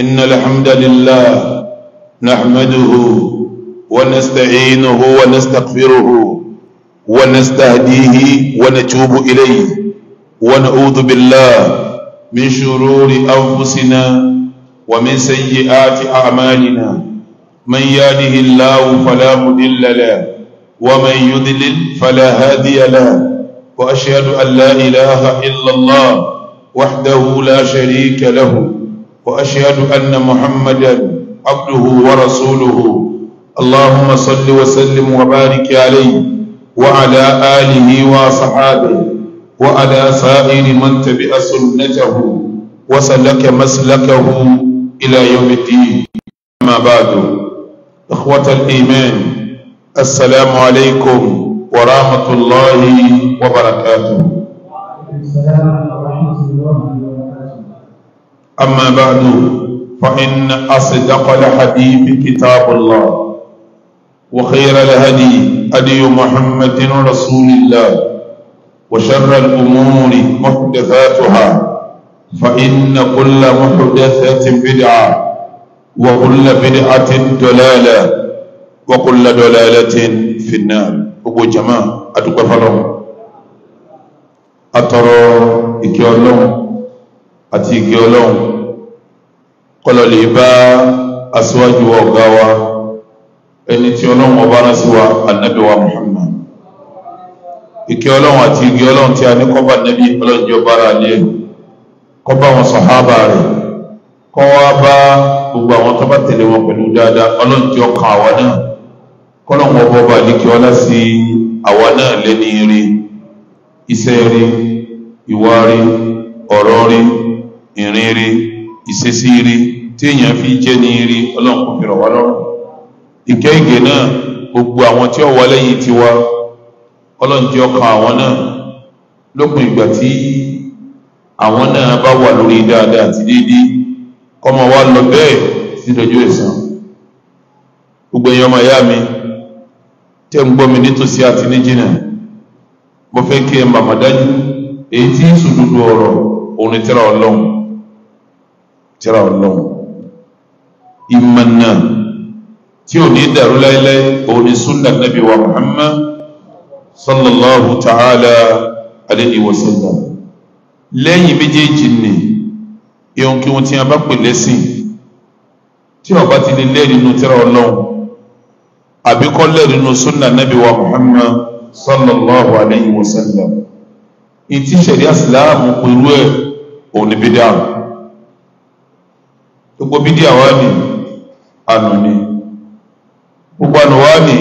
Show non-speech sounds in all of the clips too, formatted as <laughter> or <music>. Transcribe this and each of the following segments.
إن الحمد لله نحمده ونستعينه ونستغفره ونستهديه ونتوب إليه ونعوذ بالله من شرور أنفسنا ومن سيئات أعمالنا من يهده الله فلا مضل له ومن يضلل فلا هادي له وأشهد أن لا إله إلا الله وحده لا شريك له وأشهد أن محمدا عبده ورسوله اللهم صل وسلم وبارك عليه وعلى آله وصحابه وعلى سائر من تبع سنته وسلك مسلكه إلى يوم الدين أما بعد إخوة الإيمان السلام عليكم ورحمة الله وبركاته السلام أما بعد فإن أصدق الحديث كتاب الله وخير الهدي هدي محمد رسول الله وشر الأمور محدثاتها فإن كل محدثة بدعة وكل بدعة دلالة وكل دلالة في النار أبو جماعة أتوقف لهم أترى إكي الله أتي kọlọ lè bá aṣíwájú wa ọ̀gá wa ẹni tí ọlọ́run ọba rán sí wa ànábì wa Muhammad ìkẹ́ ọlọ́run àti igi ọlọ́run tí a ní kọ́ba nẹ́bí ọlọ́run jẹ́ ọba ara lé kọ́ba àwọn sọ̀hábà rẹ̀ kọ́ wa bá gbogbo àwọn tó bá tẹ̀lé wọn pẹ̀lú dáadáa ọlọ́run jẹ́ ọkàn àwa náà kọ́lọ́run ọba ọba àdíkẹ́ ọlá sí àwa náà lẹ́ni rí iṣẹ́ rí ìwà ọ̀rọ̀ rí ìrìn rí ìṣesí rí. tí èèyàn fi jẹ́ ní iri ọlọ́run fi lọ́rùn ìkẹ́ ìgè náà gbogbo àwọn tí ó wà lẹ́yìn tiwa ọlọ́run jẹ́ ọkàn àwọn náà lópin ìgbà tí àwọn náà bá wà lórí dáadáa àti déédéé kọ́mọ wa lọ bẹ́ẹ̀ ẹ̀sán gbogbo ọmọ ìyá mi tẹ́ ń gbọ́ mi nítòsí àti níjìnà mo fẹ́ kí ìmọ̀nà tí ò ní dàrú láíláí òun ni súnà nàbí wa Muhammad sallallahu ta'ala alayhi wa sallam lẹ́yìn méjèèjì ni ihun kí wọn ti a bá pè lẹ́sìn tí ọba ti lè lẹ́rìí nínú tírà Ọlọ́run àbí kọ́ lẹ́rìí nínú súnà nàbí wa Muhammad sallallahu alayhi wa sallam ìtí sẹ̀rí àsìláàmù pẹ̀lú ẹ̀ òun ni gbogbo bídíà wá nìyí ànà ni gbogbo ànà wa ni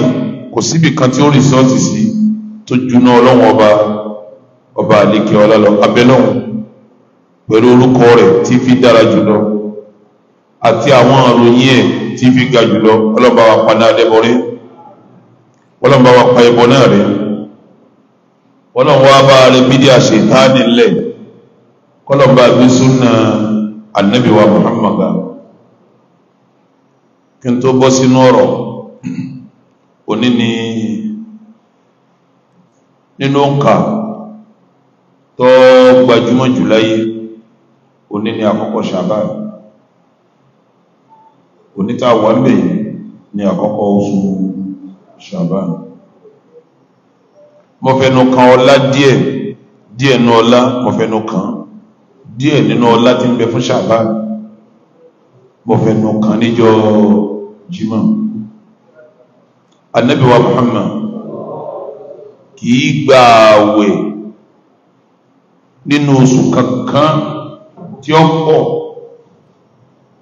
kò síbi kan tí ó rìsọ́ọ̀tì sí tó juná ọlọ́run ọba ọba àlekè ọlọ́lọ abẹ́lọ́hún pẹ̀lú orúkọ rẹ̀ tí fi dára jùlọ àti àwọn àròyìn ẹ̀ tí fi ga jùlọ ọlọ́ba wa pa náà dẹ́bọ̀rẹ́ ọlọ́ba wa pa ẹbọ náà rẹ̀ ọlọ́run wa bá rẹ̀ bídí àṣẹ táà nílẹ̀ kọlọ́ba gbé súnà ànábìwá Muhammadu kí n tó bọ́ sínú ọ̀rọ̀ òní ni nínú òǹkà tó gbajúmọ̀ jù láyé òní ni àkọ́kọ́ Ṣàbáàn òní wà ń ni àkọ́kọ́ oṣù Ṣàbáàn mo fẹnu kan ọlá díẹ̀ díẹ̀ nínú ọlá mo fẹnu kan díẹ̀ nínú ọlá tí ń bẹ fún Ṣàbáàn mo fẹnu kan níjọ́ jimá Ànábì wa Muhammad kìí gba àwẹ̀ nínú oṣù kankan tí ó pọ̀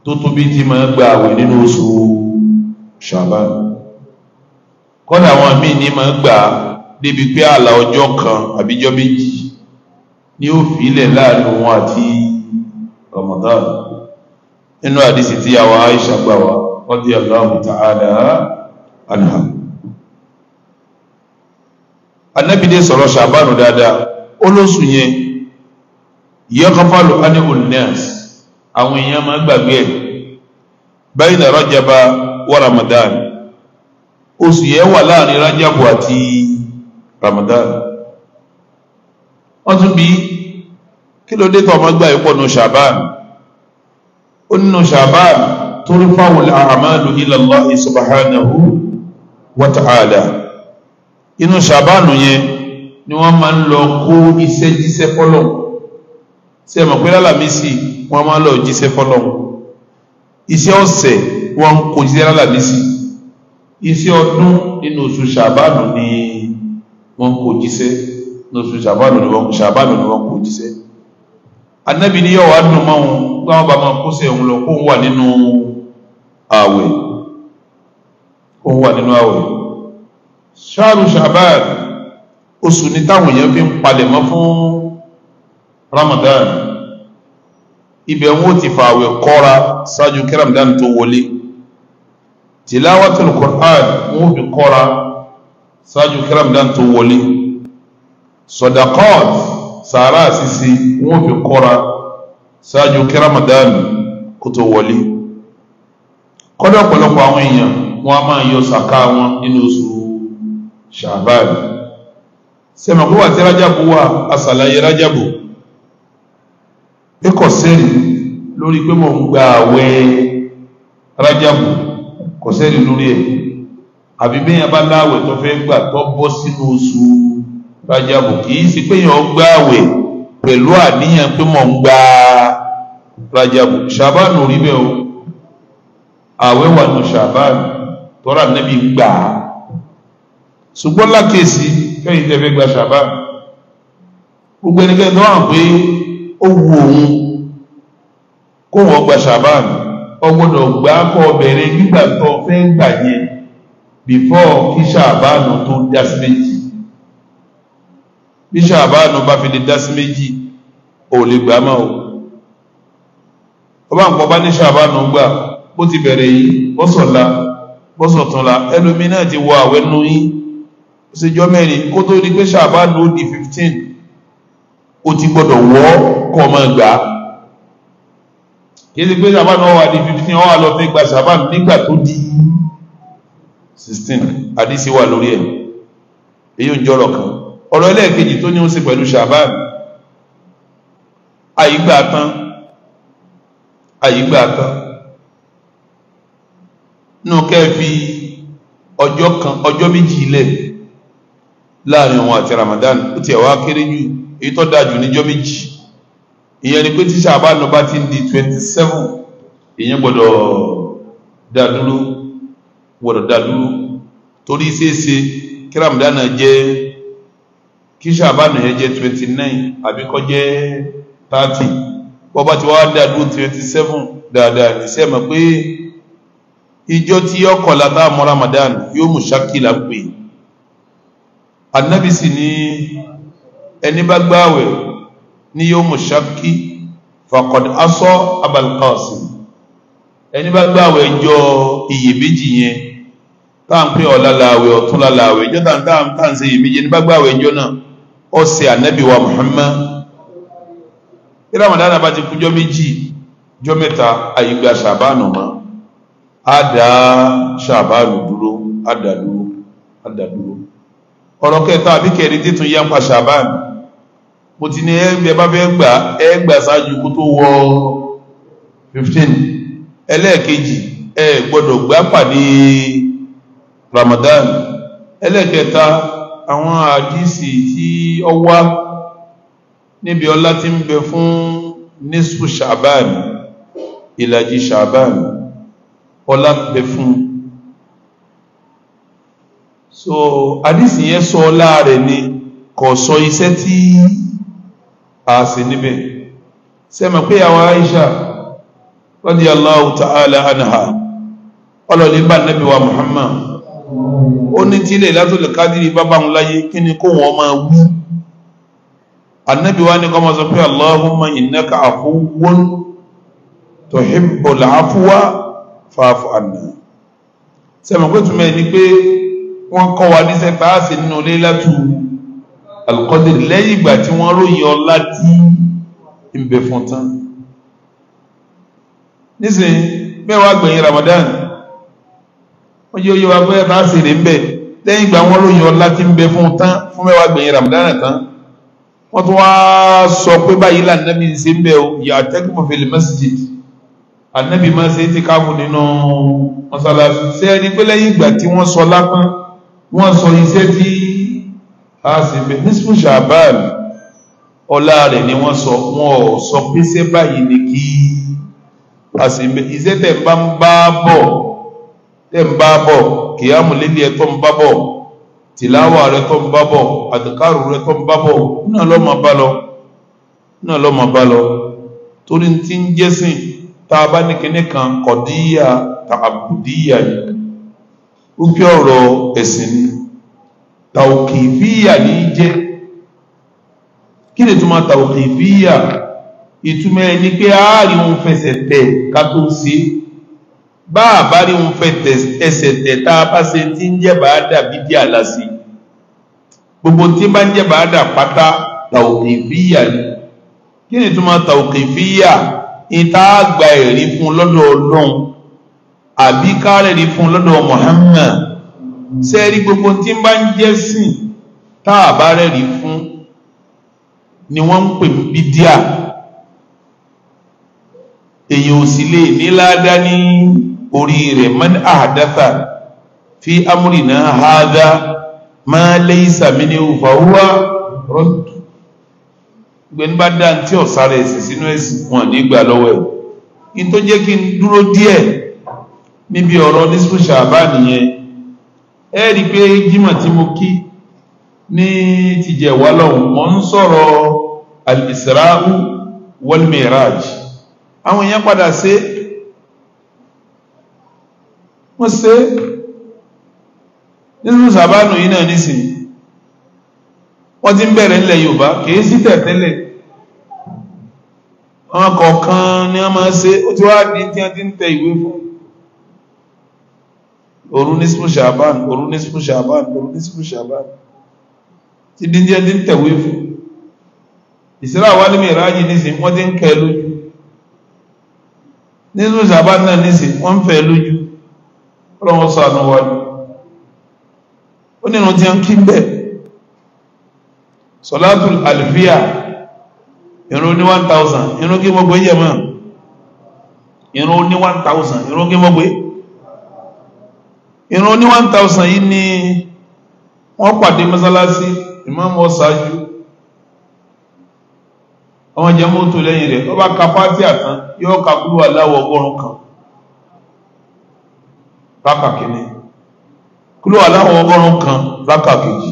tó tóbi tí máa gba àwẹ̀ nínú oṣù Ṣàbán kọ́dà àwọn míì ní máa gbà débi pé ààlà ọjọ́ kan àbíjọ́ méjì ni ó fi láàrin wọn àti Ramadan nínú àdísì tí àwa Aisha gbà radiyallahu ta'ala anha Ànábì dé sọ̀rọ̀ ṣàbánù dáadáa olóṣù yẹn yẹ́kọ́fàlù anihun nas àwọn èèyàn máa gbàgbé ẹ̀ bayna rajaba wa ramadan oṣù yẹn wà láàrin rajabu àti ramadan wọ́n tún bí kí ló dé tó ọmọ gbà yìí pọ̀ nù ṣàbánù ó nínú ṣàbánù ترفع الأعمال إلى الله سبحانه وتعالى inú ṣàbánù yẹn ni wọ́n máa ń lọ kó iṣẹ́ jíṣẹ́ fọ́lọ̀ ṣe mọ̀ pé lálàmísì wọ́n máa ń lọ jíṣẹ́ fọ́lọ̀ iṣẹ́ ọ̀sẹ̀ wọ́n ń kó jíṣẹ́ lálàmísì iṣẹ́ ọdún nínú oṣù ṣàbánù ni wọ́n kó jíṣẹ́ lóṣù ṣàbánù ni wọ́n ṣàbánù ni wọ́n kó jíṣẹ́ anábì ni yọ̀wá dùn mọ́ wọn gbọ́n bá máa kó sẹ́yìn lọ kó wà nínú. No àwẹ̀ ó wà nínú àwẹ̀ ṣáàrù ṣàbáàn oṣù ní táwọn èèyàn fi ń palẹ̀mọ́ fún Ramadan ibẹ̀ wọn ó ti fa àwẹ̀ kọ́ra ṣáájú kí Ramadan tó wọlé tilawatul Qur'an wọn ó fi kọ́ra ṣáájú kí Ramadan tó wọlé sọdakọ́t sàárà sísí wọn fi kọ́ra ṣáájú kí Ramadan kó tó wọlé kọ́dọ̀ ọ̀pọ̀lọpọ̀ àwọn èèyàn wọn a máa yọ sàká wọn nínú oṣù ṣàbáàlì sẹ́mọ̀kú wà tí rájàbù wà àṣàlàyé rájàbù kíkọ̀ sẹ́rì lórí pé mọ̀ ń gba àwẹ̀ rájàbù kọ̀ sẹ́rì lórí ẹ̀ àbí bẹ́yìn bá láwẹ̀ tó fẹ́ gbà tó bọ́ sínú oṣù rájàbù kì í sí péyàn gbà àwẹ̀ pẹ̀lú àníyàn pé mọ̀ ń gba rájàbù ṣàbáàlì rí bẹ́ẹ̀ o ààwẹ̀ wà nù ṣàbáàn tọ́ra nẹ́bí gbà á ṣùgbọ́n lákèsí kẹ́yìn tẹ́ fẹ́ gba ṣàbáàn gbogbo ẹnikẹ́ni tó hàn pé ó wu òun kó wọ́n gba ṣàbáàn ọgbọ́dọ̀ gbà kọ́ ọbẹ̀rẹ̀ nígbà tó fẹ́ gbà yẹn before kí ṣàbáàn tó dá sí méjì bí ṣàbáàn bá fi lè dá sí méjì ò lè gbà á o ọba nǹkan bá ní ṣàbáàn gbà bó ti bẹ̀rẹ̀ yìí bọ́sọ̀la bọ́sọ̀túnla ẹlòmí náà ti wọ àwẹ̀ nù yín ṣèjọ́ mẹ́rin kó tó di pé ṣàbá ló di fifteen o ti gbọ́dọ̀ wọ́ kọ́ ọmọ gbà á kí ni pé ṣàbá náà wà di fifteen wọ́n wà lọ fi gba ṣàbá nígbà tó di sixteen àdìsí wà lórí ẹ̀ èyí ń jọrọ kan ọ̀rọ̀ ẹlẹ́ẹ̀kejì tó ní ó ṣe pẹ̀lú ṣàbá àyígbà tán àyígbà tán nù kẹfì ọjọ́ kan ọjọ́ méjì ilẹ̀ láàrin òun àti Ramadan ó ti ẹ̀wà kéré jù èyí tó dáa jù níjọ́ méjì ìyẹn ni pé tí sàbánu bá ti ń di twenty seven ìyẹn gbọ́dọ̀ dá dúró gbọ́dọ̀ dá dúró torí ṣeéṣe kí Ramadan jẹ́ kí sàbánu yẹn jẹ́ twenty nine àbí kó jẹ́ thirty bọ́ba ti wá dá dúró twenty seven dáadáa ní sẹ́ẹ̀ mọ̀ pé ìjọ tí yọ kọlá tá a mọ Ramadan yóò mú ṣákìlà pé anabi sì ní ẹni bá gbààwẹ̀ ní yóò mú ṣákì faqad asọ Abal Qasim ẹni bá gbààwẹ̀ ìjọ iyèméjì yẹn tá à ń pè ọ̀la làwẹ̀ ọ̀tún la làwẹ̀ ìjọ tá à ń tá à ń ṣe iyèméjì ẹni bá gbààwẹ̀ ìjọ náà ọ̀sẹ̀ anabi wa Muhammad tí Ramadan bá ti kú jọ méjì jọ mẹ́ta àyígbà ṣàbánu mọ́. Ada dá ṣàbáàlù dúró á dá dúró á dá dúró ọ̀rọ̀ kẹta àbí kẹrin tí tún yá pa ṣàbáàlù mo ti ní ẹgbẹ́ bá fẹ́ gbà ẹ gbà ṣáájú kó tó wọ fifteen ẹlẹ́ẹ̀kejì ẹ gbọ́dọ̀ gbà pàdé Ramadan ẹlẹ́ẹ̀kẹta àwọn àdísì tí ó wá níbi ọlá tí ń bẹ fún nisfu ṣàbáàlù ìlàjì ṣàbáàlù ọlá bẹ fún so àdísì yẹn sọ ọlá rẹ̀ ni kò sọ iṣẹ́ tí a sì níbẹ̀ sẹ́mọ̀ pé àwọn Aisha radiyallahu ta'ala anha ọlọ́lẹ̀ bá nẹ́bí wa Muhammad ó ní tí ilẹ̀ látò lè kádìrí bá báhùn láyé kí ni kó wọn máa wú annabi wa ni kọ́ máa sọ pé Allahumma innaka afuwwun tuhibbul afwa fáfù àná sẹ́mọ̀pẹ́tùmẹ́ ni pé wọ́n kọ́ wa níṣẹ́ tá a ṣe nínú Laylatu Al-Qadr lẹ́yìn ìgbà tí wọ́n ròyìn ọlá tí ń bẹ fún tán nísìnyí mẹ́wàá gbẹ̀yìn Ramadan wọ́n yóò yẹ wa pé bá a ṣe lè ń bẹ̀ lẹ́yìn ìgbà wọ́n ròyìn ọlá tí ń bẹ fún tán fún mẹ́wàá gbẹ̀yìn Ramadan tán wọ́n tún wá sọ pé báyìí lànà mi ń ṣe ń bẹ̀ o ya'takifu fil masjid anabi máa ṣe ti káàbù nínú mọ́sálásí ṣe ẹni pé lẹ́yìn ìgbà tí wọ́n sọ lápán wọ́n sọ iṣẹ́ tí a sì bẹ̀ nísìmù ṣàbáàl ọlá rẹ̀ ni wọ́n sọ wọn ò sọ pé ṣé báyìí ni kí a sì bẹ̀ iṣẹ́ tẹ̀ ń bá ń bá bọ̀ tẹ̀ ń bá bọ̀ kìyàmù lédè ẹ̀ ń bá bọ̀ tìláwà rẹ̀ tó ń bá bọ̀ àdìkárù rẹ̀ tó ń bá bọ̀ náà lọ́mọ bá lọ náà lọ́mọ bá lọ torí ti ń jẹ́sìn tá a bá ní kinní kan kọ̀díyà tààbùdíyà ni rúpẹ́ ọ̀rọ̀ ẹ̀sìn ni tàòkìfíyà ní í jẹ́ kí ni túmọ̀ tàòkìfíyà ìtumọ̀ ẹ̀ ni pé ààrí òun fẹsẹ̀ tẹ̀ ká tó ṣe bá a bá rí òun fẹsẹ̀ tẹ̀ tá a bá gbogbo tí bá ń jẹ́ bàá dà pátá tàòkìfíyà ni kí ni túmọ̀ ìta àgbà ẹ̀rí fún lọ́dọ̀ ọlọ́run àbí kárẹ̀ rí fún lọ́dọ̀ Muhammad ṣe gbogbo tí ń bá ń jẹ́ sìn tá a fún ni wọ́n ń pè ní bídíà èyí ò sì lè ní ládá ní orí rẹ̀ man ahdatha fi amrina hadha ma laysa minhu fahuwa raddu gbẹni bá dá tí ọ̀sára ẹ̀sìn sínú ẹ̀sìn wọn nígbà lọ́wọ́ ẹ̀ in tó jẹ́ kí n dúró díẹ̀ níbi ọ̀rọ̀ nísú ṣàbá nìyẹn ẹ rí pé jímọ̀ tí mo kí ní tìjẹ̀wá lọ́hùn mọ́ ń sọ̀rọ̀ al-Isra'u wal àwọn èèyàn padà ṣe wọ́n ṣe nísú ṣàbá nìyí náà nísìnyí wọ́n ti ń bẹ̀rẹ̀ ilẹ̀ Yorùbá kìí sí tẹ̀tẹ́lẹ̀ àwọn kọ̀ọ̀kan ni wọ́n máa ṣe ó ti wá di tí wọ́n ti ń tẹ ìwé fún òru ní sípò ṣàbán òru ní sípò ṣàbán òru ní sípò ṣàbán ti di tí wọ́n ti ń tẹ̀wé fún ìsirà wà lẹ́mí ìrájì nísìn wọ́n ti ń kẹ́ lójú ní sípò ṣàbán náà nísìn wọ́n ń fẹ́ lójú ọlọ́wọ́n sọ àná wájú ó nínú tí wọ́n kí bẹ́ẹ̀ sọlátùl àlùfíà irun ní one thousand irun kí gbogbo yẹ mọ́ irun ní one thousand irun kí gbogbo irun ní one thousand yìí ni wọ́n pàdé mọ́sálásí ìmáàmù ọ̀sáájú àwọn jẹ́ mọ́tò lẹ́yìn rẹ̀ ọba ka pátí àtàn yóò ka kúrò aláwọ̀ ọgọ́rùn kan rákà kìíní kúrò aláwọ̀ ọgọ́rùn kan rákà kejì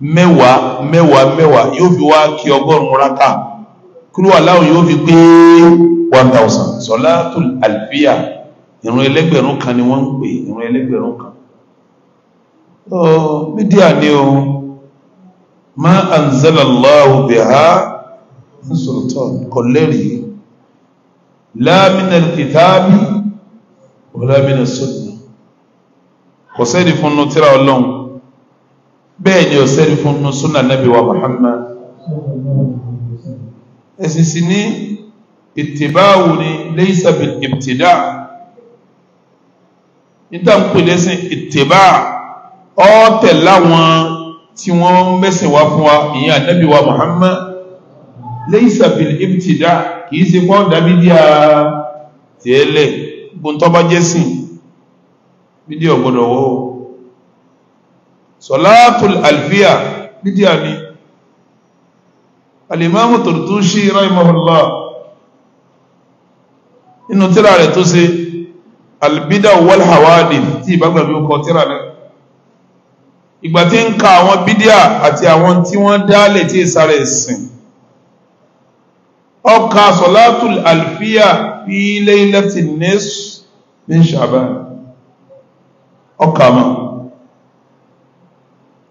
mẹ́wàá mẹ́wàá mẹ́wàá yóò fi wá kí ọgọ́rùn-ún rákà kúrò aláwọ̀ yóò fi pé one thousand sọlátul àlùfíà ìrun ẹlẹ́gbẹ̀rún kan ni wọ́n ń pè ìrun ẹlẹ́gbẹ̀rún kan. mídíà ni o ma anzalallahu biha sultan kọlẹ́rì la minal kitabi wala minas sunnah fún un tíra ọlọ́run bẹ́ẹ̀ ni ọ̀sẹ́rí fún un súnà Nábì wa Muhammad ẹ̀sìn sí ní ìtìbáwò ni laysa bil ibtida níta ń pè lẹ́sìn ìtìbá ọ̀tẹ̀ láwọn tí wọ́n mẹ́sìn wá fún wa ìyẹn Ànábì wa Muhammad laysa bil ibtida kìí ṣe fọ́ dàbí díà tiẹ̀lẹ̀ gbọ́ntọ́bájẹ́sìn bídíò gbọ́dọ̀ wọ́wọ́ sọ̀látùl alfíà bídíà ni alìmáàmù Turtushi rahimahullah nínú tíra rẹ̀ tó ṣe albida wal hawadith tí ìbágbàbí ó kọ tíra náà ìgbà tí ń ka àwọn bídíà àti àwọn tí wọ́n dálẹ̀ tí ìsàrẹ̀ ìsìn ọka sọ̀látùl alfíà fi laylatin nisf min Sha'ban ọkà máa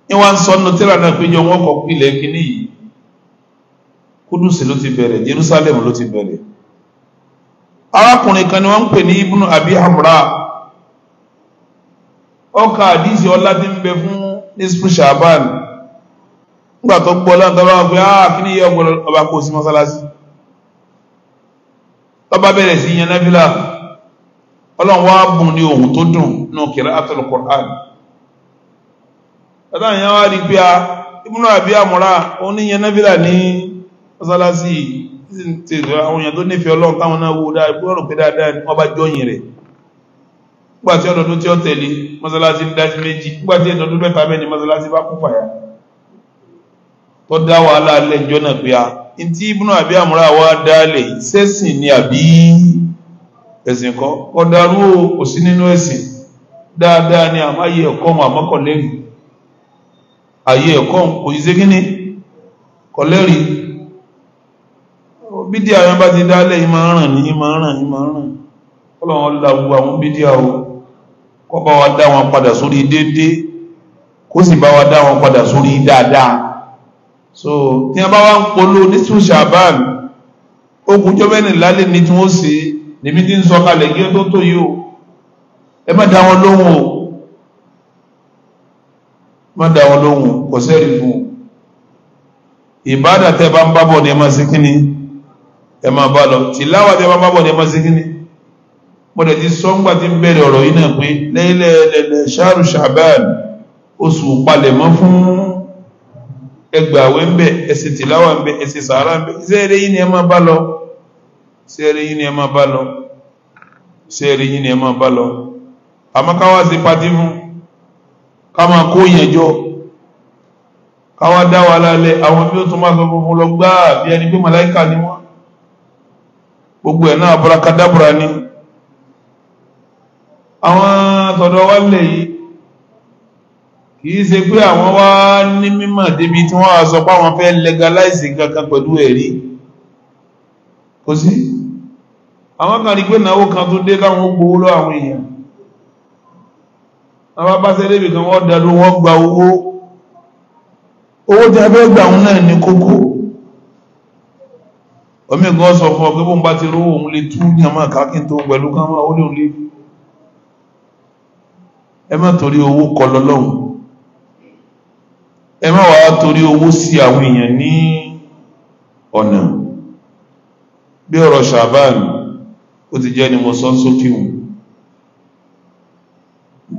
ní wọ́n ń sọ nínú tíra náà pé jọ wọ́n kọ́ ilẹ̀ kínní yìí kúdùsì ló ti bẹ̀rẹ̀ Jerusalem ló ti bẹ̀rẹ̀ arákùnrin kan ni wọ́n ń pè ní ibùnú àbí ọkà àdìsí fún nígbà tó gbọ́ láǹtà bá wọn pé áà kí ni ọgbọ́n ọba kò sí mọ́sálásí ọba bẹ̀rẹ̀ sí yan náfìlà ọlọ́run wá bùn ní ohun tó dùn nù bàbá yẹn wá rí pé a ibùnú àbí àmúra oníyẹn ní mọ́sálásí náà wò dáa ìbúrò ni wọ́n bá jọyìn rẹ̀ nígbà tí ọdọọdún tí ó tẹ̀lé mọ́sálásí ń dájú méjì nígbà tí ọdọọdún mẹ́ta mẹ́ni mọ́sálásí bá kún fàyà tó dá wàhálà lẹ́jọ́ náà pé a ntí ibùnú àbí àmúra wa dálẹ̀ sẹ́sìn ni àbí ẹ̀sìn kọ́ ọ̀dàrú òsín nínú ẹ̀sìn dáadáa ni àmáyé ẹ̀kọ́ mọ̀ àmọ́kànlẹ́rìí àyè ẹ̀kọ́ kò yí ségíní kọlẹ́rì bídíà yẹn bá ti dálẹ̀ yìí máa ràn ní yìí máa ràn yìí máa ràn ọlọ́run la gbogbo àwọn bídíà o kó bá wa dá wọn padà sórí déédéé kó sì bá wa dá wọn padà sórí dáadáa so tí wọn bá wá ń polo ní sùsà báàlù ogun jọ́bẹ́ni lálẹ́ ní tí wọ́n ṣe níbi tí ń sọ kalẹ̀ kí ó tó tó yìí o ẹ má dá wọn lóhùn o má dá wọn lóhùn kò sẹ́rì fún un ìbádà tẹ́ bá ń bábọ̀ ní ẹ máa ṣe kíni ẹ máa bá lọ tìláwà tẹ́ bá ń bábọ̀ ní ẹ máa ṣe kíni mo dẹ̀ ti sọ ńgbà tí ń bẹ̀rẹ̀ ọ̀rọ̀ yìí náà pé lẹ́yìnlẹ́ lẹ́lẹ́ ṣáàrù ṣàbáàn oṣù palẹ̀mọ́ fún ẹgbàáwé ń bẹ̀ ẹsẹ̀ tìláwà ń bẹ̀ ẹsẹ̀ sàárà ń bẹ̀ sẹ́ẹ̀rẹ̀ yìí ni ẹ máa bá lọ sẹ́ẹ̀rẹ̀ yìí ni ẹ máa bá lọ sẹ́ẹ̀rẹ̀ yìí ni ẹ máa bá lọ àmọ́ káwá sí pátí fún ká máa kó yẹn jọ káwá dá wa lálẹ́ àwọn bí ó tún máa sọ funfun lọ gbáà bí ẹni pé màláìkà ni wọ́n gbogbo ẹ̀ náà abúrakadàbúra ni àwọn tọ̀dọ̀ wa lè yìí kìí ṣe pé àwọn wá ní mímọ̀ débi tí wọ́n á sọ pé àwọn fẹ́ legalize kankan pẹ̀lú ẹ̀rí kò sí àwọn kan rí pé náwó kan tó dé káwọn gbowó lọ àwọn èèyàn àwọn bá sẹ́lẹ̀ ìbìkan wọ́n dẹ̀lú wọ́n gba owó owó tí a fẹ́ gbà wọn náà ní kókó omi gan sọ fún ọgbẹ́ bóun bá ti rówó òun lè tú ní àmà kákín tó pẹ̀lú kámà ó lóun lè ẹ má torí owó kọ lọ́lọ́hun ẹ má wàá torí owó sí àwọn èèyàn ní ọ̀nà bí ọ̀rọ̀ Ṣàbáàn ó ti jẹ́ ni mo sọ sókè òun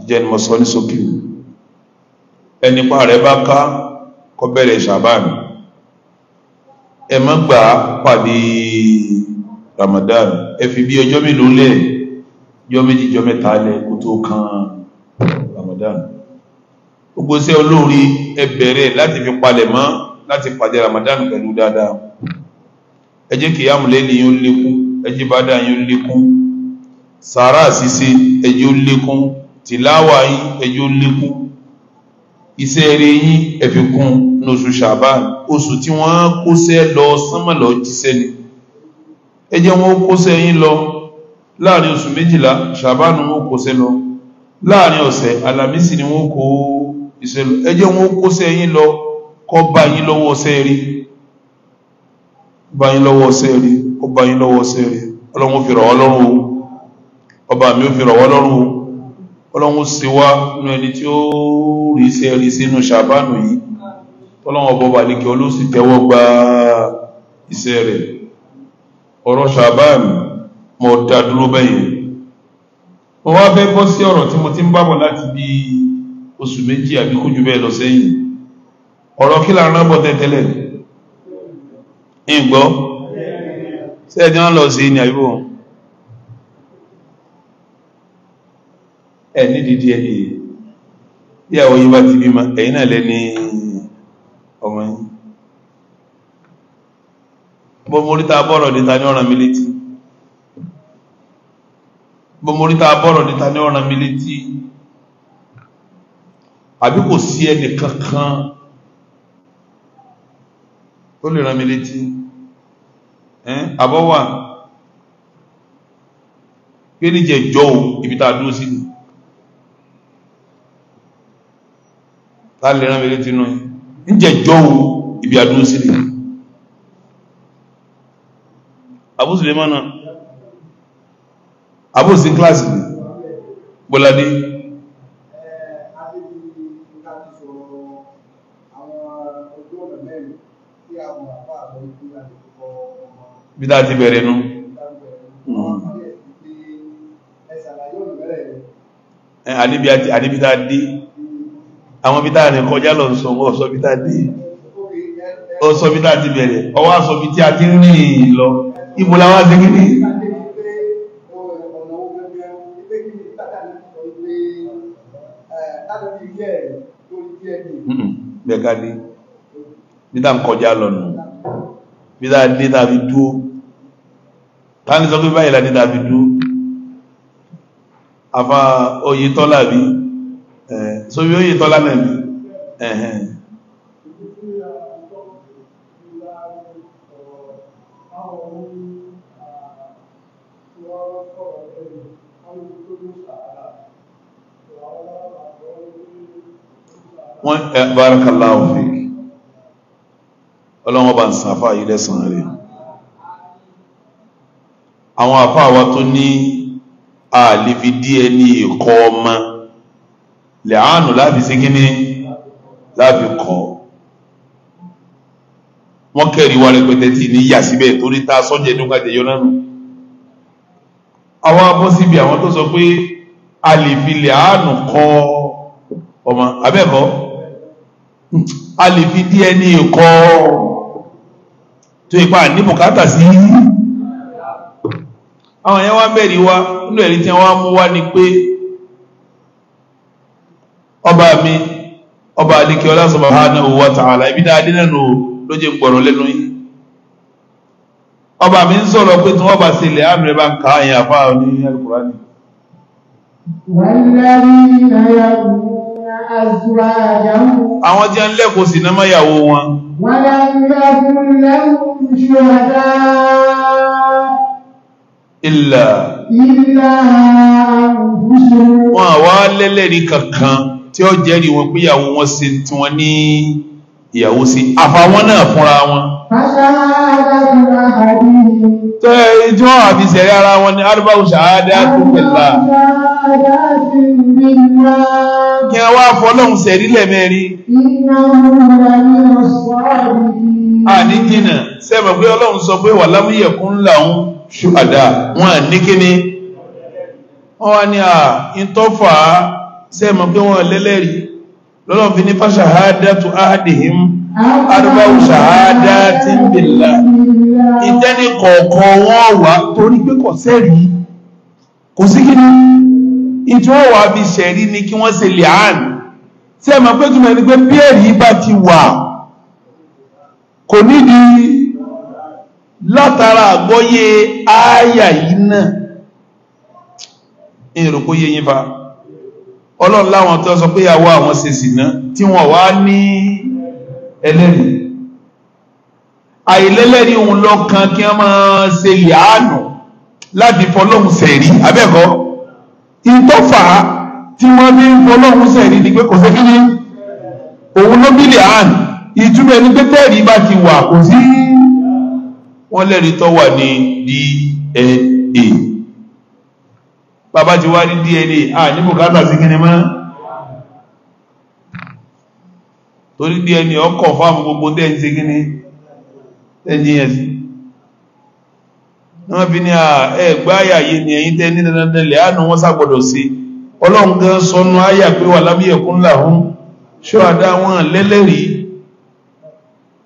jẹ́ ni mo sọ ní sókè ẹnipa rẹ̀ bá ká kó bẹ̀rẹ̀ ṣàbán ẹ má gbà pàdé Ramadan ẹ fi bí ọjọ́ mélòó lẹ̀ jọ méjì jọ mẹ́ta lẹ̀ kó tó kan Ramadan gbogbo sí olórí ẹ bẹ̀rẹ̀ láti fi palẹ̀ mọ́ láti pàdé Ramadan pẹ̀lú dáadáa ẹ jẹ́ kí yàmùlẹ́ ni yóò lékún ẹ jẹ́ bá dáa yóò lékún sàárà ṣíṣe ẹ jẹ́ ó lékún tìláwà yín ẹjọ́ lékún iṣẹ́ rere yín ẹ̀fikún lóṣù ṣàbán oṣù tí wọ́n kóṣẹ́ lọ sánmà lọ jíṣẹ́ ni ẹ wọn kóṣẹ́ yín lọ láàrin oṣù méjìlá ṣàbán wọn kóṣẹ́ lọ láàrin ọ̀sẹ̀ alamisi ni wọn kó iṣẹ́ lọ ẹ jẹ́ wọn kóṣẹ́ yín lọ kó bá yín lọ́wọ́ ṣẹ́ rí bá yín lọ́wọ́ ṣẹ́ rí kó bá yín lọ́wọ́ ṣẹ́ rí ọlọ́run fi rọ̀ wá lọ́rùn ọba mi ó fi rọ̀ wá lọ́rùn o ọlọ́run sì wá nínú ẹni tí ó rí sí ẹrí sínú ṣàbánù yìí ọlọ́run ọbọ̀ balẹ̀kẹ́ olóòsì tẹ́wọ́ gba iṣẹ́ rẹ̀ ọ̀rọ̀ ṣàbánù mo dá dúró bẹ́yìn mo wá fẹ́ bọ́ sí ọ̀rọ̀ tí mo ti ń bábọ̀ láti bí oṣù méjì àbí kò jù bẹ́ẹ̀ lọ sẹ́yìn ọ̀rọ̀ kí lára bọ̀ tẹ́tẹ́lẹ̀ ìgbọ́ sẹ́ẹ̀dí wọn lọ sí ní àyíwò wọn ẹ nídìí ẹ yìí bí àwọn yìí bá ti bímọ ẹ̀yin náà lẹ ní ọmọ yìí bó moríta bọ́rọ̀ níta ní ọ̀ràn mi létí bó bọ́rọ̀ níta ní ọ̀ràn mi àbí kò sí ẹnì kankan tó lè ràn mí létí àbọ̀ pé níjẹ̀ jọ́ ibi tá a dúró sí ni. tá lè rán mi létí nù ń jẹjọ́ wo ibi àdúró sí ni Abu Suleiman náà àbòsí kíláàsì ni bọ́ládé bí dáa ti bẹ̀rẹ̀ nú àdíbí dáa dé àwọn bí táà rìn kọjá lọ sọ wọ́n sọ bí táà dé ó sọ bí táà ti bẹ̀rẹ̀ ọwọ́ àsọ bí tí a ti rìn lọ ibo làwọn àti ni. bẹ́ẹ̀ka dé bí táà ń kọjá lọ nù bí táà dé tàbí dúó táà ní sọ pé báyìí la dé tàbí dúó àfa oyetola bíi so yóò yí tọ́lá náà ni wọ́n ẹ̀ barakallahu fik ọlọ́wọ́n bá ń sàfà yìí lẹ́sàn rẹ̀ àwọn àfáà wa tó ní àlèfi díẹ̀ ní ọmọ lẹ́hánù láfi sí kíní láfi kọ́ wọ́n kẹ́rì wa rẹpẹtẹ tí ní yà síbẹ̀ torí ta sọ́jẹ́ ní ọgbà jẹyọ náà nù àwọn abọ́ síbi àwọn tó sọ pé a lè fi lẹ́hánù kọ́ ọmọ abẹ́kọ́ a lè fi DNA kọ́ tó ipa ní bùkátà sí àwọn yẹn wá mẹ́rin wa nínú ẹ̀rí tí wọ́n mú wá ni pé ọba mi ọba adékè ọlá subhanahu wa ta'ala ibi náà adé náà ló jẹ gbọrọ lẹ́nu yìí ọba mi ń sọ̀rọ̀ pé tí wọ́n bá ṣe ilẹ̀ àmì rẹ̀ bá ń kà á yẹn àfa ní alukurani. àwọn tí ń lẹ́kọ̀ọ́ sí náà máyàwó wọn. ilà wọn àwa lẹ́lẹ́rìí kankan tí ó jẹ́rìí wọn pé ìyàwó wọn ṣe tí wọ́n ní ìyàwó sí àfàwọn náà fúnra wọn. tó ìjọ àfisẹ̀rí ara wọn ni arúgbáwò ṣàádá tó pẹ̀lá. kí wọ́n wá fọlọ́hún sẹ̀rí lẹ́mẹ̀rin. àní jìnnà sẹ́mi pé ọlọ́run sọ pé wà lámúyẹ̀kún làwọn ṣùgbọ́n wọn ní kíni. wọ́n wá ní à ń tọ́fà á ṣe mọ̀ pé wọ́n lẹ́lẹ́rí lọ́lọ́ fi ní fashahadatu ahadihim arba'u shahadatin billah ìtẹ́ni kọ̀ọ̀kan wọ́n wà torí pé kò sẹ́rí kò sí kí ní ìtí wọ́n wà fi ṣẹ̀rí ni kí wọ́n ṣe lè hàn ṣe mọ̀ pé túnmọ̀ ní pé bí bá ti wà kò nídìí látara àgbọ́yé ááyà yìí náà èrò kó yín fa ọlọ́run láwọn tó sọ pé ìyàwó àwọn ṣe sìná tí wọ́n wá ní ẹlẹ́rìí àìlẹ́lẹ́rìí òun lọ́kàn kí wọ́n máa ṣe lìáànù láti fọlọ́hun sẹ̀rí abẹ́ẹ̀kọ́ ìtọ́fà tí wọ́n bí fọlọ́hun sẹ̀rí ni pé kò sí kíní òun ló bí lìáànù ìtumọ̀ ẹni pé tẹ́ẹ̀rí bá ti wà kò sí wọ́n lẹ́rìí tó wà ní DNA bàbá ti wá ní DNA ah ní bùkátà sí kí mọ́ torí DNA ọkọ̀ fáwọn gbogbo tẹ́ ń ṣe kí ni tẹ́jìyàn sí wọ́n fi ní ẹgbẹ́ àyàyé ni ẹ̀yìn tẹ́ ní dandanlẹ̀ àánú wọ́n sàgbọ́dọ̀ sí ọlọ́run gan sọnù àyà pé wà lábíyẹ̀kún làhún ṣọ́ọ̀dá wọn lẹ́lẹ́rìí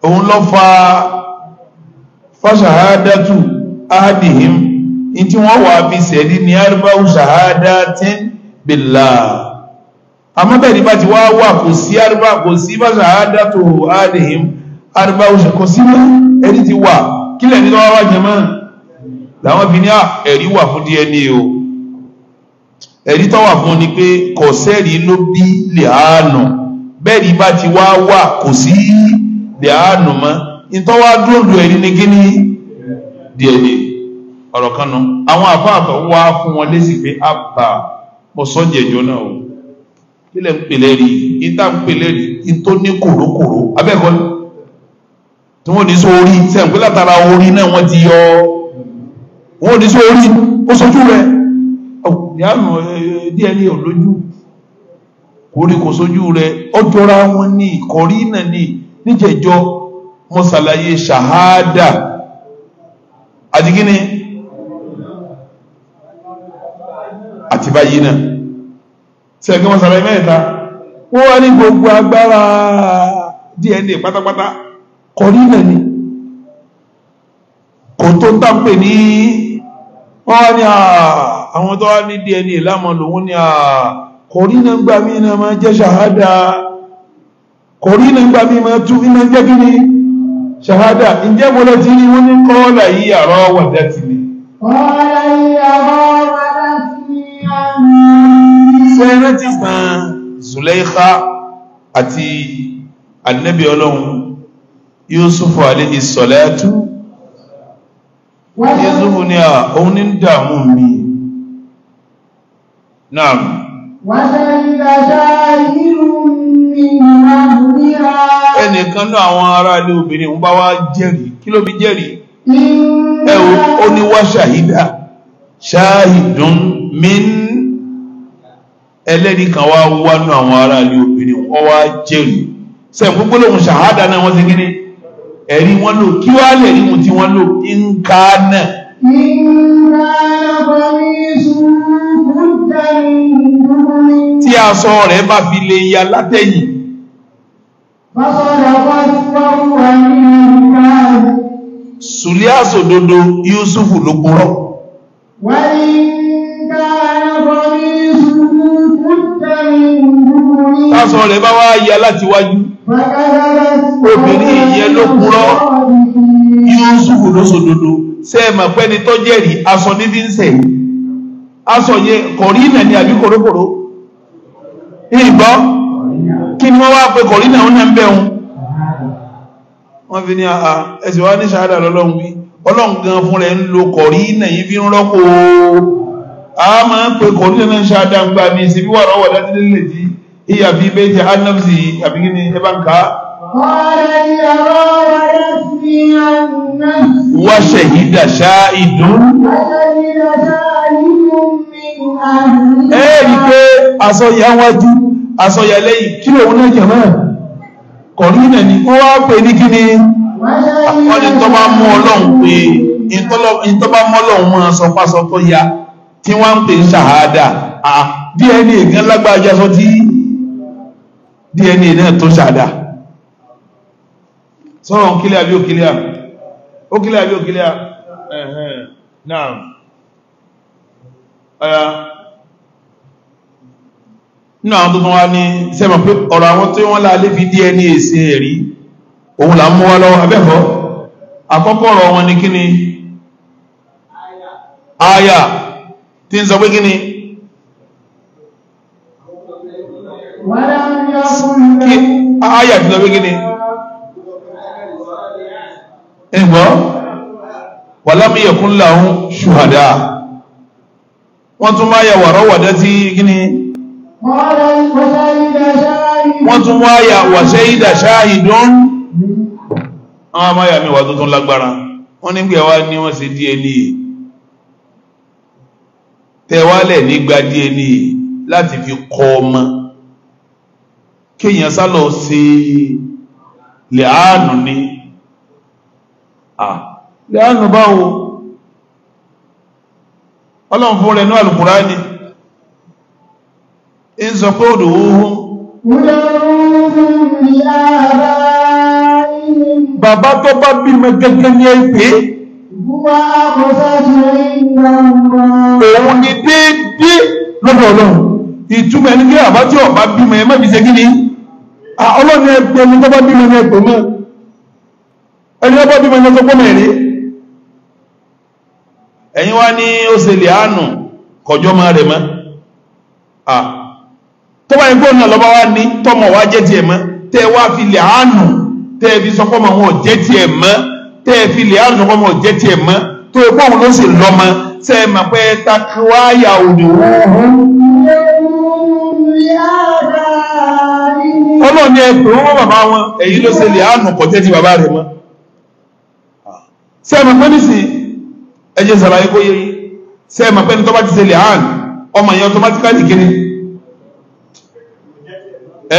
òun lọ fa fáṣàhádátù áhàdìhìm ní tí wọ́n wà fi sẹ̀rí ní arba'u shahadatin billah amọ́bẹ̀rí bá ti wá wà kò sí arba'u kò sí bá shahadatu adihim arba'u kò sí mọ́ ẹni ti wà kílẹ̀ ní lọ́wọ́ wá jẹmọ́ làwọn fi ní ẹ̀rí wà fún DNA o ẹ̀rí tó wà fún ni pé kọ̀sẹ́rì ló bí lè àánú bẹ́ẹ̀rí bá ti wá wà kò sí lè àánú mọ́ ìtọ́wá dúró ẹ̀rí ní kíní DNA ọ̀rọ̀ kan nu àwọn àfáàfọ̀ wá fún wọn lésì pé àbà mo sọ jẹjọ náà o kílẹ̀ ń pèlè rí ìta ń pèlè rí ìtó ní kòrókòró abẹ́ẹ̀kọ́ tí wọ́n ní sọ orí sẹ́ǹpé látara orí náà wọ́n ti yọ wọ́n ní sọ orí ó sojú rẹ̀ ìyáàmù DNA ò lójú orí kò sojú rẹ̀ ó wọn ní ìkọrí náà ní níjẹ̀jọ́ mo ṣàhádà àti kí ni àti báyìí náà sẹ́gbẹ́ wọn sàlàyé mẹ́ta wọ́n wá ní gbogbo agbára DNA pátápátá kọrí náà ni kò tó tápè ní wọ́n wá ní àwọn tó wá ní DNA lámọ̀ lòun ní kọrí náà gbà mí náà máa jẹ́ ṣàhádà kọrí náà gbà mí máa tú iná jẹ́ kí ni ṣàhádà ǹjẹ́ mo lọ ti rí wọ́n ní kọ́ọ́là yìí àrọ́ wàdá ti ni. kọ́ọ́là yìí àrọ́ ìjẹ́ rántí sàn Zulaikha àti ànábì ọlọ́run Yusufu alayhi salatu Yusufu ni à òun ní dààmú mi náà ẹnìkan náà àwọn ará ilé obìnrin ń bá wá jẹ́rìí kí ló fi jẹ́rìí min ẹlẹ́rìí kan wá wá nù àwọn aráàlú obìnrin wọ́n wá jẹ́rìí sẹ́yìn gbogbo náà wọ́n ti kí ni ẹ̀rí wọn lò kí wàá mu tí wọ́n lò nǹka náà. tí sọ rẹ̀ bá fi lè ya látẹ̀yìn. Yusuf ló gbọ́rọ̀. aṣọ rẹ̀ bá wá ya láti wájú obìnrin yẹn ló purọ́ Yúsúfù ló sòdodo ṣe é mà pẹ́ni tó jẹ́rìí aṣọ ní ń sẹ̀ aṣọ yẹn kọ̀rínà ni àbí kòrókòró ìgbọ́ kí ni wọ́n wá pé kọ̀rínà ó náà ń bẹ̀ wọn wọ́n fi ní àhà ẹ̀sìn wá ní ṣáádà lọ́lọ́run wí ọlọ́run gan fún rẹ̀ ń lo kọ̀rínà yìí fi ń rọ́pò a máa ń pe kọ̀rínà náà ṣáádà ń gbà mí sí bí wàá rọ́wọ́ lè jí iya fi baiti an nafsi abi gini eban ka wa shahida sha'idun ẹ rí pé asọyà wájú asọyà lẹ́yìn kí lòun náà jẹ mẹ́rin kọ̀rínà ni ó wá pè ní kí ni àkọ́lé tó bá mú ọlọ́run pé ìtọ́ bá mú ọlọ́run mọ́ sọpásọ tó ya tí wọ́n ń pè ń ṣàhádà bí ẹni ìgbẹ́ lágbàájá sọ tí DNA náà tó ṣàdá sọ́rọ̀ kílẹ̀ àbí ó kílẹ̀ àbí ó ẹ̀hẹ̀n náà ọ̀yá nínú àwọn tó fún wa ní sẹ́mọ̀ pé ọ̀rọ̀ àwọn tí wọ́n láà lè DNA sí ẹ̀rí òun là ń mú wá lọ́wọ́ abẹ́fọ́ àkọ́kọ́ ọ̀rọ̀ wọn ni kíni aya kí ayà jùlọ bí gíní ẹgbọ́n wà lámìyẹ̀kún láhún ṣùhàdá wọ́n tún máa yà wàrọ́wàdá tí gíní wọ́n tún wá yà wàṣẹ́ ìdà ṣáàhìdún àwọn amáyà mi wà tó tún lágbára wọ́n ní gbẹ̀wá ní wọ́n ṣe DNA tẹwálẹ̀ nígbà DNA láti fi kọ ọmọ kéèyàn sálọ sí lẹ́àánù ni lẹ́àánù báwo ọlọ́run fún rẹ̀ ní Al-Qur'ani ń sọ pé òdò ohun bàbá tó bá bí mẹ́gẹ́gẹ́ ní ẹgbẹ́ òun ni déédé lọ́dọ̀ ọlọ́run ìtumẹ̀ ní kí àbájọ́ ọ̀bá bí mẹ́ mẹ́bí ṣe kí ni Ah, ọlọ́ni ẹgbẹ́ ẹni tọ́bá bímọ ní ẹgbẹ́ mọ́ ẹni tọ́bá bímọ ní ọjọ́ pọ́mọ̀ ẹ̀rí ẹ̀yin wá ní ó ṣe lè àánú kọjọ́ máa rẹ̀ mọ́ ah, tọ́bá yẹn gbóná lọ́ba wá ní tọ́mọ̀ wá jẹ́ tiẹ̀ mọ́ tẹ́ ẹ wá fi lè àánú tẹ́ ẹ fi sọ fọ́mọ wọn jẹ́ tiẹ̀ mọ́ tẹ́ fi lè àánú sọ fọ́mọ ò jẹ́ tiẹ̀ mọ́ tó ẹ fọ́ọ̀hún ló sì lọ́mọ tẹ́ ẹ mọ̀ pé ọlọ́run ni ẹgbẹ̀ wọ́n bàbá wọn èyí ló ṣe lè àánú kọjẹ́ ti bàbá rẹ̀ mọ́ sẹ́ẹ̀mà pẹ́ nìsí ẹjẹ́ sàlàyé kó yẹ sẹ́ẹ̀mà pẹ́ ní tọ́ba ti ṣe lè àánú ọmọ yẹn automatically kiri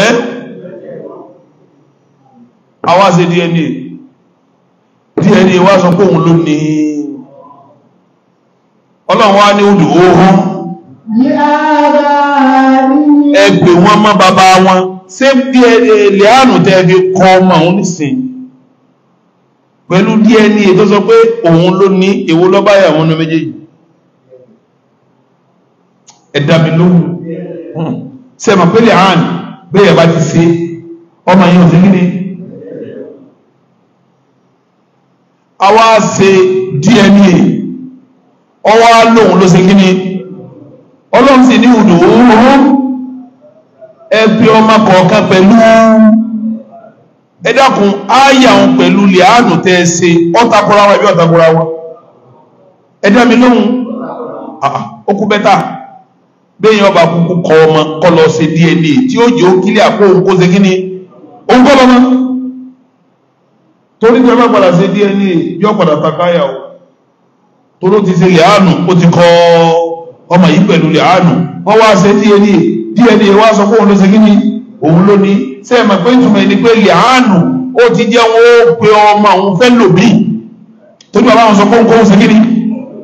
ẹ́ àwa ṣe DNA DNA wa sọ pé òun ló ní ọlọ́run wa ní odò òhún ẹgbẹ̀ wọn mọ́ bàbá wọn ṣé bí ẹlẹ́ àrùn tẹ́ fi kọ ọmọ òun nìsìn pẹ̀lú DNA tó sọ pé òun ló ní èwo lọ́báyà òun ní méjèèjì ẹ̀dà mi lóhùn sẹ́mọ̀ hmm. pé lè hàn bẹ́ẹ̀ bá ti ṣe ọmọ yìí òsì gíní a wá ṣe DNA ọwá lóhun ló ṣe gíní ọlọ́run sì ní ìdòwò ẹgbẹ́ ọmọ kọ̀ọ̀kan pẹ̀lú ẹ̀dàkùn áyàun pẹ̀lú lẹ́àánù tẹ́ ẹ ṣe ọ́takọ́ra wa ẹbí ọ̀takọ́ra wa ẹ̀dá mi lóhun okú ah, bẹ́tà bẹ́yìn ọba kúkú kọ ọmọ kọ lọ ṣe DNA tí ó jẹ́ òkìlẹ̀ àpò òun kó ṣe kí ni òun kọ́ lọ́mọ torí pé ọlọ́pàá ṣe DNA yọ padà takáyà o toró ti ṣe lẹ́àánù ó ti kọ ọmọ yìí pẹ̀lú lẹ́àánù wọ́n wá ṣe DNA. DNA wá sọ pé òun ló ṣe kí ni òun ló ní ṣé ẹ mọ̀ pé ìtumọ̀ ẹni pé lẹ́hàánù ó ti jẹ́ wọn ó pe ọmọ àwọn fẹ́ lò bí torí bàbá wọn sọ pé òun ṣe kí ni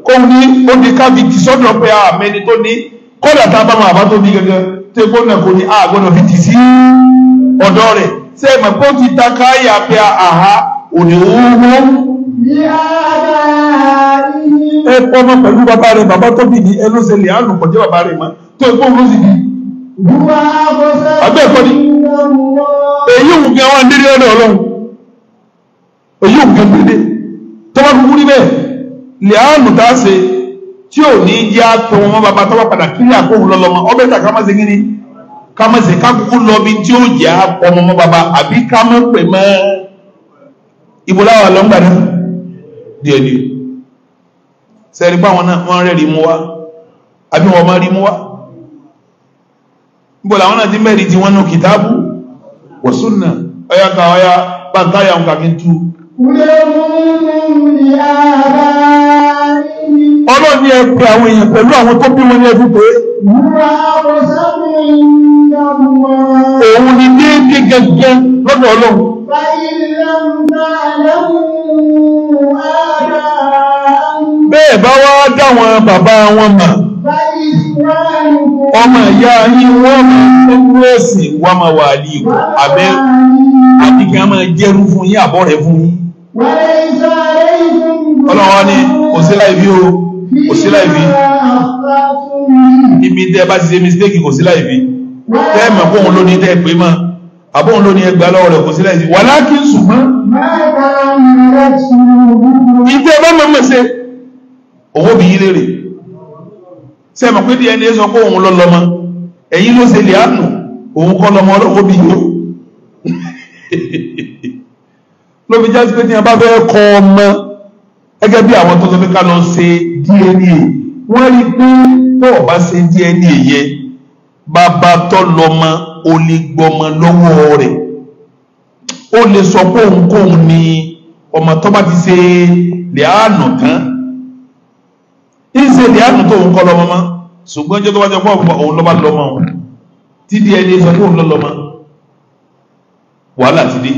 kóun ní ó di káfíńtì sọ́dọ̀ pé àmẹ́ni tó ní kódà tá a bá wọn àbá tó bí gẹ́gẹ́ tó epo náà kò ní àgbọ̀dọ̀ fi tì sí ọ̀dọ́ rẹ̀ ṣé ẹ mọ̀ pé ó ti ta káyà pé àhá òní owó. ẹ pọ́ ọmọ pẹ̀lú bàbá rẹ̀ bàbá tó bì ní ẹ ló ṣe lẹ́hàánù kọjá bàbá rẹ̀ mọ́ tó epo ló sì bì í àbẹ́ ẹ̀kọ́ ni èyí òun gan wà nílé ọ̀dọ̀ ọlọ́run èyí òun gan gbélé tọ́wọ́ kúkú níbẹ̀ lẹ́àánù tá a ṣe tí ò ní jẹ́ àtọ̀ wọn bàbá tọ́wọ́ padà kiri àkóhùn lọ́lọ́mọ ọbẹ̀ tà ká má ṣe kíni ká má ṣe ká kúkú lọ bí tí ó jẹ́ àpọ̀ ọmọ bàbá àbí ká má pè mọ́ ibo láwọn lọ́ngbà náà díẹ̀ díẹ̀ sẹ́ẹ̀rí pé àwọn náà wọ́n rẹ̀ rí mú wa àbí wọ́n má rí mú wa níbo làwọn náà ti mẹ́rin tí wọ́n nù kìtàbù wa sunna ọ̀yà ká ọ̀yà bàtà yà ń kà kí n tú. ọlọ́run ni ẹ pé àwọn èèyàn pẹ̀lú àwọn bẹ́ẹ̀ bá wá dá wọn bàbá wọn mọ̀ ọmọ ìyá yín wọ́n máa kúrò ẹ̀sìn wọ́n máa wà ní ìkọ̀ abẹ́ àdìgá máa jẹ́rú fún yín àbọ̀ rẹ̀ fún yín. ọlọ́wọ́ ni kò sí láì bí o kò sí láì bí ibi tẹ́ bá ti ṣe mistake kò sí láì bí tẹ́ ẹ̀ mọ̀ kó òun ló ní tẹ́ ẹ pé mọ́ àbọ̀ òun ló ní lọ́wọ́ rẹ̀ kò sí láì bí wà láàkì ṣùgbọ́n. ìtẹ́ bá mọ̀ mọ̀ ṣe owó bìí lérè sẹ́mọ̀ pé DNA sọ pé òun lọ́lọ́mọ ẹ̀yin ló ṣe lè àánú òun kọ́ lọ́mọ ọlọ́wọ́ bí yóò ló fi jásí pé ní abá fẹ́ kọ́ ọmọ gẹ́gẹ́ bí àwọn tó tó ká lọ ṣe DNA wọ́n rí pé tó o bá ṣe DNA yẹ bàbá tó lọ́mọ o lè gbọ́mọ lọ́wọ́ rẹ̀ ó lè sọ pé òun kóun ni ọmọ tó bá ti ṣe lè àánú tán ìṣe ìdí àánú tó ń kọ́ lọ́mọ mọ́ ṣùgbọ́n jẹ́ tó bá jẹ́ pọ̀ pọ̀ òun lọ́ba lọ́mọ òun tí di ẹni sọ pé òun lọ́lọ́mọ wàhálà ti dé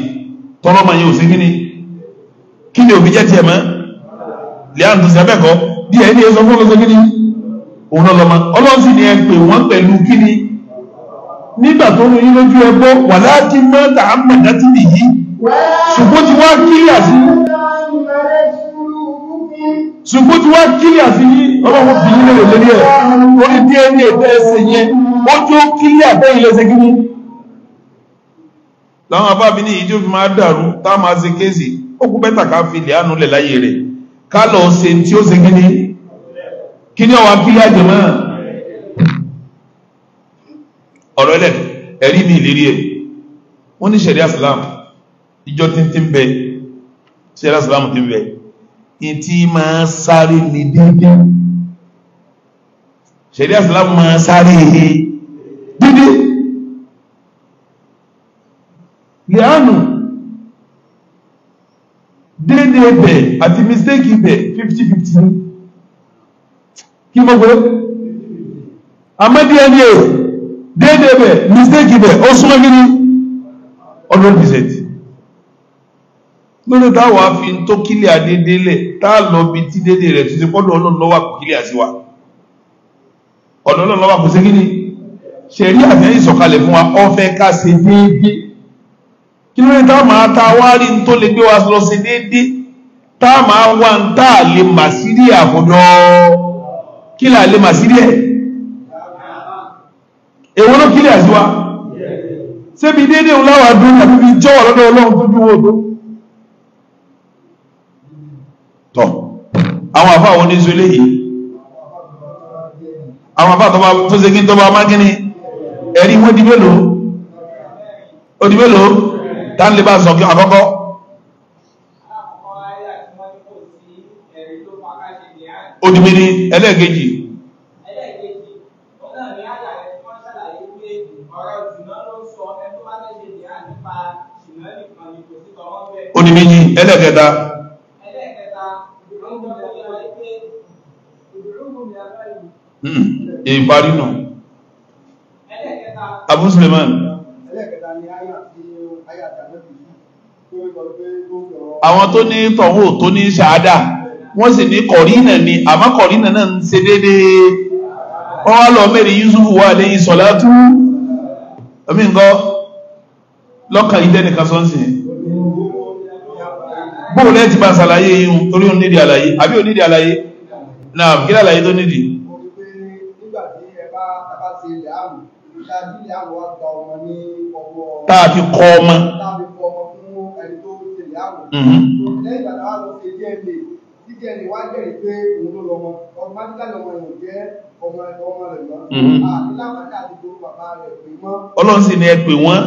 tọ́lọ́mọ yẹn ò sí kíni kí ni òbí jẹ́ tiẹ̀ mọ́ lẹ́yìn tó ṣe abẹ́kọ́ di ẹni sọ pé òun sọ kíni òun lọ́lọ́mọ ọlọ́run sì ni ẹ pè wọ́n pẹ̀lú kíni nígbà tó ń yín lójú ẹ bọ́ wàhálà ti mọ́ tààmàdá ti nìyí ṣùgbọ́n ti wá kílíà sí ṣùgbọ́n tí wá kílì àti yí ọlọ́run fi yí lèrè lórí ẹ̀ orí dna ẹ̀ẹ́sẹ̀ yẹn ó tó kílì àbẹ́yìn lẹ́sẹ̀ kí mú láwọn abábi ní ìjọ fi máa dàrú tá máa ṣe kéèsì ó kú bẹ́tà ká fi ilẹ̀ àánú lẹ̀ láyé rẹ̀ ká lọ ṣe tí ó ṣe kí ni kí ni ọwà kílì àjẹmọ́ ọ̀rọ̀ ẹlẹ́ ẹ̀rí ní ìlérí ẹ̀ wọ́n ní ṣẹ̀rí àsìlámù ìjọ tí ń ti ń bẹ ṣẹ̀rí àsìlámù ti ń bẹ ìtí máa sáré ní dídí ṣẹ̀rí àsìlámù máa sáré dídí lẹ́ánù dédé bẹ̀ àti mistake bẹ̀ fifty fifty. kí mọ́ pé àmọ́dí ẹni ẹ̀ dédé bẹ̀ mistake bẹ̀ ó súnmọ́ gíní 100% mẹ́rin táwọn afi tó kílẹ̀ àdédé tá a lọ bi tí dédé rẹ̀ tó ti pọ́dọ̀ ọlọ́run kílẹ̀ àti wa ọ̀dọ̀ ọlọ́run lọ́wọ́ àpò sí kíni ṣẹ̀rí àfihàn ìsọ̀kalẹ̀ fún wa ọ̀fẹ́ ká ṣe déédé kí ló ní tá a máa ta wárí tó lè gbé wa lọ ṣe déédé tá a máa wá ń tá a lè mà sírí àfọ̀dọ́ kí là lè mà sírí ẹ̀ èwo ló kílẹ̀ àti wa ṣébi déédé òun láwàá dúró àbíbi jọ́wọ́ lọ́dọ̀ tọ̀ àwọn àfa àwọn oníṣu eléyìí àwọn àfa àtọ́ba tó ṣe kí n tọ́ba mákínní ẹ̀rí wọn di mélòó ó di mélòó táwọn lè bá sọ kí àkọ́kọ́. ó di méjì Hmm, ìparí nù Abu Suleiman àwọn tó ní tọ̀wọ́ tó ní ṣáádà wọ́n sì ní kọ̀rínà ni àmọ́ kọ̀rínà náà ń ṣe déédéé wọ́n wá lọ mẹ́rin Yusufu wà lẹ́yìn sọ̀látú omi nǹkan lọ́kàn ìdẹ́ nìkan sọ́nsìn bóòlẹ́ ti bá ṣàlàyé yìí torí ó nídìí àlàyé àbí ó nídìí àlàyé náà kí àlàyé tó nídìí tá a fi kọ́ ọmọ díẹ̀ ni mhm. wá jẹ́rìí pé òun ló lọ́mọ ọmọ dídálẹ̀ ọmọ ẹ̀wọ̀n jẹ́ ọmọ ẹ̀tọ́ ọmọ rẹ̀ lọ. àti mhm. láǹfààní àti gbogbo bàbá rẹ̀ pè wọ́n. ọlọ́run sì ni ẹ pè wọ́n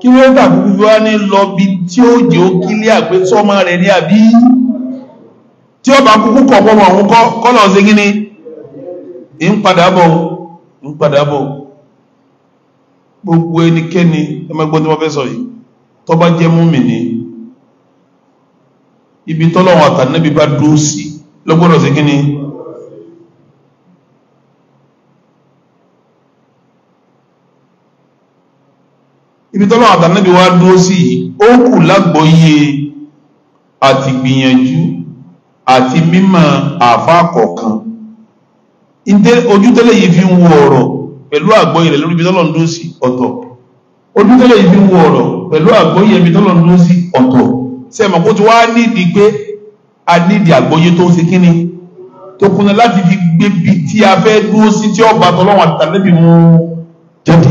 kí wọ́n gbà gbogbo wá ní lọ tí ó jẹ́ ó kílẹ̀ àpé sọ́mọ rẹ̀ ní àbí tí ó kúkú kọ̀ mọ̀ òun kọ́ lọ́ọ́ sí kí ni ń padà bọ̀ òun ń padà bọ̀ gbogbo ẹnikẹ́ni ẹmẹ́gbọ́n tí wọ́n fẹ́ sọ yìí tó bá jẹ́ mùmínì ibi tọ́lọ́wọ́n àtànẹ́bí bá dúró sí lọ́gbọ́dọ̀ sí kíni ibi tọ́lọ́wọ́n àtànẹ́bí wá dúró sí ó kù lágbọ́yé àti gbìyànjú àti mímọ̀ àfá kọ̀ọ̀kan ìdé ojútẹ́lẹ̀ yìí fi ń wo ọ̀rọ̀ pẹ̀lú àgbọ́yé rẹ̀ lórí ibi tọ́lọ̀ ń dó sí ọ̀tọ̀ ojútẹ́lẹ̀ yìí fi ń wo ọ̀rọ̀ pẹ̀lú àgbọ́yé ibi tọ́lọ̀ ń dó sí ọ̀tọ̀ ṣe mọ̀ kó ti wá nídìí pé a nídìí àgbọ́yé tó ń ṣe kíni tó kúnná láti fi gbé bi tí a fẹ́ dúró sí tí ọba tọ́lọ́wọ̀n àtàlẹ́bì mú jáde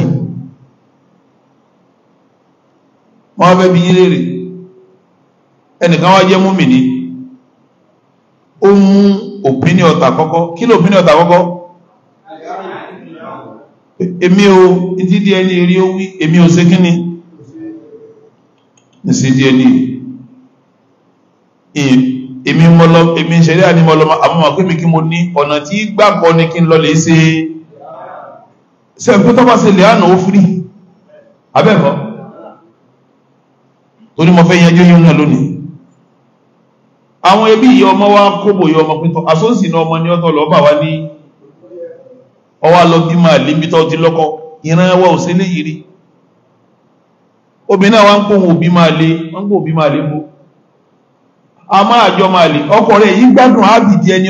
wọ́n fẹ́ bí yín léèrè ẹnìkan wá jẹ́ múmìnì ó mú opinion ọ̀tà kọ́kọ́ kí ló opinion ọ̀tà kọ́kọ́ èmi o dídí ẹni rí ó wí èmi ò ṣe kíni nìsí díẹ̀ ní èmi mọ́lọ èmi ìṣẹ̀lẹ̀ àní mọ́lọ àmọ́ pé mi kí mo ní ọ̀nà tí gbàgbọ́ ni kí n lọ lè ṣe sẹ́kú tó bá ṣe lè àná ó firi abẹ́ẹ̀kọ́ torí mo fẹ́ yanjú yín náà lónìí àwọn ẹbí ihe ọmọ wa kóbò ìyá ọmọ píntọ́ àsóǹsì ní ọmọ ní ọ̀tọ̀ lọ ní ọwá lọ bí máa lè bítọ́ ti lọ́kọ́ ìran ẹwà ò sí léyìí obìnrin náà wá ń pòhùn òbí máa lè wọ́n òbí máa lè mú a máa jọ máa lè ọkọ rẹ̀ gbádùn ábìdí ẹni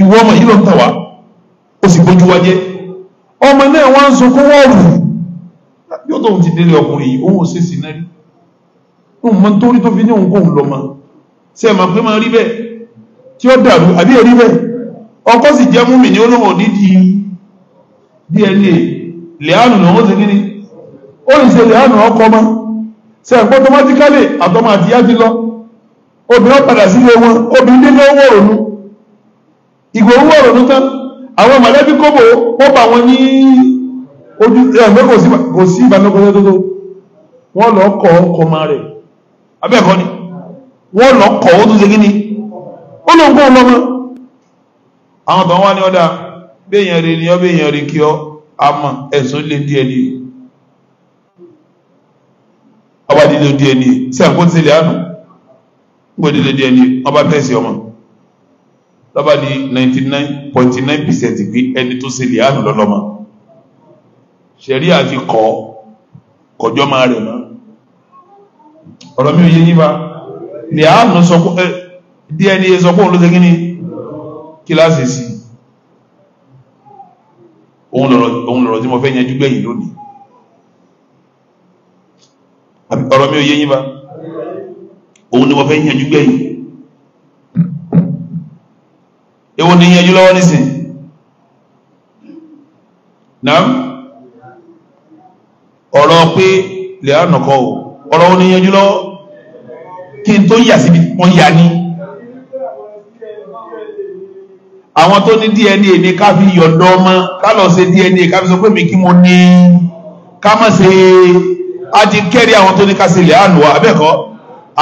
ìwọ ọmọ yìí ló ń tàwa ó sì gbójú wa jẹ ọmọ náà wá ń sunkún wọ́ọ̀rù yóò tóun ti délé ọkùnrin yìí òun ò sì sí náà rí òun mọ nítorí tó fi ní òun kóun lọ mọ ṣe é máa pé máa rí bẹ́ẹ̀ tí ó dàrú àbí èrí bẹ́ẹ̀ ọkọ sì jẹ́ múmi ní olóhùn nídìí DNA lẹ́hànù náà ó ti kí ni ó lè ṣe lẹ́hànù ọkọ mọ́ ṣe ẹ̀kọ́ automatically àtọmọ àtìyá ti lọ obìnrin padà sílé wọn obìnrin dé lọ́wọ́ òun ìgbò owó ọ̀rọ̀ ló tán àwọn mọ̀lẹ́bí kóbò ó bà wọn ní ojú ẹ̀gbẹ́ kò sí ìbánúkọ́jọ́ tó tó wọ́n lọ kọ́ ọkọ̀ máa rẹ̀ abẹ́ẹ̀kọ́ ni wọ́n lọ kọ́ ó tó ṣe gíní ó lóun kó lọ́mọ àwọn tó wá ní ọ̀dà béèyàn rí ni ọ́ béèyàn rí kí ọ́ àmọ́ ẹ̀sùn lé díẹ̀ ni ọba dídé díẹ̀ ni sí àkóso ilé àná ń gbé dídé díẹ̀ ni ọba fẹ́ẹ̀sì ọmọ lọ́ba di ninety nine point nine percent pé ẹni tó ṣe lìhánù lọ́lọ́mọ ṣẹ̀ríà ti kọ́ kọjọ́ máa rẹ̀ mọ́ ọ̀rọ̀ mi ò yé yín bá lìhánù sọ pé DNA sọ pé òun ló ṣe kí ni kíláàsì sí òun lọ̀rọ̀ tí mo fẹ́ yanjú gbẹ̀yìn lónìí ọ̀rọ̀ mi ò yé yín bá òun ni mo fẹ́ yanjú gbẹ̀yìn. èwo ni yẹnjú lọ́wọ́ nísìn náà ọ̀rọ̀ pé lè á nàkọ́ o ọ̀rọ̀ wo ni yẹnjú lọ́wọ́ kí n tó yà síbi wọ́n yà ní àwọn tó ní DNA ní ká fi yọ̀dọ̀ ọmọ ká lọ ṣe DNA ká fi sọ pé mi kí mo ní ká mọ̀ ṣe á ti kẹ́rí àwọn tó ní ká ṣe lè á nù wá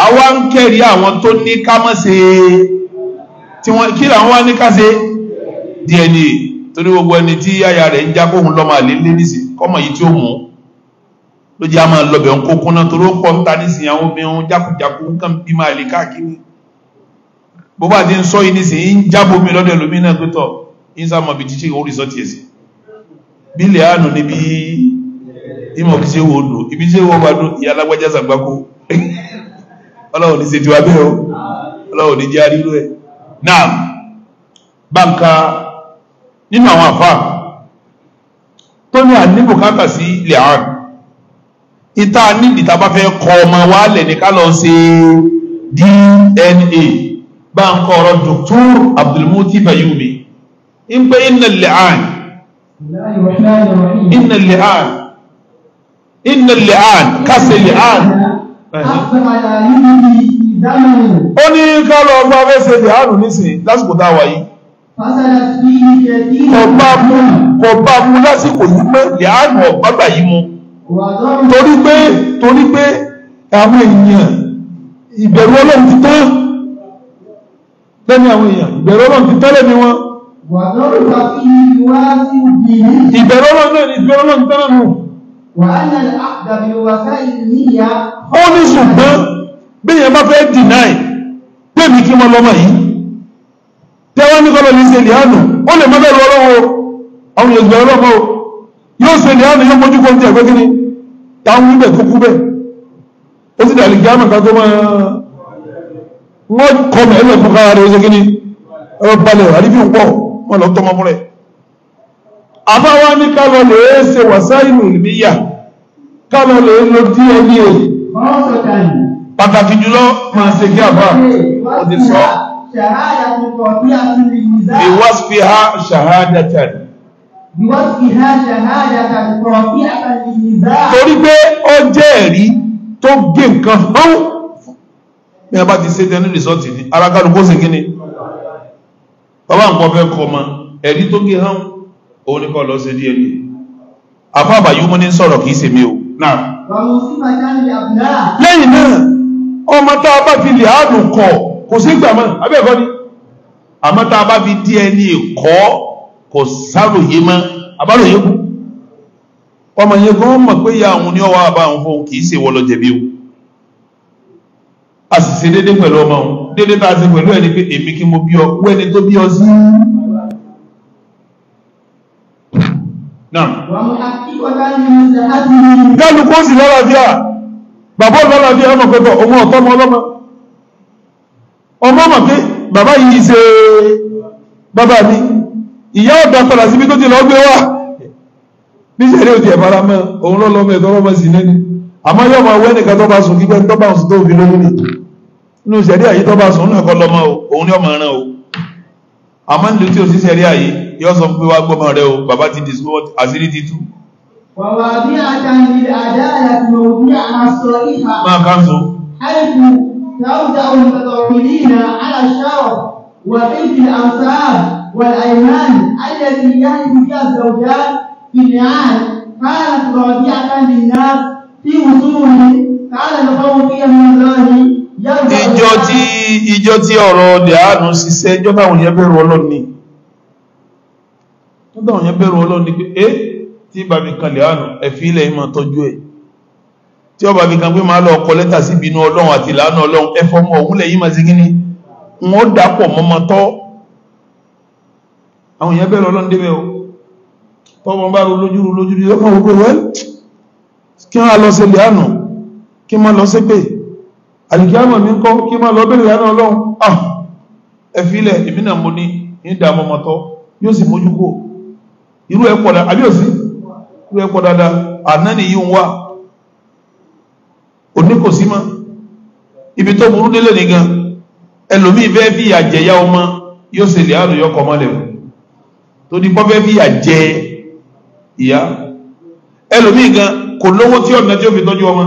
àwa ń kẹ́rí àwọn tó ní ká ṣe tí wọ́n kí làwọn wá ní káṣe DNA torí gbogbo ẹni tí àyà rẹ̀ ń já kóhun lọ́mọ àlélé nísì kọ́mọ yìí tí ó mú ló jẹ́ àmọ́ lọ́bẹ̀ ń kókó náà torí ó pọ̀ ń ta nísìnyí àwọn obìnrin jákujàku nǹkan bí máa lè káàkiri bó bá ti ń sọ yìí nísìnyí ń jábọ̀ mi lọ́dọ̀ ẹlòmíín náà pé tọ̀ ń sá mọ̀ bí títí orí sọ tiẹ̀ sí bí àánú níbi ìmọ̀ kí ṣe wò lò ibi ṣe wò ó bá ìyá alágbájá sàgbákò <laughs> ọlọ́run ní ṣe tiwa bẹ́ẹ̀ o ọlọ́run ní jẹ́ àrílò ẹ̀ náà báńkà nínú àwọn àfà tó ní àníbùkátà sí ilẹ̀ àrùn ìta nídìí tá a bá fẹ́ kọ ọmọ wa lẹ̀ ní ká lọ ṣe DNA báńkà ọ̀rọ̀ Dr. Abdulmuti Fayumi ń pé innal li'an innal li'an innal li'an kásẹ̀ li'an ó ní ká lọ gbá fẹ́sẹ̀ jihadu nísìn lásìkò tá a wà yìí kò bá mú kò bá mú lásìkò yìí pé jihadu ọ̀gbágbà yìí mu torí pé torí pé àwọn èèyàn ìbẹ̀rù ọlọ́run ti tán lẹ́ni àwọn èèyàn ìbẹ̀rù ọlọ́run ti tán lẹ́ni wọn ìbẹ̀rù ọlọ́run náà ni ìbẹ̀rù ọlọ́run tán nù ó ní ṣùgbọ́n bẹ́yẹn bá fẹ́ deny pèmí kí wọ́n lọ́mọ yìí tẹ́wọ́n ní kọ́lọ̀ ní ṣe lìánù ó lè mọ́bẹ̀ rọ ọlọ́wọ́ àwọn èèyàn ìgbẹ̀rọ ọlọ́mọ yóò ṣe lìánù yóò mójú kó ń tẹ̀ pé kí ni táwọn ibẹ̀ kúkú bẹ̀ ó sì dàlì gíámà kan tó máa wọ́n kọ́ mẹ́ ẹ̀lẹ́ fún kára rẹ̀ ó ṣe kí ni ẹ̀rọ balẹ̀ àríbí ń pọ̀ wọn lọ tọmọ fún rẹ̀ àbáwá ní kálọ̀ lè ṣe wàsáìlù ìlmíyà kálọ̀ lè lo DNA pàtàkì jùlọ máa ṣe kí àbá ó ti sọ ìwọ́sífìhá ṣàhádàtàn torí pé ó jẹ́ ẹ̀rí tó gé nǹkan hàn bí a bá ti ṣe tẹnu rìsọ́ọ̀tì ní ara kálukú sí kíni bàbá nǹkan fẹ́ kọ ọmọ ẹ̀rí tó gé hàn òun ní kọ́ lọ sí díẹ̀ díẹ̀ àfáàbà yìí mú ní sọ̀rọ̀ kìí ṣe mí o náà lẹ́yìn náà ọmọ tá a bá fi lè kò sí gbàmọ́ abẹ́ẹ̀kọ́ ni àmọ́ tá a bá fi dí ẹni kò sáròyé mọ́ abáròyé kú ọmọ yẹn gan mọ̀ pé ya àwọn ní ọwọ́ àbá àwọn fún kì ṣe wọ́n lọ o a sì ṣe pẹ̀lú ọmọ ọ tó bí ọ sí. bàbá ọlọ́lá bí ọmọ pẹ́tọ̀ ọmọ ọ̀tọ́mọ ọlọ́mọ ọmọ mọ̀ pé bàbá yìí ṣe bàbá mi ìyá ọ̀dà padà síbi tó ti lọ gbé wá níṣẹ́ eré òtí ẹ̀bára mọ́ òun lọ́lọ́mọ ẹ̀tọ́ ọlọ́mọ sí lẹ́nu àmọ́ yóò máa wẹ́ nìkan tó sùn kíkẹ́ tó sùn tó fi lóhùn ni inú ìṣẹ̀rí àyè tó bá sùn náà kọ́ lọ́mọ òun ni ọmọ ẹran o àmọ́ nílùú tí ò sí ìṣẹ̀rí àyè yóò sọ pé wá gbọ́mọ rẹ o bàbá ti dìsú àṣírí ti tú وواضعة للعدالة موضع مصائفها ما كانوا حيث توضع المتطاولين على الشرف وحفظ الأنصاب والأيمان التي يهدي فيها الزوجان في النهاية كانت رابعة للناس في وصول كان القوم فيها من الله ìjọ tí ìjọ tí ọ̀rọ̀ dẹ̀ánù ṣiṣẹ́ ìjọ táwọn èèyàn bẹ̀rù Ọlọ́run ni ìjọ táwọn èèyàn bẹ̀rù Ọlọ́run ni pé eh tí bàbí kan lè àánú ẹ̀fí ilẹ̀ ìmọ̀ tọ́jú ẹ̀ tí ó bàbí kan pé máa lọ ọkọ̀ lẹ́tà sí ìbínú ọlọ́run àti ìlànà ọlọ́run ẹfọ́ mọ́ òun lẹ́yìn máa sí gíní wọ́n dàpọ̀ mọ́mọ́ tọ́ àwọn èèyàn bẹ̀rẹ̀ ọlọ́run débẹ̀ o tọ́mọ bá ro lójúru lójúru lọ́kàn gbogbo wẹ́ kí wọ́n kí wọ́n lọ lọ kúrẹ́ pọ̀ dáadáa àná nìyí ń wá òní kò sí mọ́ ibi tó burú délé ní gan ẹlòmíì fẹ́ fi àjẹyà ọmọ yóò ṣe lè àrùn yọkọ̀ ọmọ lẹ̀ tó ní pọ́ fẹ́ fi àjẹ ìyá ẹlòmíì gan kò lówó tí ọ̀nà tí ó fi tọ́jú ọmọ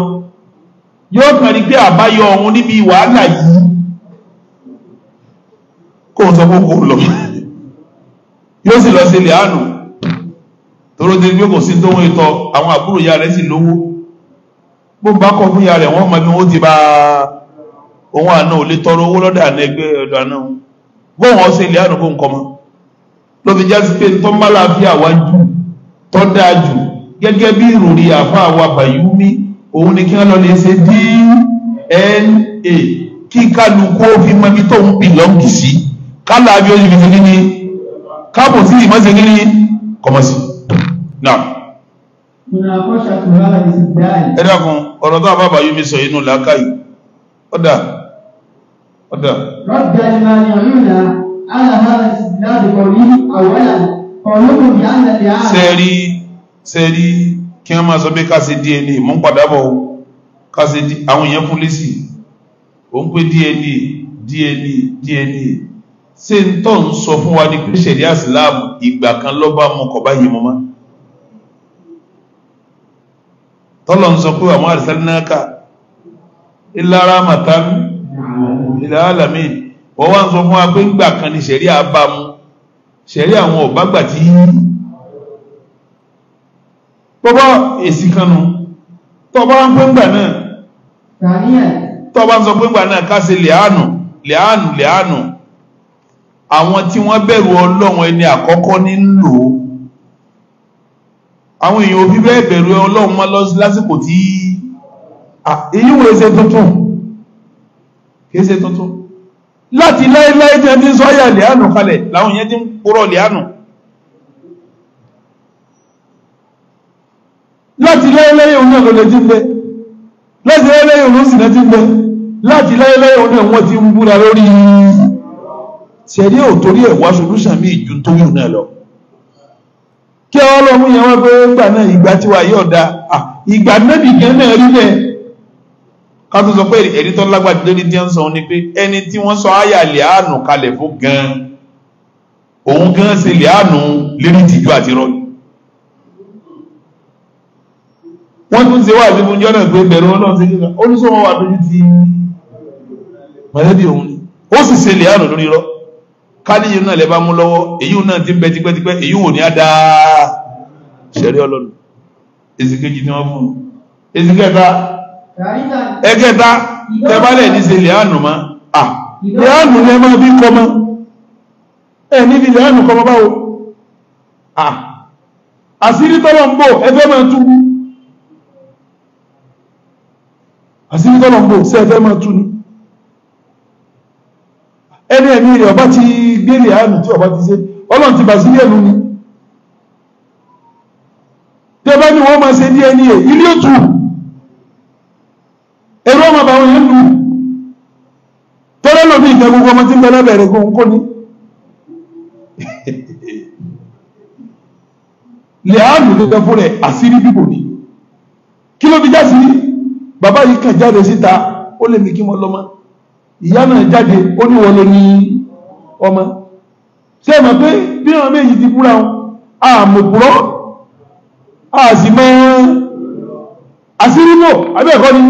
yóò kàn pé àbáyọ ọ̀hún níbi wàhálà yìí kó o sọ fún kò lọ yóò sì lọ sí lè àrùn tọ́rọ ti gbé kò sí tó wọ́n ìtọ́ àwọn àbúrò ìyá rẹ̀ sì lówó bó bá kọ fún ìyá rẹ̀ wọ́n mọ bí wọ́n ti bá òun àna ò lè tọrọ owó lọ́dọ̀ àna ẹgbẹ́ ọ̀dọ̀ àna wọn bó wọn ṣe ilé àná kó nǹkan mọ́ ló fi já sí pé tó má láàfíà wá jù tó dáa jù gẹ́gẹ́ bí ìròrí àfa àwa bàyúmi òun ni kí wọ́n lọ lè ṣe DNA kí kálukú ó fi mọbi tó ń bìlọ́ǹgì sí kálá bí fi ṣe kí ni káàbọ̀ sí ìmọ̀ṣe náà ẹ̀dá kan ọ̀rọ̀ tó àbábà yóò mi sọ inú làákàyè ọ̀dà ọ̀dà. rọ́dà ìmọ̀ ni ọ̀rọ̀ náà aláhàlá ìsìláàdì kọ̀ ní àwọ̀lá kọ̀ lókùn ní àlàlẹ́ àárẹ̀. sẹ́ẹ̀rí sẹ́ẹ̀rí kí wọ́n máa sọ pé káṣe DNA mọ́ ń padà bọ̀ káṣe àwọn èèyàn fún lẹ́sì ò ń pé DNA DNA DNA ṣé ń tọ́ ń sọ fún wa ní pé ṣẹ̀rí àsìláàmù ìgbà kan lọ́ba mọ́ báyìí mọ́ máa tọ́lọ́n sọ pé àwọn àrísàlínáka ìlara màtán ilẹ̀ alàmì wọ́n wá ń sọ fún wa pé ńgbà kan ní ṣẹ̀rí àbámu ṣẹ̀rí àwọn ọ̀bágbà tí bọ́bá èsì kanu tọ́bá ń pè ńgbà náà tọ́bá ń sọ pé ńgbà náà káṣe lẹ́àánù lẹ́àánù lẹ́àánù àwọn tí wọ́n bẹ̀rù ọlọ́run ẹni àkọ́kọ́ ní ń àwọn èèyàn òbí bẹ́ẹ̀ bẹ̀rù ọlọ́run mọ́ lásìkò tí èyí wò ṣe tuntun kìí ṣe tuntun láti láíláí jẹ́ tí ń sọ ayà lẹ́ànù kalẹ̀ láwọn yẹn tí ń kúrọ̀ lẹ́ànù láti láíláí òun náà lọ́lẹ̀ tí ń bẹ láti láíláí òun sì náà ń bẹ láti láíláí òun náà wọ́n ti ń búra lórí ṣẹ̀rí ò torí ẹ̀wà solúṣàn mí tó yùn náà lọ kí ọlọ́run yẹn wọ́n pé ńgbà náà ìgbà tí wà yóò da ìgbà náà nìkan náà rí bẹ́ẹ̀ ká tó sọ pé ẹ̀rí tó lágbàdì lórí tí wọ́n sọ ni pé ẹni tí wọ́n sọ ayà lè àánú kalẹ̀ fún gan òun gan ṣe lè àánú lérí ìtìjú àti rọ́ọ̀lù. wọ́n tún ṣe wá àdébùn jọ́ náà pé bẹ̀rù ọlọ́run ṣe kíkà ó ní sọ wọn wà lójú ti mọ̀lẹ́bí òun ni ó sì ṣe lè àánú lórí rọ́ọ̀lù kálí yìí náà lè bá mú lọ́wọ́ èyí náà ti ń bẹ tipẹ́tipẹ́ èyí wò ní á dáa ṣẹ̀rí ọlọ́nu èsì kejì tí wọ́n fún un èsì kẹta ẹkẹta tẹbálẹ̀ ní ṣe lẹ́ànù ma à lẹ́ànù ní ẹmọ́ bí kọmọ ẹ níbi lẹ́ànù kọmọ báwo à àṣírí tọ́lọ̀ ń bò ẹfẹ́ máa tú àṣírí tọ́lọ̀ ń bò sí ẹfẹ́ máa tú ni ẹni ẹ̀mí rẹ̀ ọba ti gbére àmì tí ọba ti ṣe ọlọ́run ti bà sí ilé ẹ̀lú ni tẹ́bá ni wọ́n máa ṣe ní ẹni ẹ̀ ilé òtù ẹ̀rọ ọmọ àbáwọn èèyàn lù tọ́lá lòmí ìtẹ́ gbogbo ọmọ tí ń bẹ lábẹ́rẹ́ kó ní lẹ́àánù tó tẹ́ fún rẹ̀ àṣírí bíbò ni kí ló fi já sí bàbá yìí kàn jáde síta ó lè mi kí mo lọ́mọ ìyá náà jáde ó ní wọ́n lọ ní ọmọ ṣe mọ̀ pé bí wọn méjì ti búra wọn àmùbúrọ́ àṣìmọ́ àṣírínà abẹ́ẹ̀kọ́ ni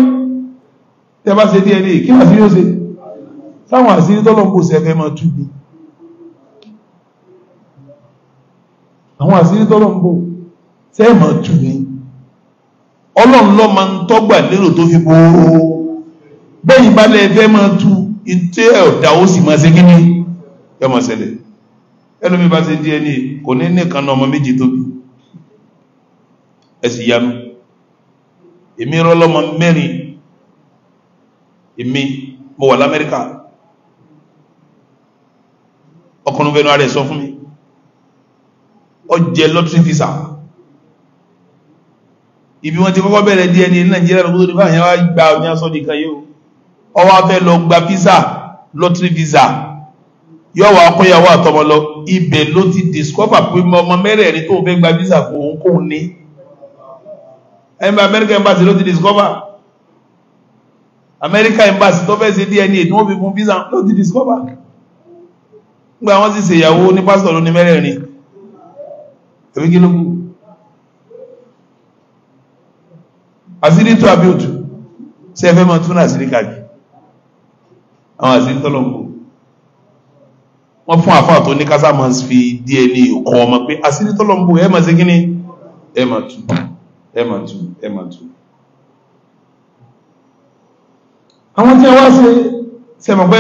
tẹba ṣe DNA kí wà sí yóò ṣe sáwọn àṣírí tọ́lọ̀ kò sẹ́fẹ́ máa túbi àwọn àṣírí tọ́lọ̀ ń bò sẹ́ẹ̀ máa túbi ọlọ́run ló máa ń tọ́gbà lérò tó fi bòó bẹ́yìn balẹ̀ ẹ̀fẹ́ máa tú ìtẹ́ ọ̀dà ó sì máa ṣe kíní yọ mọ̀ ṣẹlẹ̀ ẹlòmí bá ṣe DNA kò ní nìkan náà ọmọ méjì tóbi ẹ sì yanu èmi rọlọ́mọ mẹ́rin èmi mo wà l'Amẹ́ríkà ọkùnrin bẹnu ara sọ fún mi ó jẹ fisa ibi wọn ti kọ́kọ́ bẹ̀rẹ̀ DNA ní Nàìjíríà lọ́gbọ́n tó ní fáwọn yẹn wá gba ọ̀nyá sọ́ọ́dì kan yìí ó ọwọ́ afẹ́ lọ gba fisa lọ́tírì fisa yóò wá kó yàwó àtọmọ lọ ibẹ̀ ló ti discover pé ọmọ mẹ́rẹ̀ẹ̀rin tó fẹ́ gba visa kò ń kò ní ẹnba America embassy ló ti discover America embassy tó fẹ́ ṣe DNA tí wọ́n fi fún visa ló ti discover nígbà wọ́n sì ṣèyàwó ní pásítọ̀ ló ní mẹ́rẹ̀ẹ̀rin tàbí kí ló kù àṣírí tó àbí òtù ṣe é fẹ́ mọ túnú àṣírí kàbí àwọn àṣírí tọ́lọ̀ ń kù wọ́n fún àfáà tó ní kásá máa fi DNA kọ́ ọmọ pé àṣírí tó lọ́nbù ẹ̀ máa ṣe kí ni ẹ̀ máa tú ẹ̀ máa tú ẹ̀ máa tú. àwọn tí wọ́n ṣe ṣe mọ̀ pé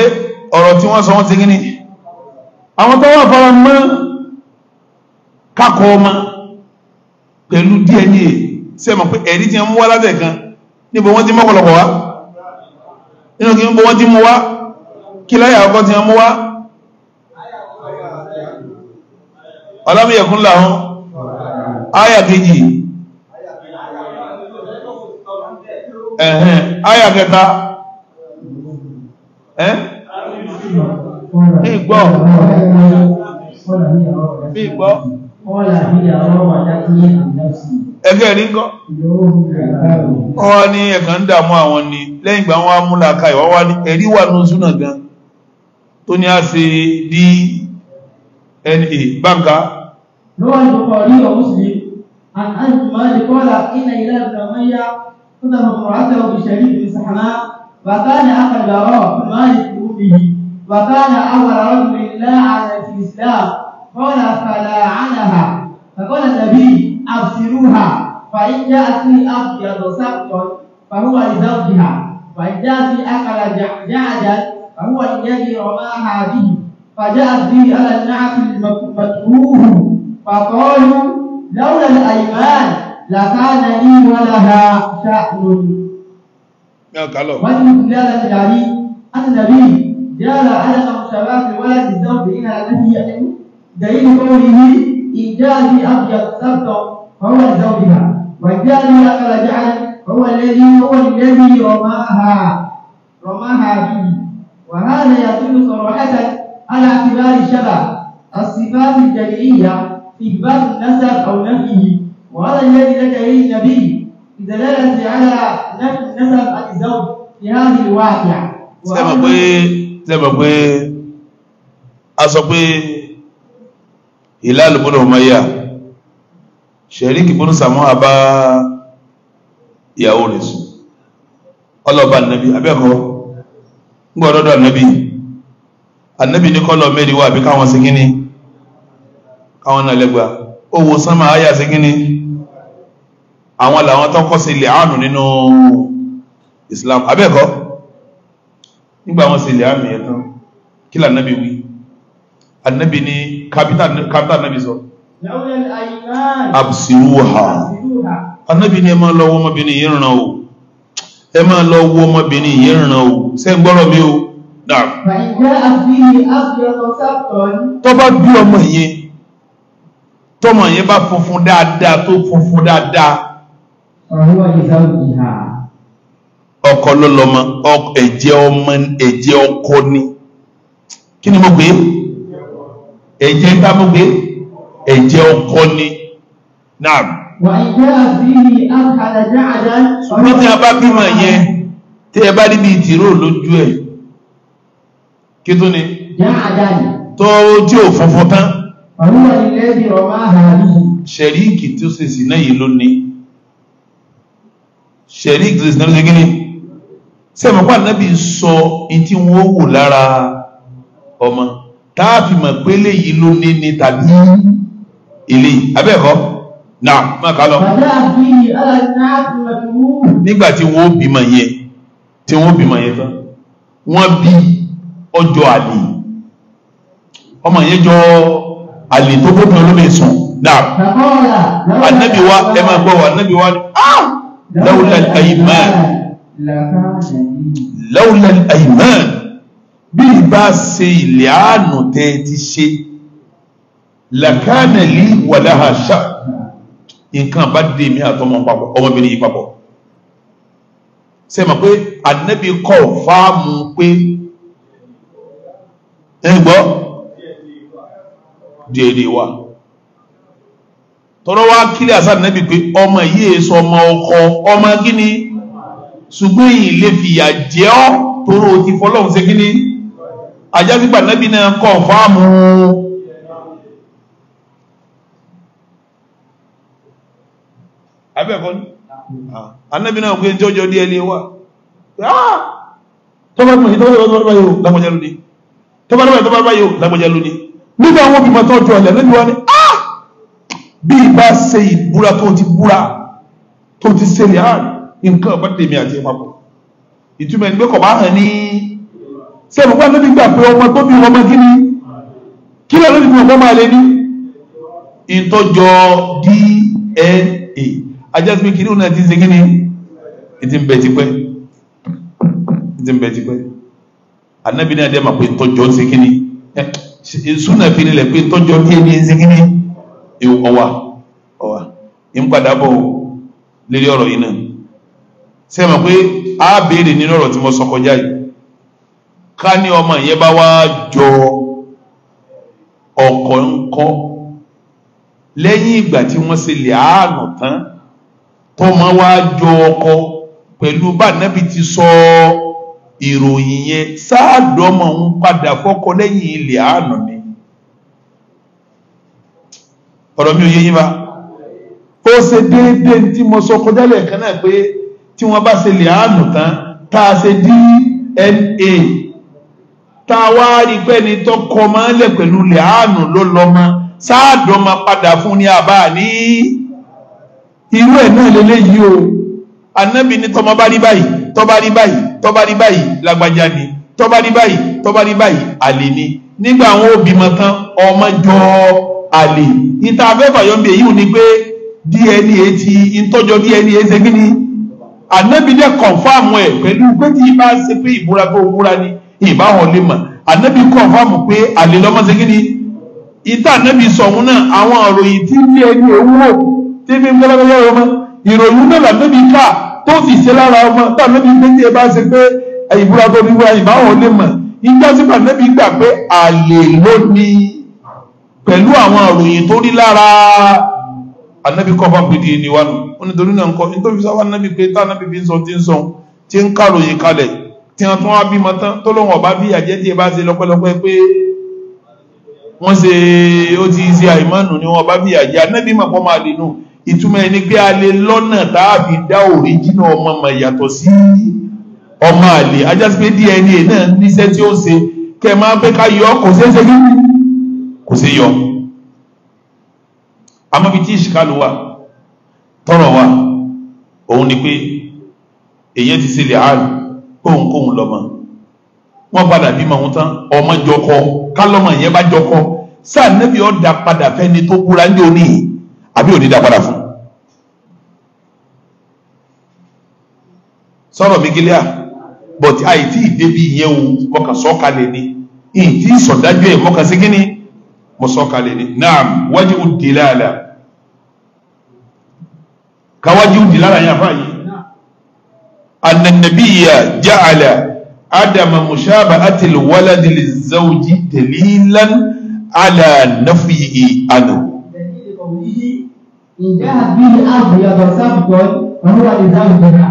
ọ̀rọ̀ tí wọ́n sọ wọ́n ṣe kí ni àwọn tó wà fara mọ́ kákọ́ ọmọ pẹ̀lú DNA ṣe mọ̀ pé ẹ̀rí ti ń mú wá lábẹ́ kan níbo wọ́n ti mọ́kọ̀lọ́kọ̀ wá nínú kí níbo ti mú wá kí láyà ọkọ̀ ti ń mú wá. ọlámúyẹ̀kún ọhụụ àyà kejì àyà kẹta ní ìgbọ́ ní gọ́ ní ẹ̀kàn ń dàmú àwọn ni lẹ́yìn wọn múlá wà ní oṣù náà gan tó ní a ṣe NA بابكا روى البخاري ومسلم عن انس مالك قال ان هلال بن اميه كتب امراته بشريك بن سحماء وكان اخا البراء بن مالك بامه وكان اول رجل لا على في الاسلام قال فلاعنها فقال النبي ابصروها فان جاءت في ابيض سبط فهو لزوجها وان جاءت في اكل جعدا فهو الذي رماها به فجاءت به على النعت المكروه فقالوا لولا الأيمان لكان لي ولها شأن نعم، ومن دلالة العلي أن النبي جعل علقا شباب ولد الزوج إلى الذي يحب دليل قوله إن جاء في أبيض سبط فهو لزوجها وإن جاء في أقل جعل فهو الذي هو الذي رماها رماها به وهذا يدل صراحة على اعتبار شبه الصفات الجلية في إثبات النسب أو نفيه وهذا الذي ذكر النبي بدلالة على نفي النسب عن الزوج في هذه الواقعة sẹ́mọ̀ pé sẹ́mọ̀ pé a sọ pé Hilal ibn Umayyah Sharik ibn Samu'a bá ìyàwó rẹ̀ sùn ọlọ́ba nàbí anabi ní kọlọ mẹ́rin wà bí káwọn sí kíní káwọn náà lẹ́gbàá owó sánmà ayà sí kíní àwọn làwọn tọ́kọ́ sí ilẹ̀ àánú nínú Islam abẹ́ẹ̀kọ́ nígbà wọn sí ilẹ̀ àánú yẹn tán kí là anabi wí anabi ní kápítà anabi sọ. absiruha anabi ní ẹ máa lọ wọ ọmọbìnrin yìí ràn o ẹ máa lọ wọ ọmọbìnrin yìí ràn o ṣé ń mi o tó bá bí ọmọ yẹn tọ́mọ yẹn bá funfun dáadáa tó funfun dáadáa ọkọ ló lọ́mọ ẹ̀jẹ̀ ọmọ ẹ̀jẹ̀ ọkọ ni kí ni mo gbé ẹ̀jẹ̀ bá mo gbé ẹ̀jẹ̀ ọkọ ni náà. ṣùgbọ́n tí a bá bímọ yẹn tí ẹ bá níbi ìdìrò lójú ẹ̀ kí tó ni tó ojú òfófó tán ṣẹ̀ríkì tí ó sì sí náà yìí ló ní ṣẹ̀ríkì tí ó sì náà ṣe gíní sẹ́mọ̀pá náàbí sọ in tí wọ́n wò lára ọmọ táàfì mọ̀ pé léyìí ló ní ní tàbí ilé abẹ́ẹ̀kọ́ náà máa kà lọ nígbà tí wọ́n bímọ yẹn tí wọ́n bímọ yẹn tán wọ́n bí ọjọ́ àlè ọmọ yẹn jọ àlè tó bóbi olómi sùn náà anabi wa ẹ máa gbọ́ wa anabi wa ah lawla al-ayman lawla al-ayman bí ibà ṣe ilẹ̀ àánú tẹ́ ti ṣe làkánà lè wà láhà ṣá nǹkan bá dé mi àtọmọ papọ̀ ọmọbìnrin yìí papọ̀ sẹ́mi pé anabi kọ̀ fáàmù pé. ẹ gbọ́ déédéé wa tọ́rọ wá kílẹ̀ àṣà nẹ́bí pé ọmọ yìí èso ọmọ ọkọ ọmọ gíní ṣùgbọ́n èyí lè fìyà jẹ ọ́ tóró ti fọlọ́hún ṣe gíní ajábígbà nẹ́bí náà kọ̀ fáàmù abẹ́ẹ̀kọ́ ní anábì náà gbé jọjọ díẹ̀ ah! ní wa tó bá lọ́wọ́ tó bá báyìí ó lágbọ́já lónìí nígbà àwọn obìnrin tó jọ ọ̀lẹ́ lónìí wá ní á ah! bí ìbá ṣe ìbúra tó ti búra tó ti ṣe ní àárín ah! nǹkan ọ̀pá tèmi àti ìpapọ̀ ìtumọ̀ ẹni pé kọ̀ bá hàn ní sẹ́nu wá lóbi gbà pé ọmọ tó bí ọmọ kí ni kí ló lóbi ọmọ máa lé ní ìtọ́jọ DNA ajásí pé kí ni ó náà ti ń ṣe kí ni ìtì tipẹ́ ìtì tipẹ́ anabi náà dẹ́ ma pé ntọ́jọ́ ń sekini sunna fini lẹ pé ntọ́jọ́ díẹ̀ ní ń sekini ọwa ọwa ìmúpadà bọ̀ lérí ọ̀rọ̀ yìí náà ṣe ma a béèrè nínú ọ̀rọ̀ tí mo sọ kọjá yìí ká ní ọmọ yẹn bá wá jọ ọkọ̀ ńkọ́ lẹ́yìn ìgbà tí wọ́n ṣe lè àánú tán tọ́mọ wá jọ ọkọ pẹ̀lú bá nábì ti sọ ọ́ ìròyìn yẹn sáàdọ́mọ̀ ń padà fọ́kọ lẹ́yìn ilẹ̀ àánú ni ọ̀rọ̀ mi ò yé yín bá ó ṣe déédéé tí mo sọ kọjá lẹ́ẹ̀kan náà pé tí wọ́n bá ṣe lè àánú tán tá a ṣe DNA tá a wá rí pé ẹni tó kọ máa ń lẹ̀ pẹ̀lú lè àánú ló lọ mọ́ sáàdọ́mọ̀ padà fún ni àbá ní irú ẹ̀ náà lélẹ́yìí o anabi ní tọmọ bá rí báyìí tọba rí báyìí tọba rí báyìí lágbájá ni tọba rí báyìí tọba rí báyìí àlè ni nígbà àwọn òbímọ tán ọmọ jọ àlè ìta afẹ́fàyọ́ bí èyí ò ní pé DNA ti ìtọ́jọ DNA ṣe kí ni anabi dẹ̀ kọ̀nfàmù ẹ̀ pẹ̀lú pé tí ìbá ṣe pé ìbúra pé òbúra ni ìbá hàn lè mọ̀ anabi kọ̀nfàmù pé àlè lọ́mọ ṣe kí ni ìta anabi sọ̀hún náà àwọn òròyìn tí ilé ẹni tí fi ń gbẹ́lẹ́gbẹ́lẹ́ ọmọ ìròyìn náà lànàbí ká tó sì ṣe lára ọmọ tànàbí méjì bá ṣe pé ìbúra tó ní wúra ìbáwọn lè mọ̀ ìjọ sí tànàbí gbà pé àlè ló ní pẹ̀lú àwọn ìròyìn tó rí lára ànàbí kọ́ fún pèdè níwájú ó ní torí náà ń kọ́ nítorí sáwọn ànàbí pé tànàbí fi ń sọ tí ń sọ tí ń kàròyìn kalẹ̀ tí wọn tún wá bímọ tán tó lóun ọba bí àjẹjì bá ṣe lọ́pẹ́lọpẹ́ pé wọ́n ṣe ó ti ṣe àìmọ́nù ni wọn ọba bí àjẹ anábìmọ̀ pọ́ máa dènù ìtumọ̀ ẹni pé a lè lọ́nà tàbí dá òríjìnà ọmọ mọ̀ yàtọ̀ sí ọmọ àlè ajásí pé DNA náà níṣẹ́ tí ó ṣe kẹ máa fẹ́ ká yọ kò ṣeé ṣe kí kò ṣe yọ amóbi tí ìṣìkàlù wà tọrọ wà òun ni pé èyàn ti ṣe lè àrùn kóhunkóhun lọmọ wọn padà bímọ ohun tán ọmọ jọkọ kálọmọ yẹn bá jọkọ sáà nẹbi ọdà padà fẹni tó kúra ní oníyìí àbí òní dá padà fún sọ̀rọ̀ mi gílíà but àìtí ìdébí ìyẹn o mọ̀kà sọ́kalẹ̀ ni ìtí ìsọ̀dájú ẹ̀ mọ̀kà sí kíní mọ̀ sọ́kalẹ̀ ni naam wájú dìláàlà káwájú dìláàlà yẹn àfáà yìí ananabiya jaala adama mushaba atil waladi li zawji dalilan ala nafi'i anahu. إن به أرض يتسبب فهو لزوجها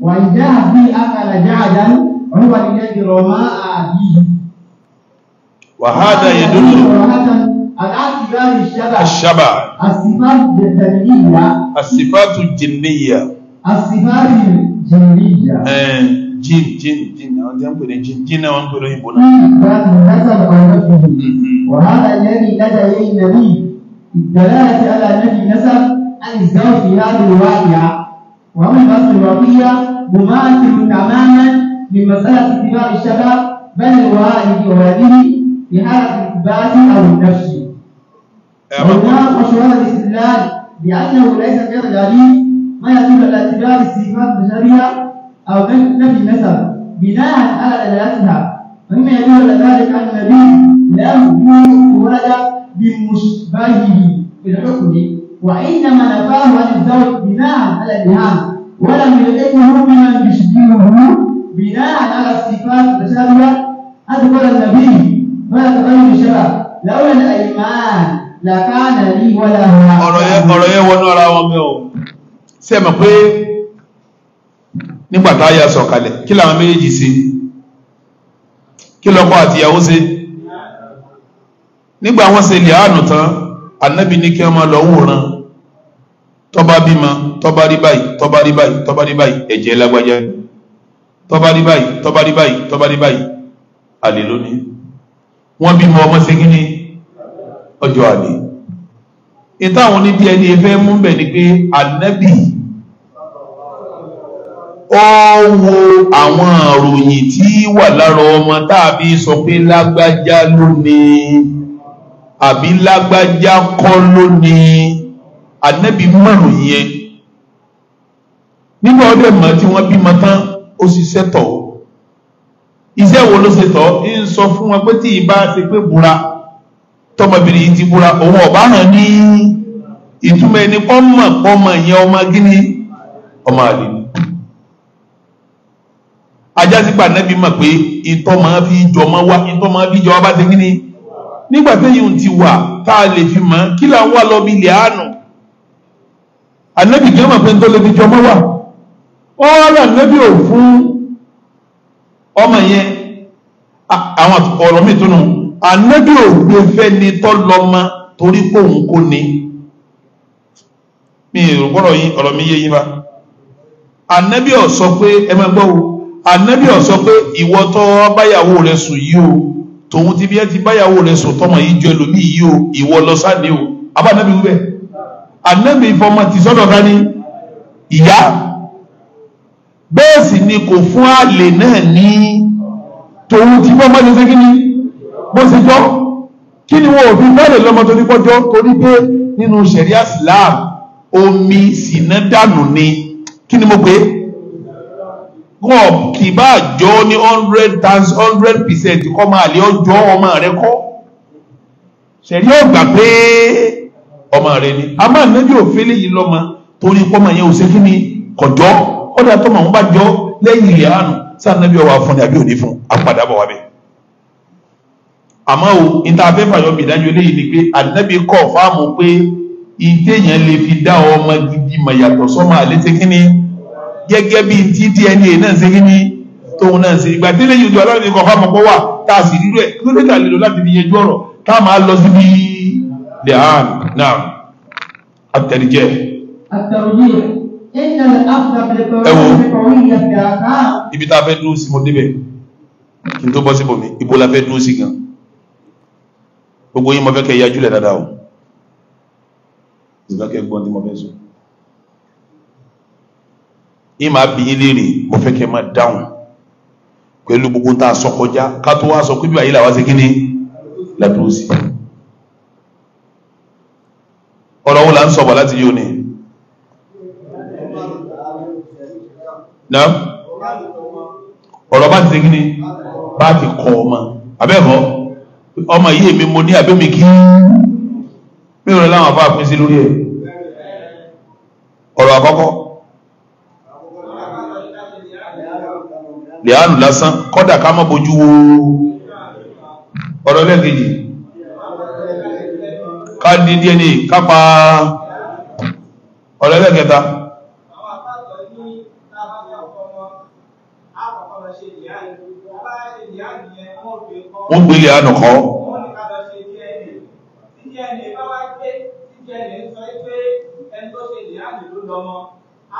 وإن به أكل جعدا هو للذي رماء به وهذا يدل الشبع الصفات الجنية الصفات الجنية الصفات الجنية jin jin jin àwọn tí wọ́n pè ní jin jin náà wọ́n pè ní ìbò náà. الدلالة على نفي نسب عن الزوج في هذه الواقعة وهم الأصل الواقعية مماثل تماما لمسألة اتباع الشباب بين الوالد وولده في حالة الإثبات أو النفس والناس مشروع الاستدلال بأنه ليس غير دليل ما يدل على اتباع الصفات البشرية أو نفي النسب بناء على دلالتها مما يدل على ذلك أن النبي لأخذ ولد بمشبهه في الحكم وإنما نفاه عن الزوج بناء على الإهانة ولم يدعه ممن يشبهه بناء على الصفات التشابهة أدخل النبي ولا تغير الشبه لولا الإيمان لكان لي ولا هو ọ̀rọ̀ yẹn ọ̀rọ̀ yẹn wọnú ara wọn mi o ṣe mọ̀ pé nígbà tá a yà sọ̀kalẹ̀ kí làwọn méjèèjì ṣe kí lọ́kọ àtìyàwó ṣe nígbà wọn ṣe lè àánú tán anabi ní kí wọn máa lọ wòran tọba bímọ tọba rí báyìí tọba rí báyìí tọba rí báyìí ẹ̀jẹ̀ lágbájá tọba rí báyìí tọba rí báyìí tọba rí báyìí àlè lónìí wọn bímọ ọmọ ṣe kí ni ọjọ́ àlè ìtàwọn onídìí ẹni ẹfẹ mú bẹ ni pé anabi ó wo àwọn àròyìn tí wà lára ọmọ tá a fi sọ pé lágbájá lónìí àbí lágbájá kọ́ ló ní ànábì márùn yẹn nígbà ọdẹ mọ tí wọ́n bímọ tán ó sì ṣètò iṣẹ́ wo ló ṣètò ń sọ fún wọn pé tí ìbá ṣe pé búra tọmọbìnrin yìí ti búra òun ọba hàn ní ìtumọ̀ ẹni pọ́nmọ̀ pọ́nmọ̀ yẹn ọmọ gíní ọmọ àlè ni ajá sí pàdánù bí mọ̀ pé ìtọ́ máa fi jọmọ wá ìtọ́ máa fi jọmọ bá ṣe gíní nígbà téyìn ti wà tá a lè fi mọ̀ kí là ń wà lọ bí ilẹ̀ àánú ànábì kí ọmọ pẹ́ńtọ́ lè fi jọmọ́ wà ọ̀rọ̀ ànábì ò fún ọmọ yẹn àwọn ọ̀rọ̀ mi túnú ànábì ò gbé fẹ́ ni tọ́ lọ́mọ torí kóhun kó ni mi ò gbọ́dọ̀ yín ọ̀rọ̀ mi yé yín bá ànábì ò sọ pé ẹ máa gbọ́ o ànábì ò sọ pé ìwọ tó báyàwó rẹ sùn yìí o tòun ti bí ẹ ti báyàwó rẹ̀ sùn tọmọ yìí jọ ẹlòmíì yìí o ìwọ lọ sáde o abánábi wúbẹ ànábì ìfọmọ ti sọ́dọ̀ ká ní ìyá bẹ́ẹ̀ sì ni kò fún àlè náà ní tòun ti bọ́ mọ́tò sí kíni bó ṣe jọ́ kí ni wọn ò fi bẹ́ẹ̀ lọ́mọ tó ní kọjọ́ torí pé nínú ṣẹ̀ríà Islam omi sìnà dànù ni kí ni mo pè é wọn kì bá jọ ní hundred times hundred percent kọ́ máa lè ọjọ́ ọmọ rẹ kọ́ ṣẹ̀rí ọgbà pé ọmọ rẹ ni a máa òfin lè yí lọ́mọ torí pọ́mọ yẹn ò ṣe kí ni kọjọ́ ọ̀dà tó máa ń bá jọ lẹ́yìn ilẹ̀ àánú sáà nẹ́bí ọwọ́ afúnni àbí òní fún apàdàbọ̀ wa bẹ́ẹ̀ àmọ́ o níta afẹ́ fàyọ̀ bìdájọ́ eléyìí ni pé ànábì kọ̀ fáàmù pé ìtẹ̀yàn lè fi dá ọmọ gidi mọ̀ yàtọ̀ sọ́mọ àlétí ni gẹ́gẹ́ bí tí DNA náà ṣe kíní tóun náà ṣe ìgbà tí lẹ́yìn ojú ọlọ́run ní kọ̀ọ̀kan mọ̀ wà tá a sì rírú ẹ̀ lórí ìtàlélò láti fi yẹjú ọ̀rọ̀ tá a máa lọ síbi dehàn náà àtẹ̀ríjẹ́. ẹ wo ibi tá a fẹ́ dúró sí mo débẹ̀ kí n tó bọ́ síbò mi ibo la fẹ́ dúró sí gan gbogbo yín mo fẹ́ kẹ́ yájú lẹ̀ dáadáa o ìgbà kẹ́ gbọ́n tí mo fẹ́ sọ ní màá bí yín léèrè mo fẹ́ kẹ́ ẹ máa dáhùn pẹ̀lú gbogbo tá a sọ kọjá ká tó wá sọ pé bí àyè làwọn ṣe kí ni ládùúró sí i ọ̀rọ̀ wọn là ń sọ̀bọ̀ láti yóò ní náà ọ̀rọ̀ bá ti ṣe kíni bá ti kọ́ ọmọ abẹ́ẹ̀kọ́ ọmọ yìí èmi mo ní abẹ́mi kí mi ò rẹ̀ láwọn afá pín sí lórí ẹ̀ ọ̀rọ̀ àkọ́kọ́ lẹ́hànù lásán kọ́dà ká má bójú wo ọ̀rọ̀ lẹ́gẹ̀ẹ́jì ká di DNA ká pa ọ̀rọ̀ lẹ́gẹ̀ẹ́ta. wọ́n gbé lẹ́hànù kọ́. DNA bá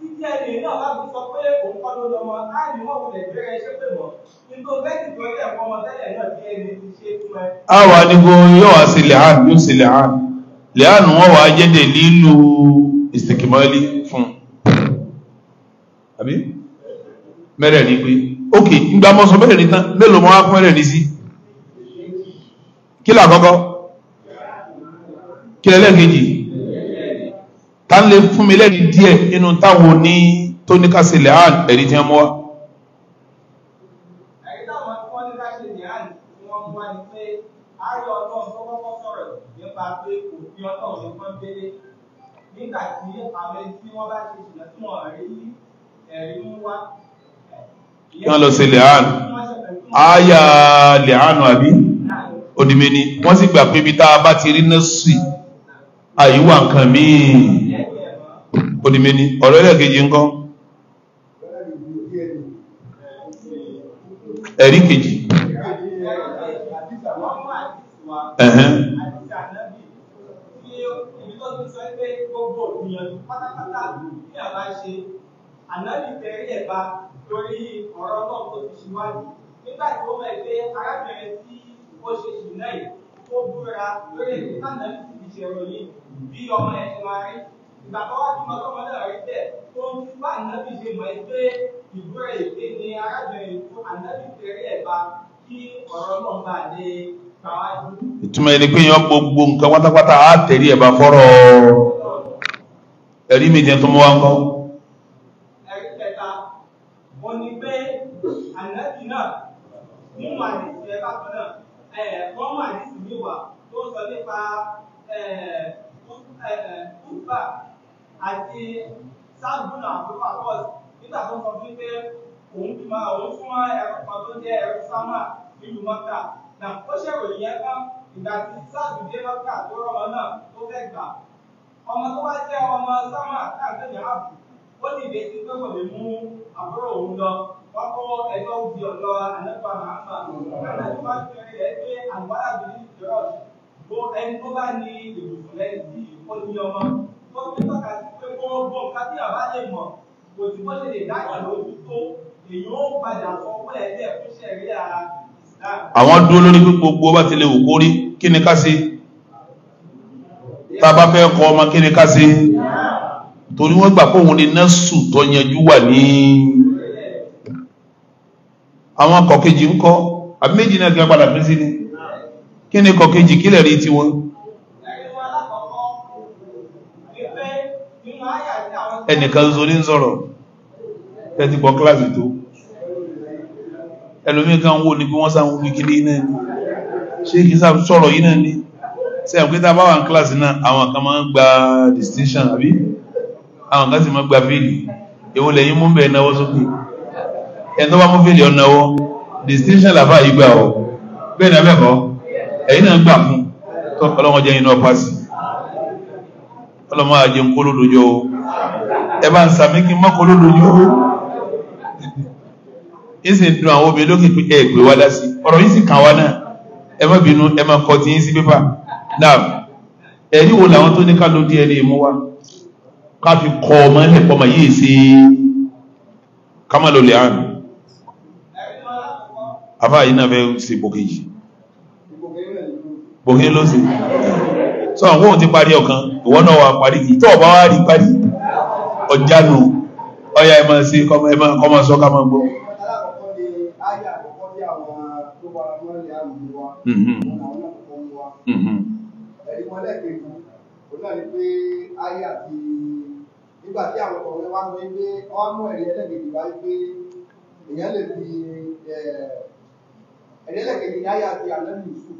títí ẹni náà bá fi sọ pé òun kọ́ ló lọ́mọ á ní wọ́n wulẹ̀ bẹ̀rẹ̀ iṣẹ́ pè mọ́ nítorí bẹ́ẹ̀ tó lẹ̀ fọ́ ọmọ tẹ́lẹ̀ náà tí ẹni ti ṣe fún ẹ. àwa ni go yóò wá sí lẹ́hàn yóò sí lẹ́hàn lẹ́hàn wọn wàá jẹ́dẹ̀ lílo ìsìnkìmọ́lì fún mẹ́rẹ̀ ní pé ok ìgbà mọ́ sọ mẹ́rẹ̀ ní tán mélòó mọ́ wá fún mẹ́rẹ̀ ní sí kí làkọ́kọ́ kí lẹ́lẹ́kejì ta ń lè fún mi lẹ́rìí díẹ̀ nínú táwọn oní tó ní ká ṣe lẹ́hàn ẹ̀rí tí wọ́n mú wá. nígbà tí àwọn ẹni wọ́n lọ ṣe lẹ́hàn àyà lẹ́hàn àbí òdìmẹ́ni wọ́n sì gbà pé ibi tá a bá ti rí nọ́ọ̀sì àyíwá nǹkan míì ó di méní ọ̀rọ̀ ẹlẹ́ẹ̀kejì ńkọ́ ẹ̀rí kejì ẹ̀hẹ́n bí ọmọ ẹ̀ ṣe máa rí ìgbà tó wá bí mọ́tò mọ́tò tẹ̀ tó ń bá ànábì ṣe mọ̀ pé ni arábìnrin fún ànábì tẹ̀rí ẹ̀ kí ọ̀rọ̀ náà bá lè gbogbo nǹkan pátápátá á tẹ̀rí ẹ̀ fọ́rọ̀ ẹ̀rí mi jẹ́ tó ń kọ́. ẹ̀rí kẹta mo ní pé ànábì náà nínú àdìsí kan náà ẹ̀ àdìsí àti sáàbùnà àbúrò àbọ̀s nígbà tó sọ fún pé òun bímọ òun fún ẹrú kan tó jẹ ẹrú sámà nílùú mọ́kà nà ó ṣèròyìn yẹn tán ìgbà tí sáàbù dé mọ́kà tó rọmọ náà tó fẹ́ gbà ọmọ tó bá jẹ́ ọmọ sámà káàkiri àbù ó ní ìrètí pé kò lè mú àbúrò òun lọ wọn kọ ẹjọ́ òbí ọ̀dọ́ àlẹ́kọ̀ọ́ àmàmà nígbà tó bá fi rí rẹ̀ pé àgbáyà bìí jọ̀ọ́ ẹni tó bá ní ìbùkún lẹ́yìn tí ó ní ọmọ tó fi tọ́ka sí gbogbo nǹkan tí bàbá lè mọ̀ kò sí bó ṣe lè dáyà lójú tó èyàn ó padà sọ pé ẹgbẹ́ ẹ̀kúṣẹ́ rí ara àwọn dúró lórí pé gbogbo bá ti lè wù kórí kí ni ká ṣe tá a bá fẹ́ kọ ọmọ kí ni ká ṣe torí wọ́n gbà fóun ní nẹ́sù tó yanjú wà ní àwọn akọ̀kejì ń kọ́ àbí méjì náà kí wọ́n padà fi sí ni kí ni kọ̀kejì kílẹ̀ rí tiwọn. ẹnìkan ṣoṣo ní sọ̀rọ̀ tẹ́tí gbọ́ kíláàsì tó ẹlòmí kan wò ní bí wọ́n sáwọn wikini náà ni ṣé kìí sáà sọ̀rọ̀ yìí náà ni ṣe àpẹta bá wà ní kíláàsì náà àwọn kan máa ń gba distinction àbí àwọn kan sì máa gba fèlì èwo lẹ́yìn mú bẹ́ẹ̀ náwó sókè ẹni tó bá mú fèlì ọ̀nàwó distinction làbá yìí gbà ọ bẹ́ẹ̀ náà bẹ́ẹ̀ kọ́ ẹ̀yìn náà gbà fún ọlọ́wọ́n jẹ́ iná pàṣẹ ọlọ́wọ́n àjẹun kólódójọ́ o ẹ bá ń sàmí kí mọ́kọ́ ló lójú ó ń sì dun àwọn obìnrin lókè pé ẹ gbé wá dá sí ọ̀rọ̀ yìí sì kàn wá náà ẹ má bínú ẹ má kọ tí yín sí pépà náà ẹ̀rí wo làwọn tó ní ká ló DNA mú wá ká fi kọ ọmọ ẹlẹ́pọ̀ mà yìí sí ká má lọ yìí náà fẹ́ ṣe bòkèjì bòkèjì ló ṣe sọ àwọn ohun ti parí ọ̀kan ìwọ náà wà parí kì í tọ́ ọ bá wá rí parí ọjánù ọya ẹmọ sí kọmọ sọ ká mọ́ gbọ́ Nígbàtí àwọn ọ̀rẹ́ wá mọ́ ilé ọmọ ẹ̀rí ẹlẹ́gbẹ̀ẹ́ ìgbà wípé èèyàn lè fi eh, ẹ̀rí ẹlẹ́gbẹ̀ẹ́ ìgbà yà ti àlẹ́lù ìṣù.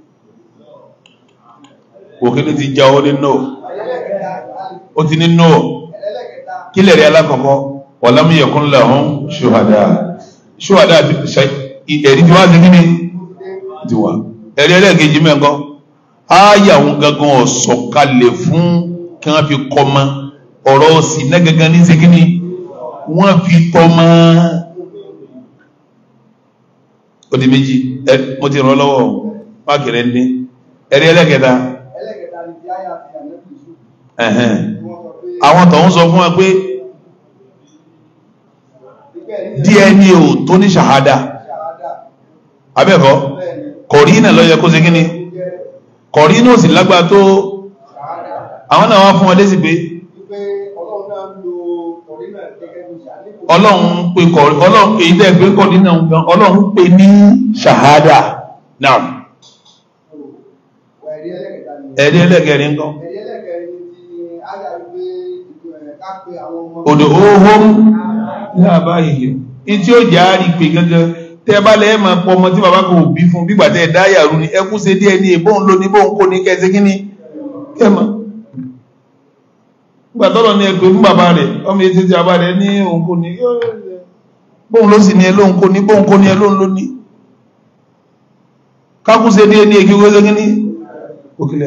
Òkè ló ti já ó ní náà. Ó ti ní náà kílẹ̀ rí alákọ̀ọ́kọ́ walam yakun lahum ṣùhàdà ṣùhàdà ẹ̀rí tí wá sí kíni ti wà ẹ̀rí ẹlẹ́ẹ̀kejì mẹ́kọ́ ááyà òun gangan ọ̀sọ̀kalẹ̀ fún kí wọ́n fi kọ́mọ ọ̀rọ̀ sí iná gangan ní sí kíni wọ́n fi tọ́mọ òdì méjì ẹ mo ti ràn lọ́wọ́ mákìrẹ́ ní ẹ̀rí ẹlẹ́ẹ̀kẹta ẹlẹ́ẹ̀kẹta ni ti áyà àti àmẹ́kùn àwọn tó ń sọ fún ẹ pé dna ò tó ní ṣàhádà abẹ́ẹ̀kọ́ kọ̀rínà ló yẹ kó ṣe kí ni kọ̀rínà ò sì lágbàá tó àwọn náà wá fún ọ lésì pé ọlọ́run pe ọlọ́run pe ilé ẹgbẹ́ kọ̀rínà gan ọlọ́run pe ní ṣàhádà náà ẹ̀rí ẹlẹ́gẹ̀rin gan. òdò ohun ní àbáyé ní tí ó jà á rí pé gángan tẹ́ bá lẹ́ẹ̀ máa pọ ọmọ tí bàbá kò bí fún bí gbàtẹ́ ẹ̀dá yàrú ni ẹkú ṣe díẹ̀ ní ìbọn ló ní bóun kò ní kẹsí kí ni kẹmọ gbàtọ́rọ̀ ní ẹgbẹ́ fún bàbá rẹ̀ ọmọ ètò ti bàbá rẹ̀ ní òun kò ní bóun ló sì ní ẹ lóun kò ní bóun kò ní ẹ lóun ló ní kákú ṣe díẹ̀ ní èkí wọ́n ṣe kí ni òkèlè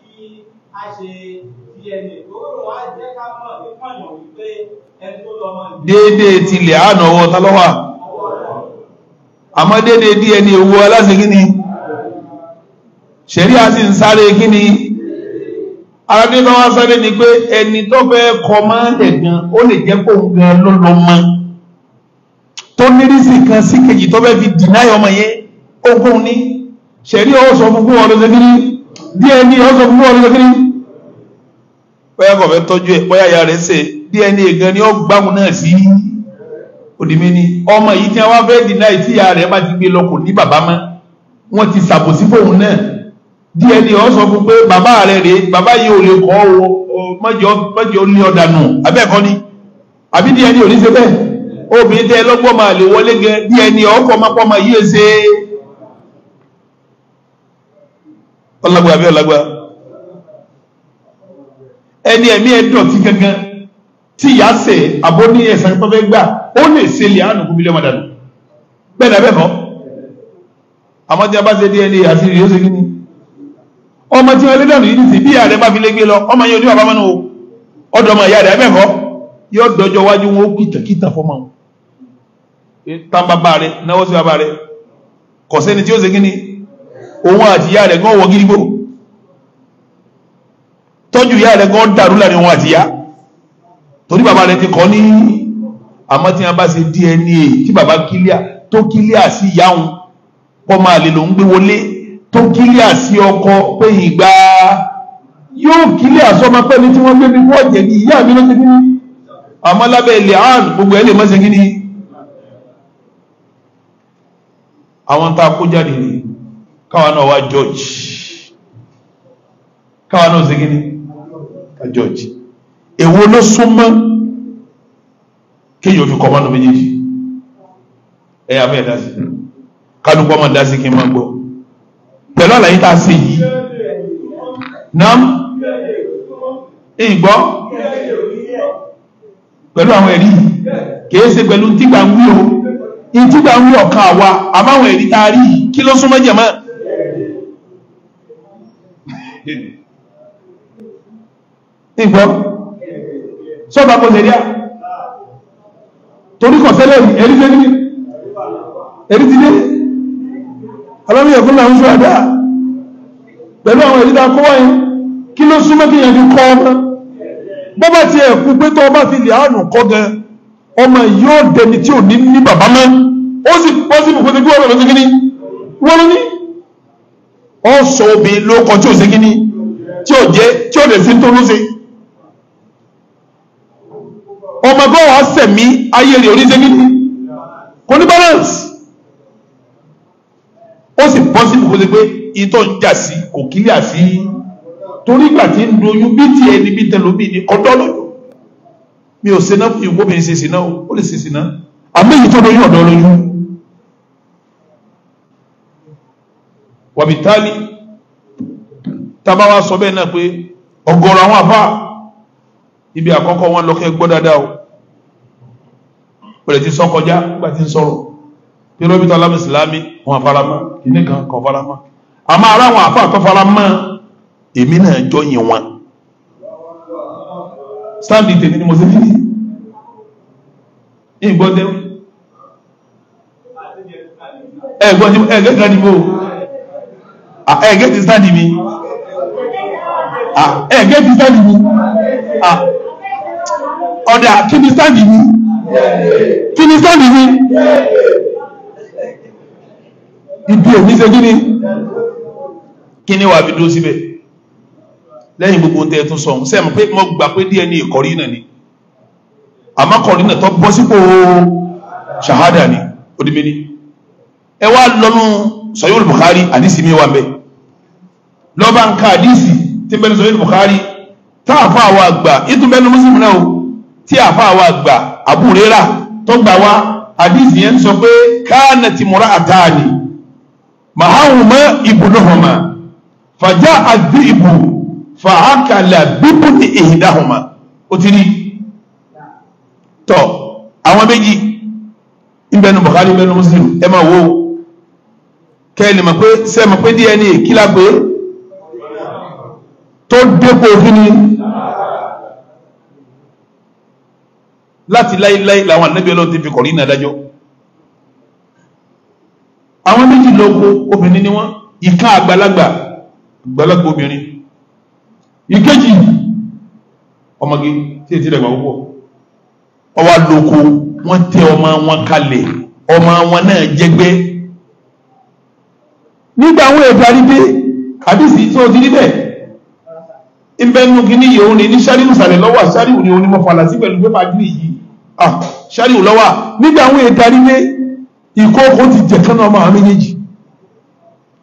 a ṣe DNA òwúrò wa jẹ́ ká mọ̀ nípọ̀nyàn wípé ẹni tó lọ ọmọ nìyí. déédéé tilẹ̀ àná ọwọ́ àmọ́ déédéé DNA owó aláṣẹ kí ni ṣẹ̀rí a sì ń sáré kí ni arábìnrin náà wá sáré ni pé ẹni tó fẹ́ kọ máa ń lẹ̀gàn ó lè jẹ́ kó ń gan ló lọ mọ́ tó nírísì kan sí kejì tó fẹ́ fi dìnáyọ̀ ọmọ yẹn ó kún ní ṣẹ̀rí ọwọ́ sọ fún fún ọdún ṣe ni. DNA ọ̀sọ̀ fún bọ́ọ̀lù kékeré bóyá kò fẹ́ tọ́jú ẹ̀ bóyá ìyá DNA gan ni ó gbáhùn náà sí òdìmí ni ọmọ yìí tí wọ́n fẹ́ dìnnà tí bá ti gbé lọ kò ní bàbá mọ́ wọn ti ṣàbòsí fóun náà DNA ọ̀sọ̀ bàbá rẹ̀ bàbá yìí ò lè ọ ní nù ni àbí DNA ò ní lọ́gbọ́n máa lè wọlé DNA ọkọ̀ pọ́ ẹ ọlágbára bí ọlágbára ẹni ẹ̀mí ẹ̀dọ̀tí gangan tí ìyá ṣe àbó ní ẹ̀sán pẹ́pẹ́ gbà ó lè ṣe lè àánú kú mílíọ̀nù dànù bẹ́ẹ̀ náà bẹ́ẹ̀ kọ́ àmọ́ tí a bá ṣe dé ẹni àti ìrìn ó ṣe kíni ọmọ tí wọn lé dànù yìí nìsí bí ìyá rẹ bá fi lé gbé lọ ọmọ yẹn oníwà bá mọ́nà o ọdọ ọmọ ìyá rẹ abẹ́ kọ́ yóò dọjọ́ wájú wọn ó kìtàkìtà fọmọ wọn tán bàbá rẹ náwó sí bàbá rẹ kọ̀sẹ́ni tí ó ṣe òun àti ìyá rẹ̀ gan wọ gírígbó tọ́jú ìyá rẹ̀ gan dàrú láàrin òun àti ìyá torí bàbá rẹ̀ ti kọ́ ní àmọ́ tí wọ́n bá ṣe DNA tí bàbá kílíà tó kílíà sí ìyá òun kọ́ máa lè lòún gbé wọlé tó kílíà sí ọkọ pé ìgbà yóò kílíà sọmọ pẹ́ni tí wọ́n gbé ní wọ́ọ̀jì ẹni ìyá mi ló ṣe ni àmọ́ lábẹ́ ilẹ̀ àrùn gbogbo ẹ̀ lè mọ́ ṣe ni àwọn tá a kó jáde nìyí káwọn náà wá george káwọn náà ṣe gíní ká george èwo ló súnmọ́ kéèyàn fi kọ́mọ́nù méjèèjì ẹ̀yà fẹ́ dá sí kálukọ́ mọ̀ dá sí kí n máa gbọ́ pẹ̀lú àlàyé tá a ṣe yìí nam ìgbọ́ pẹ̀lú àwọn ẹ̀rí kìí ṣe pẹ̀lú tígbà ń o ìtígbà ọ̀kan àwa àmáwọn ẹ̀rí tá a rí kí ló súnmọ́ jẹ̀mọ́ dèdè ìgbọ́ sọ́bà kò sẹ̀ríà torí kọ̀ sẹ́lẹ̀ ẹ̀rí tẹ́ nílé ẹ̀rí ti dé alámi ẹ̀kún náà ń sọ àdá pẹ̀lú àwọn ẹ̀rí dákọ́ wáyé kí ló súnmọ́ kí yẹn fi kọ́ ọmọ bọ́bá ti ẹ̀kú pé tọ́ ọba fi lè àánú kọ́ gan ọmọ yóò dẹni tí ò ní ní bàbá ó sọ obìnrin ló kọ tí ò sí kíní tí ò jẹ́ tí ò lè sí tó ló ṣe ọmọ bọ́ wàá sẹ̀mí ayé rẹ̀ orí ṣe kíní kò ní balance ó sì bọ́ sí ìbùkún sí pé ìtọ́ ń jà sí kò kílíà sí torí ìgbà tí ń doyún bí ti ẹni bí tẹlomi ni ọdọ́ lọ́dọ̀ mi ò ṣe náà fún ìwọ́bìnrin ṣe sí náà ó lè ṣe sí náà àmì ìtọ́ doyún ọ̀dọ́ lóyún. wàbítálí tábà wá sọ bẹ́ẹ̀ náà pé ọ̀gọ̀rọ̀ àwọn àbá ibi àkọ́kọ́ wọn lọ́kẹ́ gbọ́ dáadáa o pẹ̀lẹ́ ti sọ kọjá nígbà tí ń sọ̀rọ̀ tí lọ́bítà alámìsìlámi wọn àfaramọ́ kìíní kan kọ̀ faramọ́ àmọ́ ara àwọn àfa àtọ́faramọ́ èmi náà jọyìn wọn sáàdì tèmi ni mo ṣe fìdí ẹ gbọ́ dé ẹ gbọ́ gẹ́gẹ́ ni mo ẹ gẹ́tì sáàdì mi ẹ gẹ́tì sáàdì mi ọ̀dà kí ni sáàdì mi kí ni sáàdì mi ibi òní ṣe gíní kí ni wà á fi dúró síbẹ̀ lẹ́yìn gbogbo tẹ́ ẹ tún sọ̀hún sẹ́mi pé mo gbà pé díẹ̀ ní ìkọ̀rí náà ni àmọ́ kọ̀rí náà tó bọ́ sípò ṣàhádà ni ó di méní ẹ wá lọ́nù sọyún Bukhari àdìsí mi wà mbẹ lọba nka àdìsí tí bẹni sọyún Bukhari tá a fa àwọn àgbà ètò bẹni Muslim náà o tí a fa àwọn àgbà àbúrẹ́rà tó gbà wá àdìsí yẹn sọ pé káànà ti múra àtàní màháwùmá ibùdóhùnmá fàjà àdí ibù fàákàlà bíbù ní ìhìdáhùnmá ti rí tọ àwọn méjì ń bẹnu Bukhari ń bẹnu Muslim ẹ máa wo kẹ́ni mọ̀ pé sẹ́ mọ̀ pé DNA kílá pé tó dépò kíni láti láíláí làwọn ànábì ọlọ́run ti fi kọ̀rí náà dájọ́ àwọn méjì lóko obìnrin ni wọ́n ìkan àgbàlagbà àgbàlagbà obìnrin ìkejì ọmọge tí ètí rẹ̀ gbà púpọ̀ ọwọ́ àlòkù wọ́n tẹ ọmọ wọn kalẹ̀ ọmọ wọn náà jẹ́gbẹ́ nígbà àwọn èdè àrídé kàdísì tí ó ti níbẹ̀ ìbẹnugí ní ìyẹ̀wò ni ní ṣáríù sàlẹ̀ lọ́wà ṣáríù ni òun ni mo fàlà sí pẹ̀lú pépà gírì yìí ṣáríù lọ́wà nígbà àwọn èdè àrídé ìkókò ti jẹ kánú ọmọ àwọn méjèèjì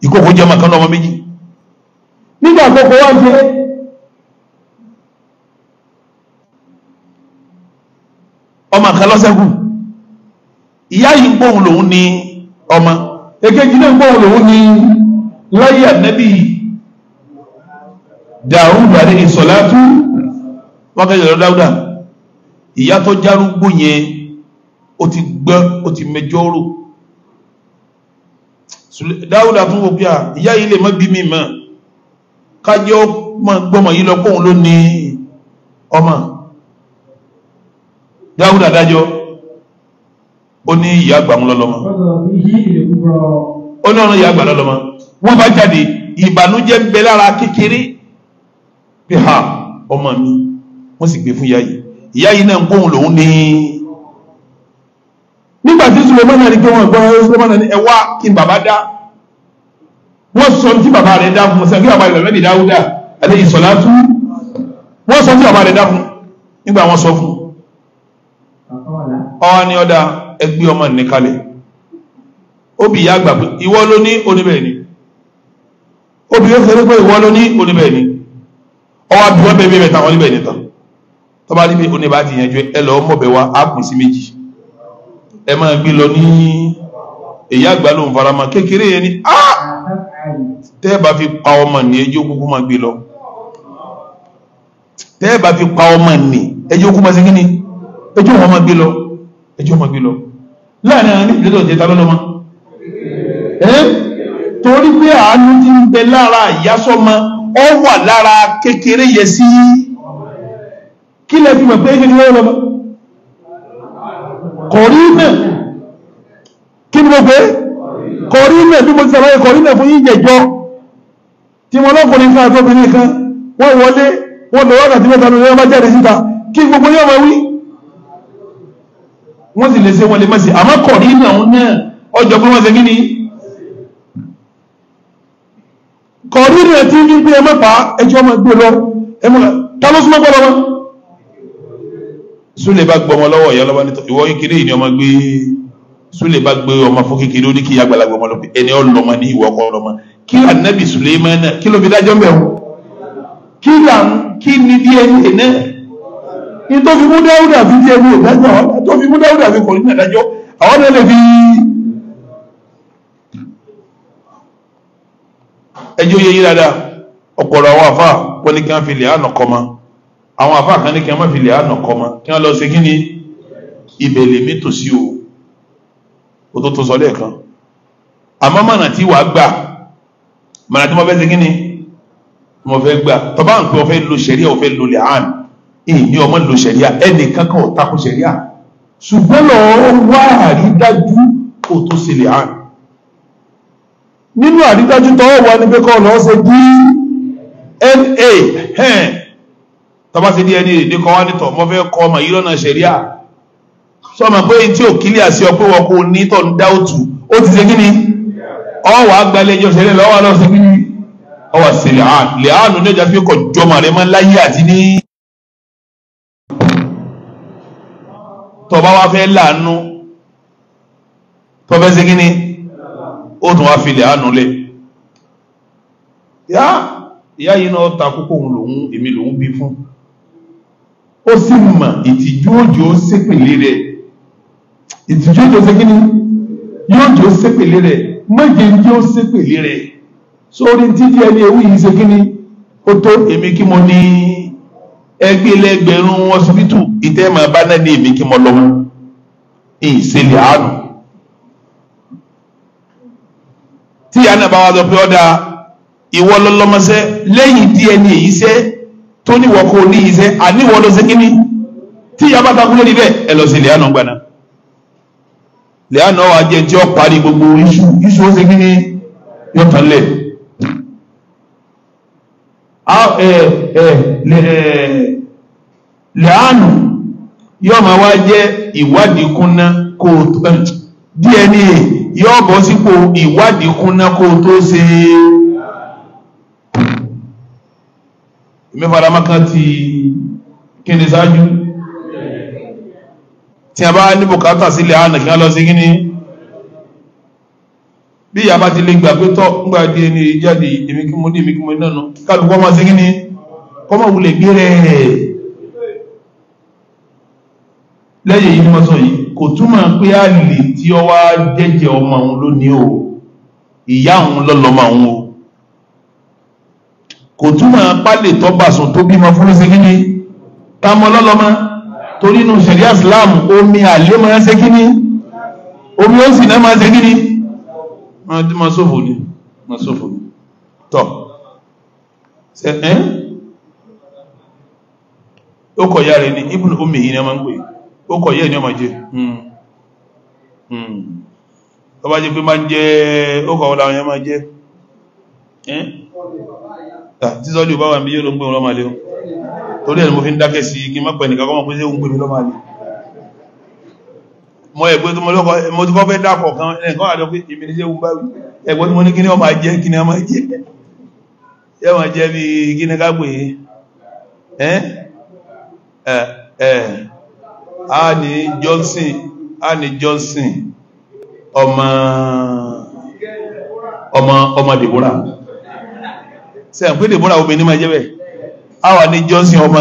ìkókò jẹ kánú ọmọ méjì nígbà àkókò wá jẹ ọmọ kan lọ́sẹ̀kù ìyá yìí gbóhùn lòun ni ọmọ èkejì náà gbọ́n lòun ni láyé ànábì Dáúdà àti ìsọ̀látú wákàtí ọ̀dọ́ Dáúdà ìyá tó járúgbó yẹn ó ti gbẹ́ ó ti mẹjọ́rò Dáúdà tún wò pé à ìyá yìí lè má bí mi mọ́ kájọ́ gbọ́mọ̀ yìí lọ kóhun ló ní ọmọ Dáúdà dájọ́ ó ní ìyá àgbà ń lọ́lọ́mọ ó ní ọ̀run ìyá àgbà lọ́lọ́mọ wọ́n bá jáde ìbànújẹ́ ń bẹ lára kékeré pé ha ọmọ mi wọ́n sì gbé fún ìyá yìí ìyá yìí náà ń kóhun lòun ní. nígbà tí Sulemana ní pé wọ́n gbọ́ Sulemana ní ẹ wá kí n bàbá dá wọ́n sọ tí bàbá rẹ̀ dá fún sẹ́kí bàbá rẹ̀ lẹ́bi Dáúdà àti ìsọ̀látú wọ́n sọ tí bàbá rẹ̀ dá fún nígbà wọ́n sọ fún. ọ̀hún ni ọ̀dà ẹgbẹ́ ọmọ nìkalẹ̀ obì ìyá àgbà pé ìwọ ló ní oníbẹ̀ ni Obi yóò fẹ́rẹ́ pé ìwọ ló ní oníbẹ̀ ni ọwọ́ àbí wọ́n bẹ̀rẹ̀ bẹ̀rẹ̀ táwọn oníbẹ̀ ni tán tọ́ba níbi oníbà ti yẹn jẹ ẹ lọ́ọ́ mọ̀bẹ̀ wa á kùn sí méjì ẹ máa gbé lọ ní ìyá àgbà ló ń faramọ́ kékeré yẹn ni á tẹ́ ẹ bá fi pa ọmọ ní ẹjọ́ kúkú máa gbé lọ tẹ́ ẹ bá fi pa ọmọ ní ẹjọ́ kúkú máa ṣe kí ni ẹjọ́ wọn máa gbé lọ ẹjọ́ máa gbé lọ láàrin àwọn ìpínlẹ̀ tó tẹ́ta lọ́lọ́mọ́ ẹ́ torí pé àánú ti ń bẹ lára ìyásọ́mọ ọ wà lára kékeré yẹ sí kí lẹ́ fi mọ̀ pé kékeré lọ́lọ́mọ́ kọ̀rí náà kí ni mo pé kọ̀rí náà bí mo ti sàlàyé kọ̀rí náà fún yíjẹ̀jọ́ tí mo lọ́kùnrin kan àtọ́bìnrin kan wọ́n wọlé wọ́n lọ́wọ́ àti mẹ́ta lọ́wọ́ bá jáde síta kí gbogbo yóò máa wí wọ́n sì lè ṣe wọ́n lè mẹ́sì àmọ́ kọ̀ nínú àwọn náà ọjọ́ pé wọ́n ṣe kí ni kọ̀ nínú ẹ̀ tí ń gbé ẹmọ́ pa ẹjọ́ ọmọ gbé lọ ẹmọ́ ta ló súnmọ́ pọ́lọ́ wọn súlẹ̀ bá gbọmọ lọ́wọ́ ìyá lọ́wọ́ nítorí ìwọ kékeré yìí ni ọmọ gbé súlẹ̀ bá gbé ọmọ fún kékeré ó ní kí àgbàlagbà ọmọ lọ́pẹ́ ẹni ọlọmọ ní ìwọ ọkọ ọlọmọ kí ànábì Sùlẹ́mánà kí ló fi dájọ́ mbẹ́ kí ni díẹ̀ ní náà ní tó fi mú dáúdà fi di ẹni ìdájọ́ tó fi mú dáúdà fi kò ní ìdájọ́ àwọn náà lè fi ẹjọ́ yẹ yí dáadáa ọ̀pọ̀lọ̀ àwọn àfáà wọ́n ní kí wọ́n fi lè ànà kọ́ ma àwọn àfáà kan ní kí wọ́n fi lè ànà kọ́ ma kí wọ́n lọ sí kí ni ibẹ̀ lè mí tòsí o o tó tó sọ lẹ́ẹ̀kan àmọ́ mọ̀nà tí wàá gbà mọ̀nà tí wọ́n fẹ́ sí kí ni wọ́n fẹ́ gbà tọ́ba nǹkan wọ́n fẹ́ lo sẹ̀ríà wọ́n fẹ́ lo lè àná ìní ọmọ lo ṣẹ̀ríà ẹnìkan kan ò tako ṣẹ̀ríà ṣùgbọ́n lọ wá àrídájú kò tó sílẹ̀ àrùn nínú àrídájú tọ́wọ́ wà ní pé kọ́ lọ ṣe DNA tọba ṣe DNA ní kọ́ wá nítọ̀ mọ́ fẹ́ kọ́ ọmọ yìí lọ́nà ṣẹ̀ríà sọ ma pé tí ò kílẹ̀ àṣẹ ọ pé wọn kò ní tọ̀ ń dá òtù ó ti ṣe kí ni ọwọ́ àgbálẹ̀ ẹjọ́ ṣẹ̀ríà lọ́wọ́ lọ́sẹ̀ kí ni ọwọ́ sílẹ̀ àrùn lẹ́àánú ní ìjà fi kọ̀ jọmọ rẹ̀ mọ́ láyé àti ní. tọba wa fẹ́ láàánú tọfẹ́ sí kíní ó tún wá filẹ̀ àánú lẹ̀ yá ìyá yìí náà ta kókó òun lòun èmi lòun bí fún ó sì mọ̀ ìtìjú òjò sépèlé rẹ̀ ìtìjú òjò sí kíní yóò jò sépèlé rẹ̀ méje ń jẹ́ sépèlé rẹ̀ sórí títí ẹni ewu yìí sí ó tó èmi kí mo ní í ẹgbẹ́ lẹ́gbẹ̀rún ọsibítù ìtẹ́mọ̀ bá náà ní èmi kí mo lọ́wọ́ ìṣẹ̀lẹ̀ àánú. tí ìyá náà bá wà lọ pé ọ̀dà ìwọ lọ́lọ́mọṣẹ́ lẹ́yìn díẹ̀ ní èyí ṣẹ́ tó níwọ̀ kó ní yìí ṣẹ́ àníwọ̀ lọ sí kíní tí ìyá bá takú lórí bẹ́ẹ̀ ẹ lọ sí ìlẹ̀ àánú gbaná. ìlẹ̀ àánú wa jẹ́ tí ó parí gbogbo iṣu iṣu ó sí kíní yọ̀tàn lẹ̀ lẹ́àánù yóò máa wá jẹ́ ìwádìí kúnná kó tó eh, DNA yóò bọ́ sípò ìwádìí kúnná kó tó ṣe ìmẹ́fàdámákan ti kéde sáájú tí a bá ní bùkátà sílẹ̀ àánà kí wọ́n lọ sí kí ni bí ìyá bá ti lè gbà pé tọ́ ńgbà DNA jáde èmi kí mo ní èmi kí mo ní náà nù kálukú ọmọ sí kí kọ́mọ̀ wulẹ̀ gbé rẹ̀ lẹ́yìn yìí ni wọ́n sọ yìí kò túmọ̀ pé àlè tí ó wá jẹ́jẹ́ ọmọ òun lónìí o ìyá òun lọ́lọ́mọ òun o kò túmọ̀ pálẹ̀ tọ́gbàsùn tó bímọ fún ṣe kíní tamọ torí inú ṣẹ̀ríà Islam omi àlè máa ṣe kíní omi ó sì náà máa ṣe kíní máa ṣòfò ni máa ṣòfò ni tọ́ ṣe ẹ́ ó kọ̀ yára ni ibùn omi yìí ni wọ́n ń pè é ó kọ̀ yẹ́ ní ọmọ jẹ́ ọ bá jẹ́ pé máa ń jẹ́ ó kọ̀ ọ̀la ọ̀yẹ́ máa jẹ́ eh? tí sọ́lù bá wà ní yóò ló ń gbé ọlọ́mà lé torí ẹ̀ mo fi ń dákẹ́ sí kí mọ́pẹ̀ nìkan kọ́mọ̀ pé sí ó ń gbé ọlọ́mà lé mọ́ ẹgbẹ́ tó mo ti kọ́ fẹ́ dákọ̀ kan ẹ̀kan àjọ pé èmi ní sí ohun bá wí ẹgbẹ́ tó mo ní kíní ọmọ jẹ́ kíní ọmọ jẹ́ yẹ́ wọ́n jẹ́ bí kíní kágbé ẹ́ eh? ẹ́ eh, Annie Johnson Annie Johnson ọmọ ọmọ ọmọ Deborah sẹ́yìn pé Deborah obìnrin máa jẹ́ bẹ́ẹ̀ àwa ní Johnson ọmọ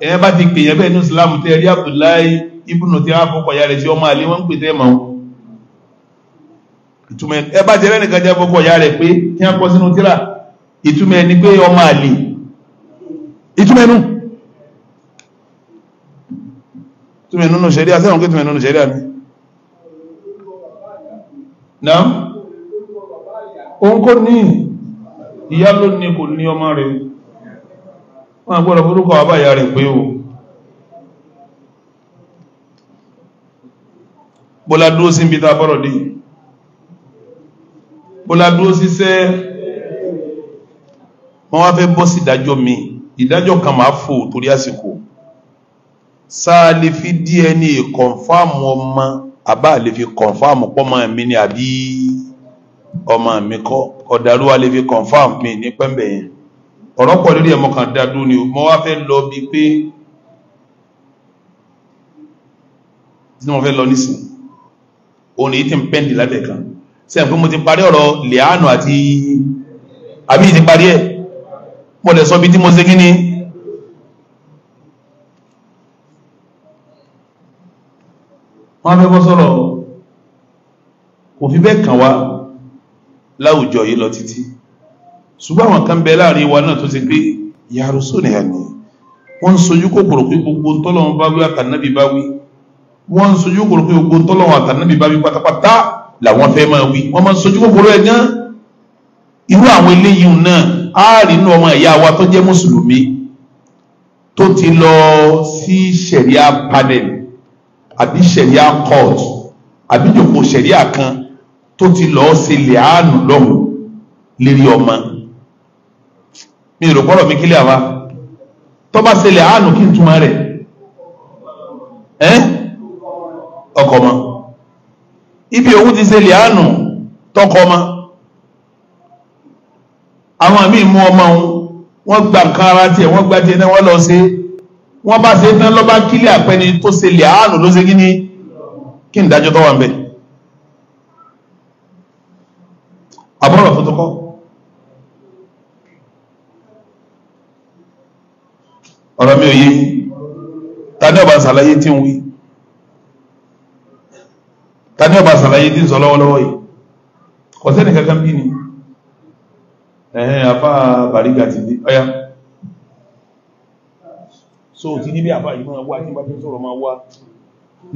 ẹ̀yẹn bá ti pè yẹn bẹ́ẹ̀ ní Islam tẹ́ rí Abdullahi ibùnú tí a fọ́kọ̀ ya rẹ̀ tí ọmọ àlè wọ́n ń pè tẹ́ mọ́ ìtumẹ̀ ẹ bá jẹ́ lẹ́nìkan jẹ́ fọ́kọ̀ ya rẹ̀ pé kí wọ́n kọ́ sínú tíra ìtumẹ̀ ni pé ọmọ àlè ìtumẹ̀ nù. No túnmẹ̀ nínú ṣẹ̀rí àtẹ́wọ̀n kí túnmẹ̀ nínú ṣẹ̀rí àmì náà òun kò ní ìyá ló ní kò ní ọmọ rẹ̀ wọ́n gbọ́dọ̀ burúkọ àbáyà rẹ̀ pé o bọ́lá dúró sí ibi ta bọ́rọ̀ dé bọ́lá dúró sí sẹ́ wọ́n wá fẹ́ bọ́ sí ìdájọ́ mi ìdájọ́ kan máa fò torí àsìkò sáà lè fi DNA kọ̀nfàmù ọmọ àbá lè fi kọ̀nfàmù pọ́mọ mi ni àbí ọmọ mi kọ́ ọ̀dàlúwa lè fi kọ̀nfàmù mi ní pẹ́ńbẹ̀ yẹn ọ̀rọ̀ pọ̀ lórí ẹ̀mọ́ kan dádú ni mo wá fẹ́ lọ bí pé tí mo fẹ́ lọ nísìn òun èyí tí ń pẹ́ǹdì lábẹ́ kan sẹ́yìn pé mo ti parí ọ̀rọ̀ lẹ́àánú àti àbí ti parí ẹ̀ mo lè sọ bí tí mo ṣe kí ni wọ́n fẹ́ bọ́ sọ́rọ̀ kò fi bẹ́ẹ̀ kàn wá láwùjọ yìí lọ títí ṣùgbọ́n àwọn kan bẹ láàrin wa náà tó ṣe pé yàrá sóni àná wọ́n ń sojú kòkòrò pé gbogbo ntọ́lọ́wọ́n bá wí àtànábì bá wí wọ́n ń sojú kòkòrò pé gbogbo ntọ́lọ́wọ́n àtànábì bá wí pátápátá làwọn fẹ́ máa wí wọ́n máa ń sojú kòkòrò ẹ̀ gan irú àwọn eléyìí náà àárín inú ọmọ ìyá wa tó jẹ́ mùsùlùmí tó ti lọ sí sẹ̀ríà panel àbí sẹ̀ríà court àbí jòkó sẹ̀ríà kan tó ti lọ́ọ́ ṣe lẹ́àánú lọ́hùn lérí ọmọ mi rò pọ́rọ̀ mi kílẹ̀ àwa tó bá ṣe lẹ́àánú kí n túmọ̀ rẹ̀ ẹ́ ọkọ̀ mọ́ ibi òun ti ṣe lẹ́àánú tọkọ mọ́ àwọn míì mú ọmọ òun wọ́n gba nǹkan ara tiẹ̀ wọ́n gba tiẹ̀ náà wọ́n lọ ṣe wọ́n bá ṣe tán lọ́ba kílẹ̀ àpẹni tó ṣe lè àánú ló ṣe kí ni kí n dájọ́ tó wà ń bẹ̀. àbúrò fún tó kọ́. ọ̀rọ̀ mi ò yé ta ni ọba ṣàlàyé tí ń wí ta ni ọba ṣàlàyé tí ń sọ lọ́wọ́lọ́wọ́ yìí kò sẹ́ni kankan bí ni ẹ̀hẹ́n afá bàrígà ti dé ọ̀ya. Oh, yeah so ti ní bí àbá yìí máa wá tí bá tí ó sọ̀rọ̀ máa wá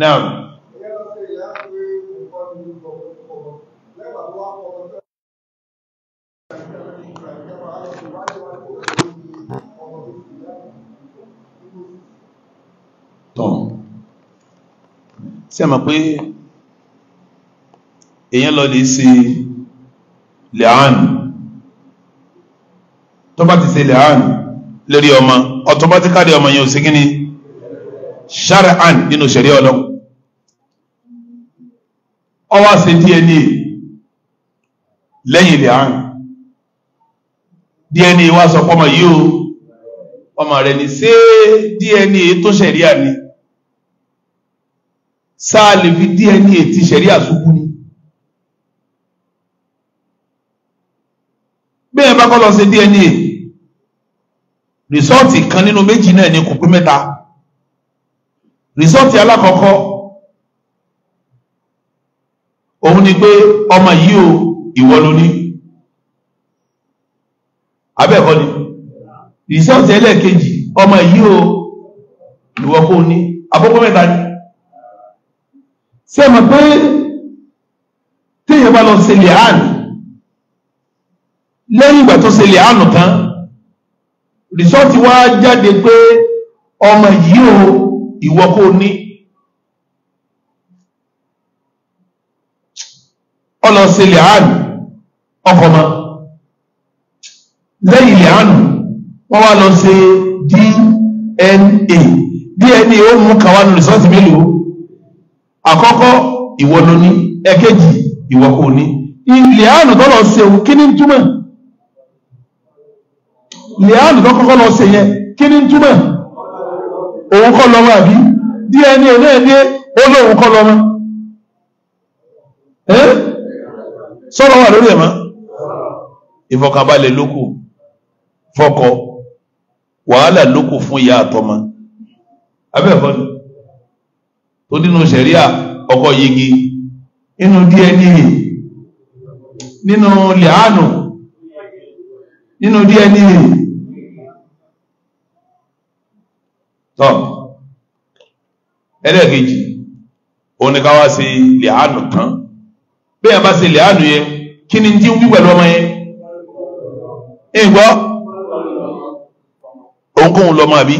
náà tán sí àmà pé èyàn lọ lè ṣe lẹ́hàn tó bá ti ṣe lẹ́hàn lórí ọmọ automatically ọmọ yẹn ò sí kí ni shara'an nínú ṣẹ̀rí ọlọ́run ọwọ́ ṣe DNA lẹ́yìn ilẹ̀ àrùn DNA wá sọ pọ́mọ yìí o ọmọ rẹ̀ ní ṣé DNA tó ṣẹ̀rí àní sáà lè fi DNA ti ṣẹ̀rí àṣùkú ni bí ẹ bá kọ́ lọ ṣe DNA rìsọ́ọ̀tì kan nínú méjì náà ni kò pé mẹ́ta rìsọ́ọ̀tì alákọ̀ọ́kọ́ òun ni pé ọmọ yìí o ìwọ ló ní abẹ́ẹ̀kọ́ ni rìsọ́ọ̀tì ẹlẹ́ẹ̀kejì ọmọ yìí o ìwọ kò ní àkókò mẹ́ta ni ṣé mọ̀ pé téèyàn bá lọ ṣe lè hàn lẹ́yìn ìgbà tó ṣe lè hàn tán rìsọ́ọ̀tì wá jáde pé ọmọ yìí o ìwọ kò ní ọlọ́sẹ̀lẹ̀ àánú ọkọ̀mọ́ lẹ́yìn ilẹ̀ àánú wọ́n wá lọ ṣe DNA DNA ó mú kàwá ní rìsọ́ọ̀tì mélòó àkọ́kọ́ ìwọ ló ní ẹ̀kejì ìwọ kò ní ilẹ̀ àánú tọ́lọ̀ ṣe òun kí ní túmọ̀ liam lọ́kọ́kọ́ lọ ṣe yẹn kí ní túmọ̀ òun kọ́ lọ́wọ́ àbí DNA náà ní olóhun kọ́ lọ́wọ́ sọ́rọ̀ wà lórí ẹ̀mọ́ ìfọkànbalẹ̀ lókù fọ́kọ wàhálà lókù fún ìyá àtọmọ abẹ́ẹ̀kọ́ ni tó nínú sẹ̀ríà ọkọ yigi nínú DNA nínú lianu nínú DNA tọ́ ẹlẹ́ẹ̀kejì òun ni ká wá ṣe lẹ́hànù tán bẹ́ẹ̀ yẹn bá ṣe lẹ́hànù yẹn kí ni ti ń wí pẹ̀lú ọmọ yẹn ẹ gbọ́ lọ́mọ àbí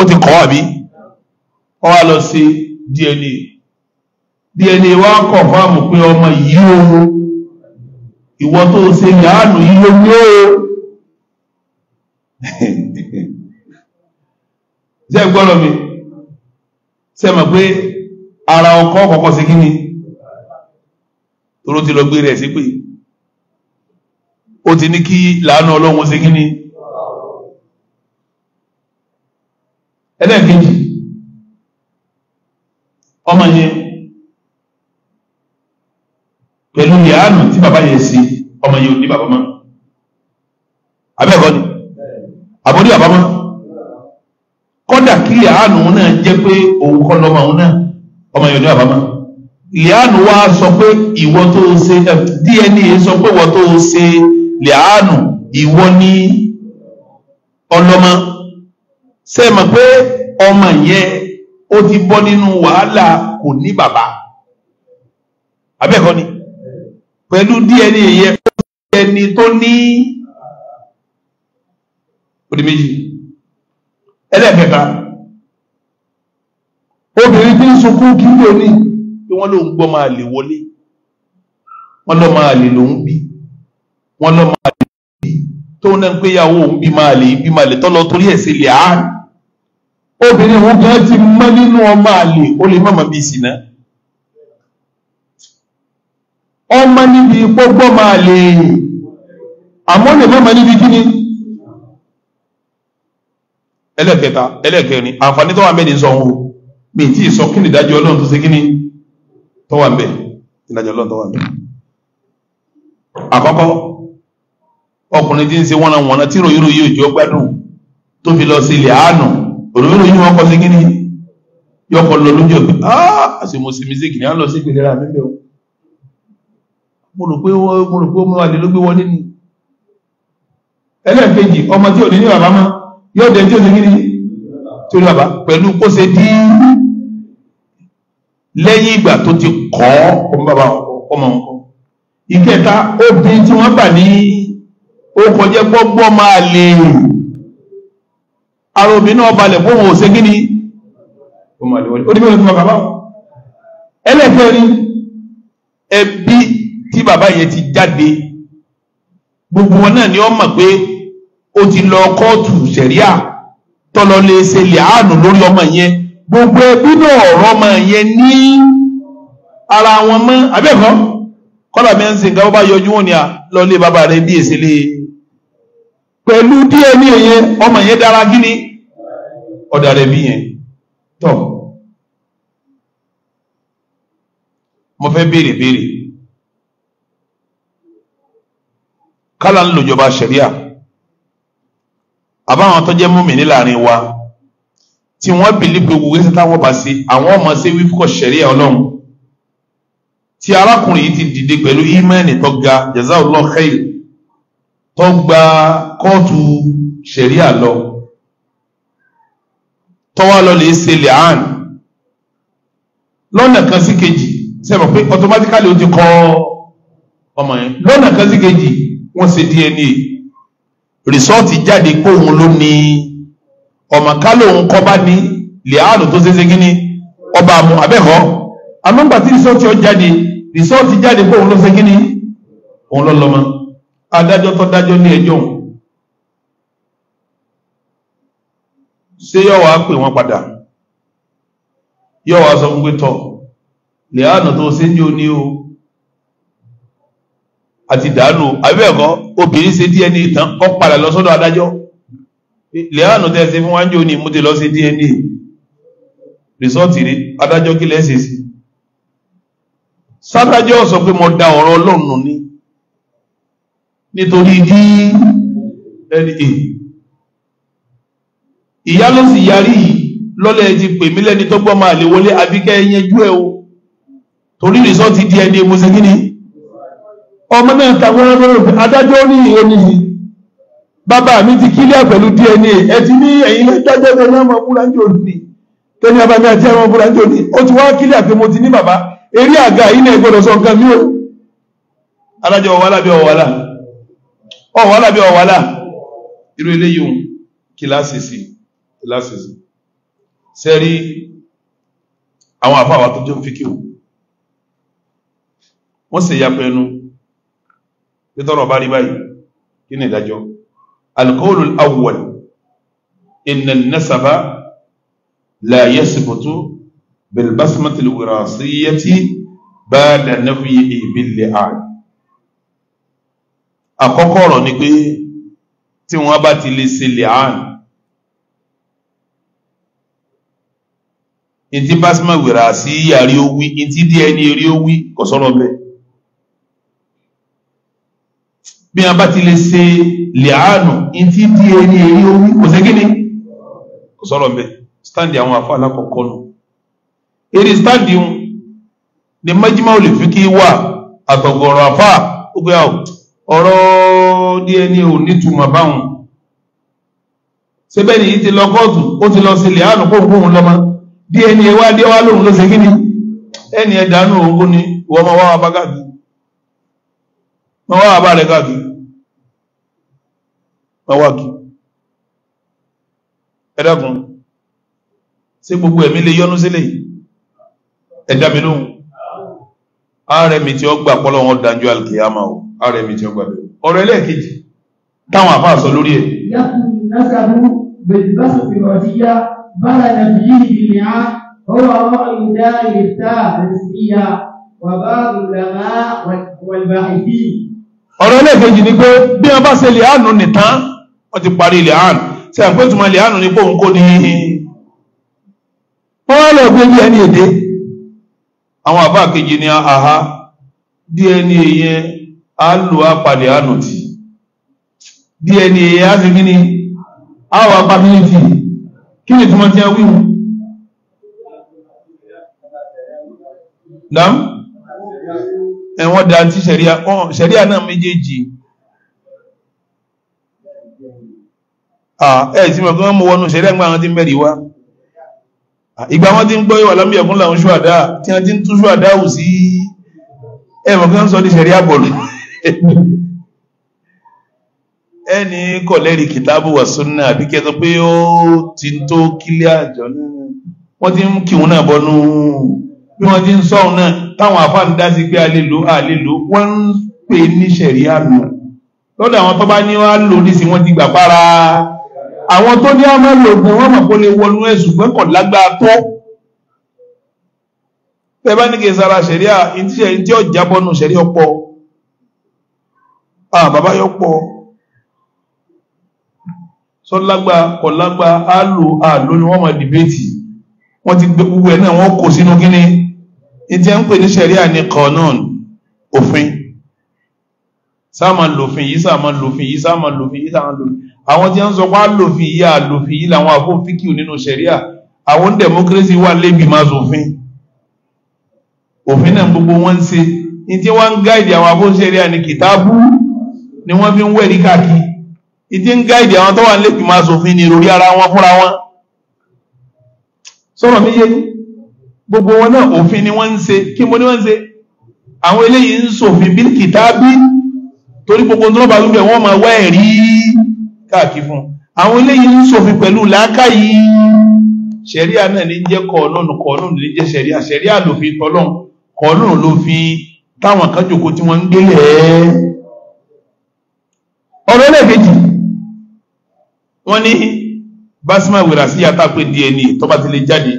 ó ti kọ́ àbí ó wá lọ ṣe DNA DNA wa kọ̀ fáàmù pé ọmọ yìí o ìwọ tó ṣe lẹ́hànù yìí ló ní o. ṣe gbọ́rọ̀ mi ṣe mọ̀ pé ara ọkọ kọ̀kọ́ sí kí ni toró ti lọ gbé rẹ̀ sí pé ó ti ní kí làánú ọlọ́run sí kí ni ẹlẹ́ẹ̀kejì ọmọ yẹn pẹ̀lú ìyáàánú tí bàbá yẹn sí ọmọ yẹn ò ní bàbá mọ́ abẹ́ẹ̀kọ́ ni àbórí bàbá mọ́ kí lìhánù náà jẹ́ pé òun kọ́ lọ́mọ òun náà ọmọ yọjọ́ àbámọ́ lìhánù wá sọ pé ìwọ tó o ṣe DNA sọ pé ìwọ tó o ṣe lìhánù ìwọ ní ọlọ́mọ ṣe mọ̀ pé ọmọ yẹn ó ti bọ́ nínú wàhálà kò ní bàbá abẹ́ẹ̀kọ́ ni pẹ̀lú DNA yẹn ó ti ẹni tó ní òdì méjì ẹlẹ́ẹ̀kẹta obìnrin tí ń sunkún kí ló ní pé wọ́n ló ń gbọ́ máa lè wọlé wọ́n lọ máa lè lòún bí wọ́n lọ máa lè bí tóun náà ń pé ìyàwó òun bí máa lè bí máa lè tọ́lọ torí ẹ̀ sí lè á obìnrin òun kan ti mọ́ nínú ọmọ àlè ó lè mọ̀mọ́ bí ìsìná ọmọ níbi gbogbo máa lè àmọ́ lè mọ̀mọ́ níbi kí ni ẹlẹ́kẹta ẹlẹ́kẹrin àǹfààní tó wà mẹ́rin sọ ohun mi tí ì sọ kí ni ìdájọ́ ọlọ́run tó ṣe kí ni tó wà ńbẹ̀ ìdájọ́ ọlọ́run tó wà ńbẹ̀. àkọ́kọ́ ọkùnrin tí ń ṣe wọ́n wọn tí ròyìnròyìn òjò gbádùn tó fi lọ sí ilẹ̀ àánú ròyìnròyìn wọn kọ́ sí kí ni yọkọ̀ lọ lójú ọ̀gbìn áá àti mo sì mísíkì ní à ń lọ sí ìpìlẹ̀ra mi bẹ̀ o mo rò pé mo rò pé ó máa ló gbé wọlé ni ẹlẹ́ẹ̀kejì ọmọ tí ò ní ni tí ó bàbá pẹ̀lú kó ṣe dí lẹ́yìn ìgbà tó ti kọ́ ọmọ bàbá ọmọ ọkọ ìkẹta obìnrin tí wọ́n bà ní ó kọjẹ́ gbọ́gbọ́ máa lè ara obìnrin náà balẹ̀ fóun ò ṣe kí ni ó máa wọlé ó ní bẹ́ẹ̀ ló ti máa ẹbí tí bàbá yẹn ti jáde gbogbo wọn náà ni ó mọ̀ pé ó ti lọ kóòtù ṣẹ̀ríà tọlọlọ lè ṣe lè lórí ọmọ yẹn gbogbo ẹbí náà ọ̀rọ̀ ọmọ yẹn ní ara wọn mọ abẹ́ẹ̀kọ́ kọ́lá mi ń bá yọjú wọn ni à lọ lé bàbá rẹ pẹ̀lú díẹ̀ ní ọmọ yẹn dára ọ̀dà bí yẹn mo fẹ́ béèrè béèrè kálá ń àbáwọn tó jẹ́ mùmínì láàrin wa tí wọ́n bìlí pé gbogbo ẹsẹ̀ táwọn bá ṣe àwọn ọmọ ṣe wíkọ̀ ṣẹ̀ríà ọlọ́run tí arákùnrin yìí ti dìde pẹ̀lú ímẹ́ẹ̀nì tó ga jazakallahu khair tó gba kóòtù ṣẹ̀ríà lọ tọ́wá lọ lè ṣe lẹ́hàn lọ́nà kan sí kejì sẹ́mọ̀ pé automatically ó ti kọ́ ọmọ yẹn lọ́nà kan sí kejì wọ́n ṣe DNA rìsọ́ọ̀tì jáde pé òun ló ní ọmọ ká lóun kọ́ bá ní lẹ́hàánù tó ṣeéṣe kí ni ọba àmú abẹ́kọ́ amọ́ngbà tí rìsọ́ọ̀tì ọ jáde rìsọ́ọ̀tì jáde pé ló ṣe kí ni òun ló lọ́mọ adájọ́ tó dájọ́ ní ẹjọ́ òun ṣé yọ wàá pè wọ́n padà yọ wàá sọ fún pé tọ̀ lẹ́hàánù tó ṣe ní o àti dànù àbí ẹ̀kọ́ obìnrin ṣe DNA tán kọ́ padà lọ sọ́dọ̀ adájọ́ lẹ́hànù tẹ́ ṣe fún wájú ní mútẹ́ lọ ṣe DNA rìsọ́ọ̀tì rí adájọ́ kí lẹ́sẹ̀ sí sádájọ́ sọ pé mo da ọ̀rọ̀ ọlọ́run ní nítorí DNA ìyá ló sì yarí yìí lọ́lẹ̀ ti pè mí lẹ́ni tó gbọ́ máa lè wọlé àbíkẹ́ yẹn jú ẹ̀ o torí rìsọ́ọ̀tì DNA mo ṣe kí ni ọmọ náà tàwọn ọlọ́rọ̀ adájọ́ ní ẹni yìí bàbá mi ti kílẹ̀ pẹ̀lú DNA ẹ ti ní ẹ̀yìn lẹ́tọ́jọ́ tó ní ọmọ fúlàní òní tẹ́ni bàbá mi àti ọmọ fúlàní òní ó ti wá kílẹ̀ pé mo ti ní bàbá eré àga yìí náà gbọ́dọ̀ sọ nǹkan mi o adájọ́ ọ̀wálà bí ọ̀wálà ọ̀wálà bí ọ̀wálà irú eléyìí òun kíláàsì sí kíláàsì sí sẹ́rí àwọn àfáwà tó jẹ́ òfin kí wọ́n sì yá pẹ́nu tí tọ́rọ̀ bá rí báyìí kí ni ìdájọ́ alqawlu al-awwal inna an-nasaba la yasbutu bilbasmati al-wirasiyyati ba'da nafyi bil-li'an àkọ́kọ́ ọ̀rọ̀ ni pé tí wọ́n bá ti lè ṣe li'an ìtí basma wirasiyya rí ó wí ìtí díẹ̀ ní rí ó wí kò sọ̀rọ̀ bí a bá ti lè ṣe lẹ́àánù in ti di ẹni èyí orí kò sẹ́gíní kò sọ́rọ̀ mẹ́ stáǹdì àwọn afọ alákọ̀ọ́kọ́ nù eré stáǹdì ń ní májímá ò lè fi kí wà àtọ̀gọ̀rọ̀ afá ó pé ọ̀rọ̀ di ẹni ò nítumọ̀ báwọn sebẹ́ni yìí ti lọ kóòtù ó ti lọ sí lẹ́àánù kóhùnkóhùn lọ́mọ di ẹni ẹwà díẹ̀wá lòun ló sẹ́gíní ẹni ẹ̀dánù òun kò ní wọ́n máa wá wa bá káàkiri ma wá àbá rẹ̀ káàkiri ma wá kí ẹ dákun sí gbogbo ẹ̀mí lè yọnu sílẹ̀ ẹ dá mi lóhùn ààrẹ mi tí ó gbà pọ́lọ́ wọn dájú alkiyama o ààrẹ mi tí ó gbà bẹ̀rẹ̀ ọ̀rọ̀ ẹlẹ́ẹ̀kejì táwọn àfáà sọ lórí ẹ̀. yàtùn ọ̀rọ̀ ẹlẹ́ẹ̀kejì ni pé bí wọ́n bá ṣe lè àánú nìtán wọ́n ti parí lè àánú ṣe àpé ìtumọ̀ lè àánú ni pé òun kò ní wọ́n wá lọ gbé díẹ̀ ní èdè àwọn àbá kejì ni àhá díẹ̀ ní èyẹ á lò á àánú tì díẹ̀ ní èyẹ á fi kí ni á wà pàmílì tì kí ni ìtumọ̀ tí a wíwù. Dáhùn ẹ wọ́n da ti sẹ̀ríà sẹ̀ríà náà méjèèjì ẹ̀ sí mọ̀ kí wọ́n mú wọnú sẹ̀ríà gbọ́n àwọn tí mẹ́rin wá ìgbà wọn ti ń gbọ́ ìwà lámì ẹ̀kún làwọn ṣùwàdá tí wọ́n ti ń tún ṣùwàdá hù sí ẹ̀ mọ̀ kí wọ́n sọ di sẹ̀ríà bọ̀lù <laughs> ẹni kọ̀ lẹ́rìí kìtàbù wà súnà àbí kẹtọ pé ó ti tó kílẹ̀ àjọ náà wọ́n ti ń kí náà bọ́nú bí wọ́n ti ń sọ̀rọ̀ náà táwọn àfáàní dá sí pé a lè lò a lè lò wọ́n ń pè ní sẹ̀rí àlò lọ́dọ̀ àwọn tó bá ní wọ́n á lò ní sí wọ́n ti gbà para àwọn tó ní àmọ́ lò gan wọ́n mọ̀ pé lè wọnú ẹ̀sùn pé kò lágbára tó tẹ bá ní kí n sara sẹ̀rí à tí ọjà bọ́nu sẹ̀rí ọ̀pọ̀ à bàbá yọ pọ̀ sọ́lágbà kọ̀lágbà á àlò ni wọ́n máa dìbẹ́tì wọ́n ti gbé gbogbo ẹ̀ náà wọ́n kò sínú kínní ìtí ẹ̀ ń pè ní sẹ̀ríà ní kọ̀ọ̀nọ́ọ̀n òfin sáàmà lòfin yìí sáàmà lòfin yìí sáàmà lòfin yìí sáàmà lòfin àwọn tí wọ́n sọ pé àlòfin yìí àlòfin yìí làwọn àfọ fíkìú nínú sẹ̀ríà àwọn democracy wà lébi máa sòfin òfin náà gbogbo wọn ń ṣe ìtí wọn ń gáìdì àwọn àfọ sẹ̀ríà ní kìtàbù ni wọ́n fi ń wẹ̀rí káàkiri ìdí ń gáìdì àwọn tó wà lébi máa sòfin ní ìròrí ara wọn fúnra wọn sọ̀rọ̀ méjèèjì gbogbo wọn náà òfin ni wọ́n ń ṣe kí mo ní wọ́n ń ṣe àwọn eléyìí ń ṣòfin bí kìtàbí torí gbogbo tó bá wípé wọ́n máa wá ẹ̀rí káàkiri fún àwọn eléyìí ń ṣòfin pẹ̀lú làákàyè ṣẹ̀ríà náà ní jẹ́ kọ̀ọ̀nù kọ̀ọ̀nù ní jẹ́ ṣẹ̀ríà ṣẹ̀ríà lòfin tọ́lọ́n kọ̀ọ̀nù lòfin táwọn kan jòkó tí wọ́n ń gbélé ẹ̀ ọ̀rọ̀ ẹlẹ́ẹ̀kejì wọ́n ní basma wèrà sí yàtà pé DNA tó bá ti lè jáde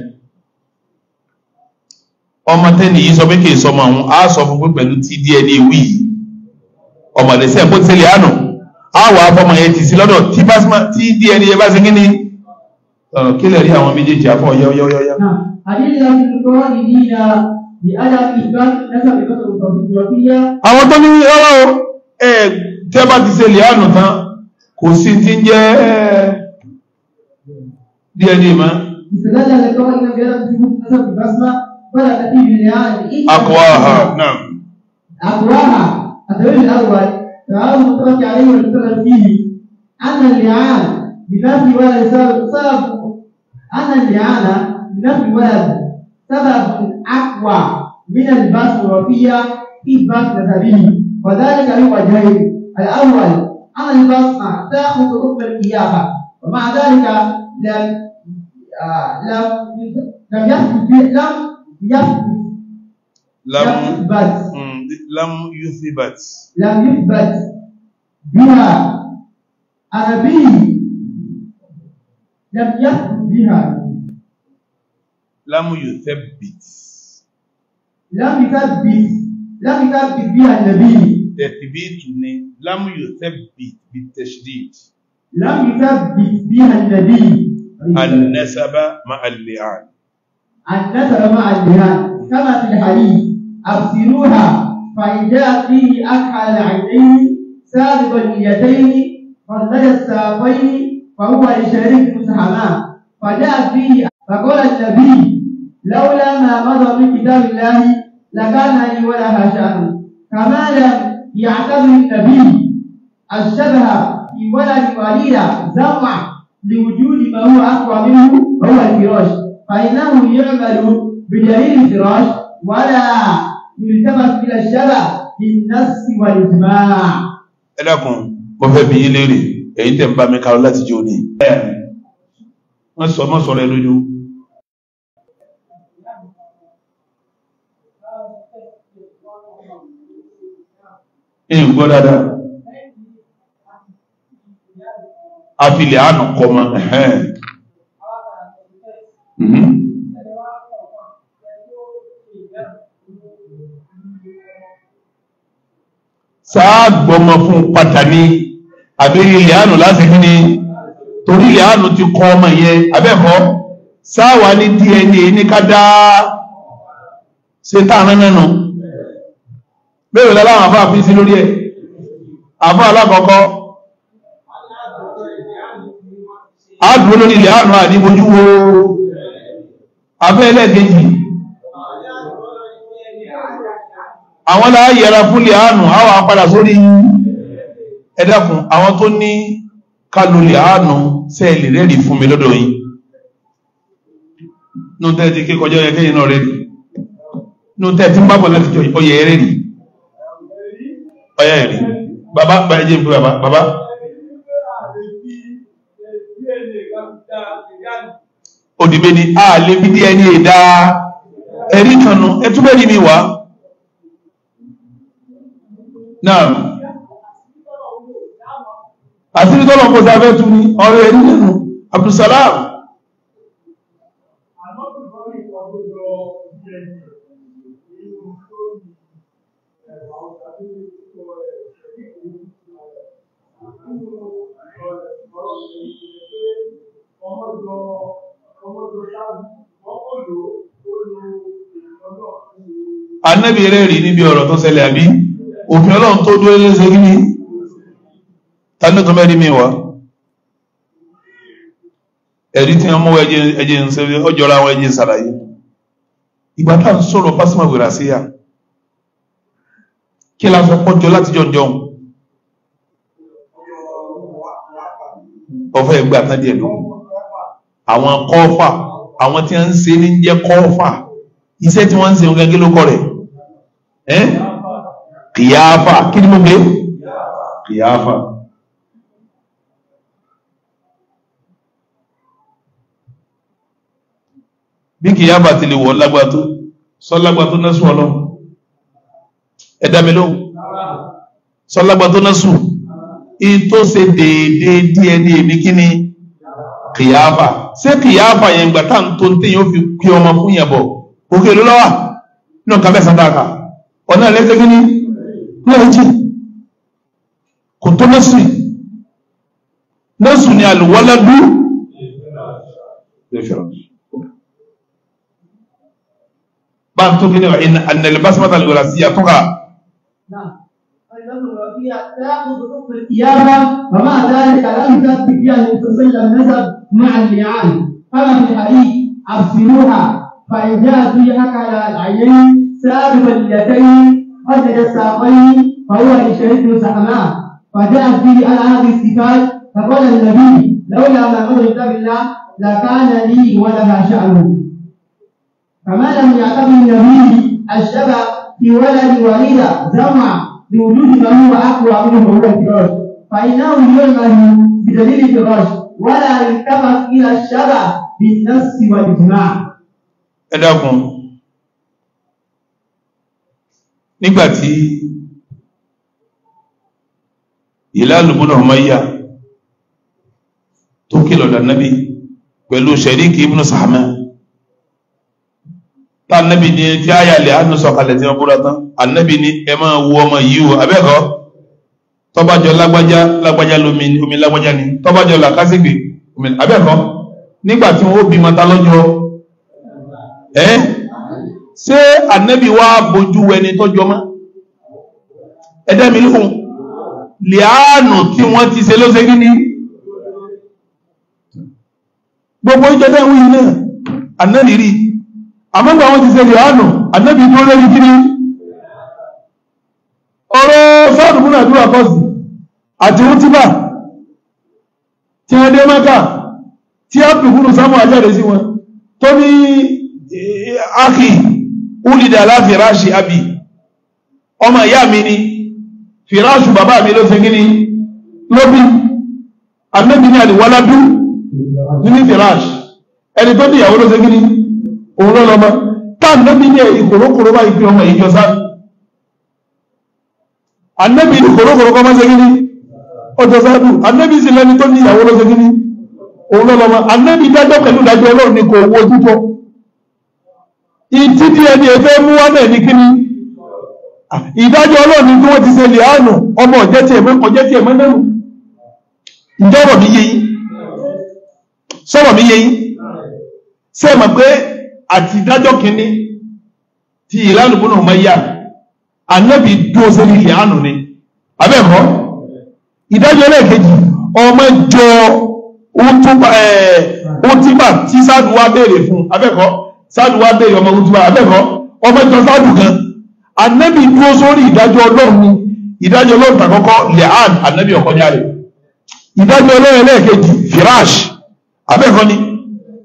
ọmọ tẹ́ni yìí sọ pé kì í sọmọ àwọn á sọ fún pé pẹ̀lú ti DNA wí yìí ọmọdé sẹ́yìn bó tẹ́lẹ̀ àná á wà fọmọ yẹn ti sí lọ́dọ̀ tí DNA yẹn bá ṣe kí ni kí lè rí àwọn méjèèjì afọ yọ́yọ́yọ́yá. àwọn tó ní ọlọ́ ẹ tẹ́ bá ti ṣe lẹ́ànù tán kò sí ti ń jẹ́ DNA mọ́. ìṣẹ̀lẹ̀ àlẹ́ kọ́ ẹ̀ ń bẹ̀rẹ̀ أقواها نعم أقواها الدليل الأول تعارض المترك عليه والمترك فيه أن اللعان بنفي ولا سبب سبب أن اللعان بنفي ولا سبب أقوى من البث الوفية في بث نسبه وذلك لوجهين الأول أن البصمة تأخذ حكم القيامة ومع ذلك لم آه، لم لم يثبت لم لم يثبت لم يثبت لم يثبت بها عربي لم يثبت بها لم يثبت لم يثبت لم يثبت بها النبي تثبيت لم يثبت بالتشديد لم يثبت بها النبي النسب مع اللعان أن مع الجهاد كما في الحديث أبصروها فإن جاء فيه أكحل العينين سابق اليدين فلد الساقين فهو لشريك مسحما فجاء فيه فقال النبي لولا ما مضى من كتاب الله لكان لي ولا شأن كما لم يعتبر النبي الشبه في ولد وليد زرع لوجود ما هو أقوى منه هو الفراش فإنه يعمل بدليل الفراش ولا يلتمس إلى الشبه بالنص والإجماع. ẹ dákun mo fẹ́ bi yín léèrè èyí tẹ̀ ń bá mi karọ́ láti jẹ́ òní. wọ́n sọ mọ́ sọ̀rọ̀ ẹ lójú. ẹ̀yìn gbọ́ dáadáa. a fi lè àánú kọ́ mọ́ sáàgbọ́mọ fún padà ní àbẹ́rí ilẹ̀ àánú láti kí ni torí ilẹ̀ àánú ti kọ ọmọ yẹn abẹ́kọ́ sáàwà ní DNA ní ká dá ṣe táàrán nínú bẹ́ẹ̀rẹ̀ láláwọn àfáà fi sí lórí ẹ̀ àfáà alákọ̀ọ́kọ́ àdúró lórí ilẹ̀ àánú àdíbojú wo abẹ́ ẹlẹ́gẹ̀ẹ́jì àwọn láàyẹ̀ra fúnlẹ̀ àánú àwọn àpadà sórí ẹ̀dàkùn àwọn tó ní kálùlẹ̀ àánú sẹ́ẹ̀lì rẹ̀rì fún mi lọ́dọ̀ yìí nútẹ́ ti kí kọjọ́ ẹkẹ́yìn náà rẹ̀rì nútẹ́ ti ń bábọ̀ láti jọ ọyẹ rẹ̀rì ọyẹ rẹ̀rì bàbá bàyẹ́jẹ́ ń pè bàbá bàbá náà àṣírí tọ́lọ̀ kò dábẹ́ tún ní ọ̀rẹ́ ẹni nínú Abdulsalam Ànábì rẹ̀ rí níbi ọ̀rọ̀ tó ṣẹlẹ̀ àbí? òfin ọlọ́run tó dúró léṣe kí ni tani tó mẹ́rin mi wá ẹ̀rí tí wọ́n mú ẹjẹ ń ṣe ọjọ́ra àwọn ẹjẹ ń ṣàlàyé ìgbà tá sọ̀rọ̀ pásímọ̀ wèrà sí yà kí la fẹ́ pọ́jọ láti jọjọ́ ọfẹ́ ìgbà tán díẹ̀ ló àwọn kọ́fà àwọn tí wọ́n ń ṣe ní jẹ́ kọ́fà iṣẹ́ tí wọ́n ń ṣe ń gẹ́gẹ́ ló kọ́ rẹ̀ ẹ́ kìyáfà kí ni mo gbé bí ti lè wọ lágbà tó sọ́lágbà tó nẹ́sùn ọlọ́run ẹ̀dá mi lóhùn sọ́lágbà tó nẹ́sùn in tó ṣe déédéé DNA mi kí ni kìyáfà ṣé kìyáfà yẹn gbà tá à ń tó fi kí ọmọ fún yẹn bọ̀ òkè ló lọ́wà náà kábẹ́sà dáka ọ̀nà kí ni. phd كنت tó nọ́ọ̀sì nọ́ọ̀sì ni àlùwọ́lẹ́dú bá a tó kí ni wà ní تقع lọ́la sí àtúnkà. الإيابة ومع ذلك لم يثبت بها المتصل النسب مع اللعان اما في حديث أبصروها فإن جاء فيها العينين سابق اليدين فسد الساقين فهو لشريك زعماء فجاءت به على هذه الصفات فقال النبي لولا ما امر بالله لكان لي ولها شأن فما لم يعتقد النبي الشبه في ولد وليد زمع بوجود من هو أقوى منه هو الفراش فإنه يعمل بدليل الفراش ولا يلتفت إلى الشبه بالنص والإجماع. nígbàtí ìlàlùmúnà ọmọọyà tó kìlọ̀ lànàbí pẹ̀lú sẹ̀ríkì ibùnú sàmẹ́ tá ànábì ní tí àyàlẹ̀ àánú sọ̀kalẹ̀ tí wọ́n búra tán ànábì ní ẹ máa wo ọmọ yìí o abẹ́kọ̀ọ́ tọ́bájọ lágbájá lágbájá lómi omi lágbájá ni tọ́bájọ làkásìgbè omi abẹ́kọ̀ọ́ nígbà tí wọ́n ó bímọ ta lọ́jọ́ ẹ́ eh? ṣé ànábì wá bójú ẹni tọ́jọ́ mọ́ ẹ̀dẹ́ mi lóhun lẹ́àánù tí wọ́n ti ṣe ló ṣe ní ní gbogbo ìjọdẹ́ ìwúyí náà ànábì rí àmọ́gbà wọ́n ti ṣe lẹ́àánù ànábì tó lórí kí ní ọ̀rọ̀ sọ́dùnkún àdúrà tó ní eh, eh, ákìí wúlidà aláfìráṣì àbí ọmọ ìyá mi ni fìráṣù bàbá mi ló ṣe kí ni lóbi àmẹ́bí ní àdìwáládú nínú fìráṣì ẹni tó níyàwó ló ṣe kí ni òun ló lọ́mọ táàmì ní ìkòrókòrò bá ìpín ọmọ ìjọsá ànábì ìkòrókòrò kọ́ máa ṣe kí ni ọjọ́sá dù ànábì sì lẹ́ni tó níyàwó ló ṣe kí ni òun ló lọ́mọ ànábì dájọ́ pẹ̀lú dájọ́ ọlọ́run ni kò owó ojútọ́ ìtí tí ẹni ẹfẹ́ mú wá bẹ̀ ní kí ni ìdájọ́ ọlọ́run ní kí wọ́n ti ṣe lè àánú ọmọ ọ̀jẹ́ tí ẹ̀mọ́ ọ̀jẹ́ tí ẹ̀mọ́ náà ìjọ́rọ̀ mi yé yín sọ̀rọ̀ mi yé yín ṣé ẹ mọ̀ pé àti ìdájọ́ kínní ti ìlànà bọ́nà ọmọ yá ànábì dúró sórí ilẹ̀ àánú ni abẹ́ẹ̀kọ́ ìdájọ́ ẹlẹ́ẹ̀kejì ọmọ jọ ohun tí bá tí sáàdù wá béèrè fún abẹ́ẹ̀kọ́ sáàdù wa bẹ̀rẹ̀ ọmọ ojú abẹ́kọ́ ọmọ ìjọ sáàdù kan anẹ́bì dúró sórí ìdájọ́ ọlọ́run ni ìdájọ́ ọlọ́run tàkọ́kọ́ lehan anẹ́bì ọ̀kọ́já rẹ̀ ìdájọ́ ọlọ́run ẹlẹ́ẹ̀kejì firash abẹ́kọ́ ni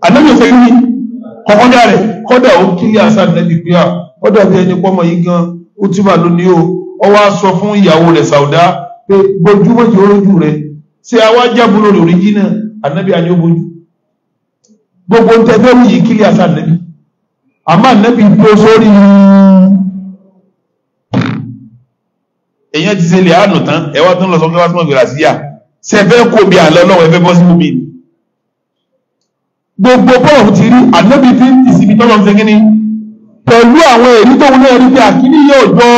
anẹ́bì ọ̀kọ́jú ni kọ́kọ́já rẹ̀ kọ́dà ó kílí àṣà anẹ́bì pé à kọ́dà bí ẹni pọ́mọ yìí gan ó túbà lónìí o ọ wá sọ fún ìyàwó rẹ̀ sàwùdá pé gbojú méjì orójú rẹ̀ ṣé àwa jábúrò lórí jìnnà anẹ́bì àjọ gbojú gbogbo ń tẹ́ fẹ́ wù yìí kílí àṣà anẹ́bì àmọ́ nẹ́bí tó sórí èyàn ti ṣe lè àánú tán ẹwà tó ń lọ sọ pé wá sí mọ̀gbìlá sí yà sẹfẹ́ kò bí àlọ́ lọ́wọ́ ẹfẹ́ bọ́ sí omi ni gbogbo bọ́ọ̀lù ti rí ànábì fi ń ti síbi tọ́lọ́ ṣe kíní pẹ̀lú àwọn èrí tó wọlé ẹ̀rí pé àkíní yóò jọ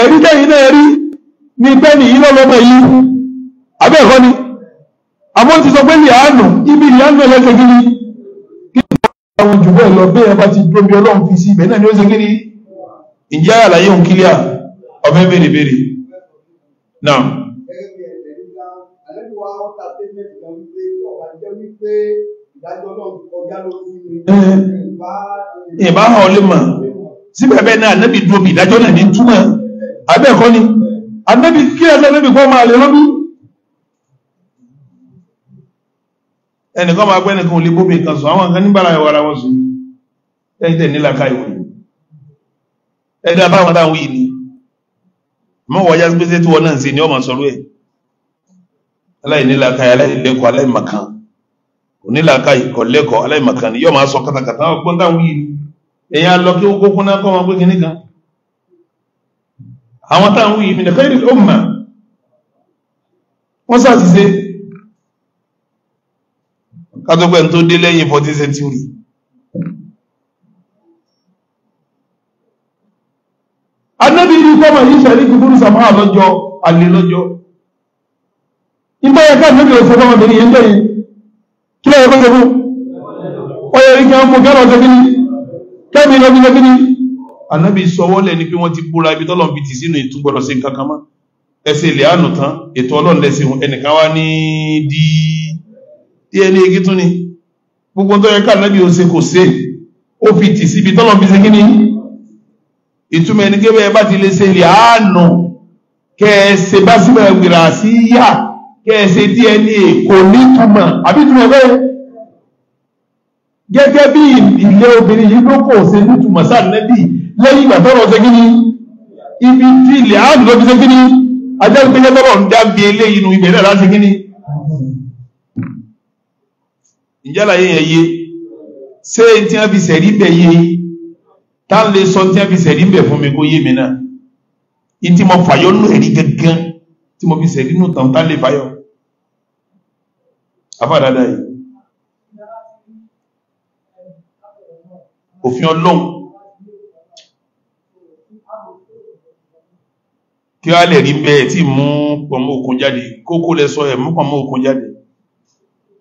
ẹ̀rí tẹ́yìn náà rí ní bẹ́ẹ̀ni yìí lọ́lọ́mọ yìí abẹ́ẹ̀kọ́ ni àmọ́ ti sọ pé lè àánú ibi lè àánú ẹ̀yẹ́ ṣe kíní àwọn jù bẹ́ẹ̀ lọ bí ẹ bá ti dúró bí ọlọ́run fi sí ibẹ̀ náà ni ó ṣe kí ni ìjẹ́ àlàyé òun kílíà ọmọ béèrè béèrè náà. ìbá hàn ọ́ lè mọ̀ síbẹ̀ bẹ́ẹ̀ náà anábì dúró bí ìdájọ́ náà ní túmọ̀ abẹ́ẹ̀kọ́ ni anábì kí ẹ̀ lọ́nà bí kò máa lè rọ́dún. ẹnìkan máa gbẹ́ nìkan olè bóbi nǹkan sọ àwọn nǹkan níbàrá ẹwà ara wọn sí ẹ̀dẹ̀ nílàkà ìwò ẹ̀dẹ̀ àbáwọn táwọn yìí ni mọ́ wọ́n yá pèsè tí wọ́n náà ń ṣe ni ọmọ sọ̀rọ̀ ẹ̀ aláìnílàkà aláìlẹ́kọ̀ọ́ aláìmọ̀kan onílàkà ìkọ̀lẹ́kọ̀ọ́ aláìmọ̀kan ni yóò máa sọ katakata ọgbọ́n táwọn yìí ni èèyàn lọ kí ó kókó náà kọ́ kátọ́gbẹ́ tó dé lẹ́yìn 14th century anábì ní kọ́mọ̀ yìí ṣe rí kúkúrú sàmáà lọ́jọ́ àlè lọ́jọ́ ìbáyẹ káà níbi òṣèlú ọmọbìnrin yìí ń bẹ̀yìn kí lọ́yẹ kọ́jọ́ fún ọyẹ rí kẹ́wọ́n mú kẹ́rọ̀ ọjọ́ kíní kẹ́mi lọ́bí lọ́bí ní anábì sọwọ́ lẹ́ni pé wọ́n ti tí ẹni igi tún ni gbogbo tó yẹ káàlẹ́bí ó ṣe kò ṣe ó fi tì síbi tọ́lọ̀ fi ṣe ni ìtumọ̀ ẹni gẹ́gẹ́ ẹ bá ti lè ṣe ilẹ̀ àánú kẹ́ẹ̀ṣe bá síbẹ̀ wìrà sí yá kẹ́ẹ̀ṣe tí ẹni kò ní túmọ̀ àbí túmọ̀ bẹ́ẹ̀ gẹ́gẹ́ bí ilé obìnrin yìí ló kò ṣe ní túmọ̀ sáà nẹ́bí lẹ́yìn ìgbà tọ́lọ̀ ṣe kíní ibi tí ilẹ̀ àánú ló fi ṣe kíní ajẹ́ ìjálàyé yẹn yé ṣé tí wọ́n fi sẹ̀rí bẹ̀ yé tá lè sọ tí wọ́n fi sẹ̀rí bẹ̀ fún mi kó yé mi náà ní tí mo fàyọ́ nù ẹ̀rí gangan tí mo fi sẹ̀rí nù tàn tá lè fàyọ́ afáàdáda yìí òfin ọlọ́run kí wàá lè rí bẹ́ẹ̀ tí mú pọ̀mọ́ okùn jáde kókó lẹ sọ ẹ̀ mú pọ̀mọ́ okùn jáde.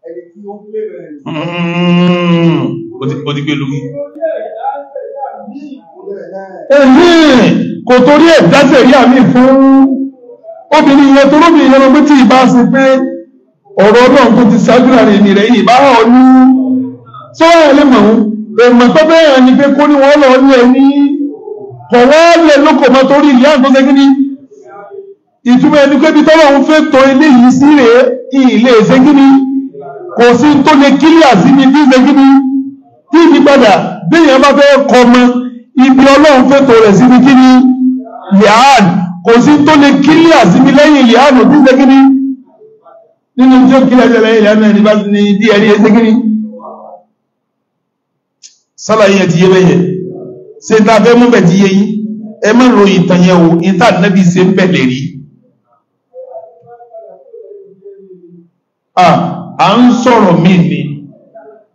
ó ti gbé lórí kò torí ẹ̀ dáṣẹ̀ rí àmì fún obìnrin yẹn tó lóbìnrin yẹn lọ́gbé tí ìbá sí pé ọ̀rọ̀ ọlọ́run tó ti ṣáájú rẹ̀ ní rẹ̀ ìbá ọ̀ ní sọ́rọ̀ ẹ̀ lè mọ̀ èèmọ̀ tó bẹ́ẹ̀ ni pé kó ní wọ́n lọ ní ẹ ní kọ̀wọ́ lẹ̀ lóko mọ́ torí ìyá tó ṣe ìtumọ̀ ẹni pé bí tọ́lọ́run fẹ́ tọ́ ilé yìí sí rèé ilé ṣe kò sí tó lè kílíà sí ni tí ń ṣe kí ni tí ìyípadà béèyàn bá fẹ́ kọmọ ibi ọlọ́run fẹ́tọ̀ rẹ̀ sí ni kí ni lian kò sí tó lè kílíà sí ni lẹ́yìn lian tí ń ṣe nínú tí ó kílíà jẹ́ lẹ́yìn lian ní bá a ah à ń sọ̀rọ̀ míì ni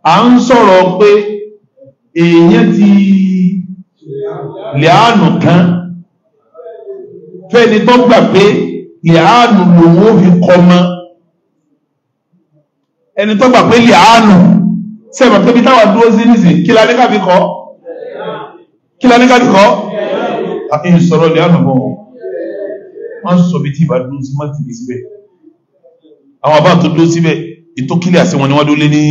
à ń sọ̀rọ̀ pé èèyàn ti lẹ́àánù kan fẹ́ni tó gbà pé lẹ́àánù lòun ó fi kọmọ ẹni tó gbà pé lẹ́àánù sẹ́bà pé bí táwà dúró sí nìsí kí la ní ká fi kọ́ kí la ní ká fi kọ́ àfi ìsọ̀rọ̀ lẹ́àánù bọ̀ wọ́n sọ tí ìbá dúró sí mọ́tìlì síbẹ̀ àwọn àbá tó dúró síbẹ̀ ètò kílẹ̀ àti wọn ni wọ́n dúlé ní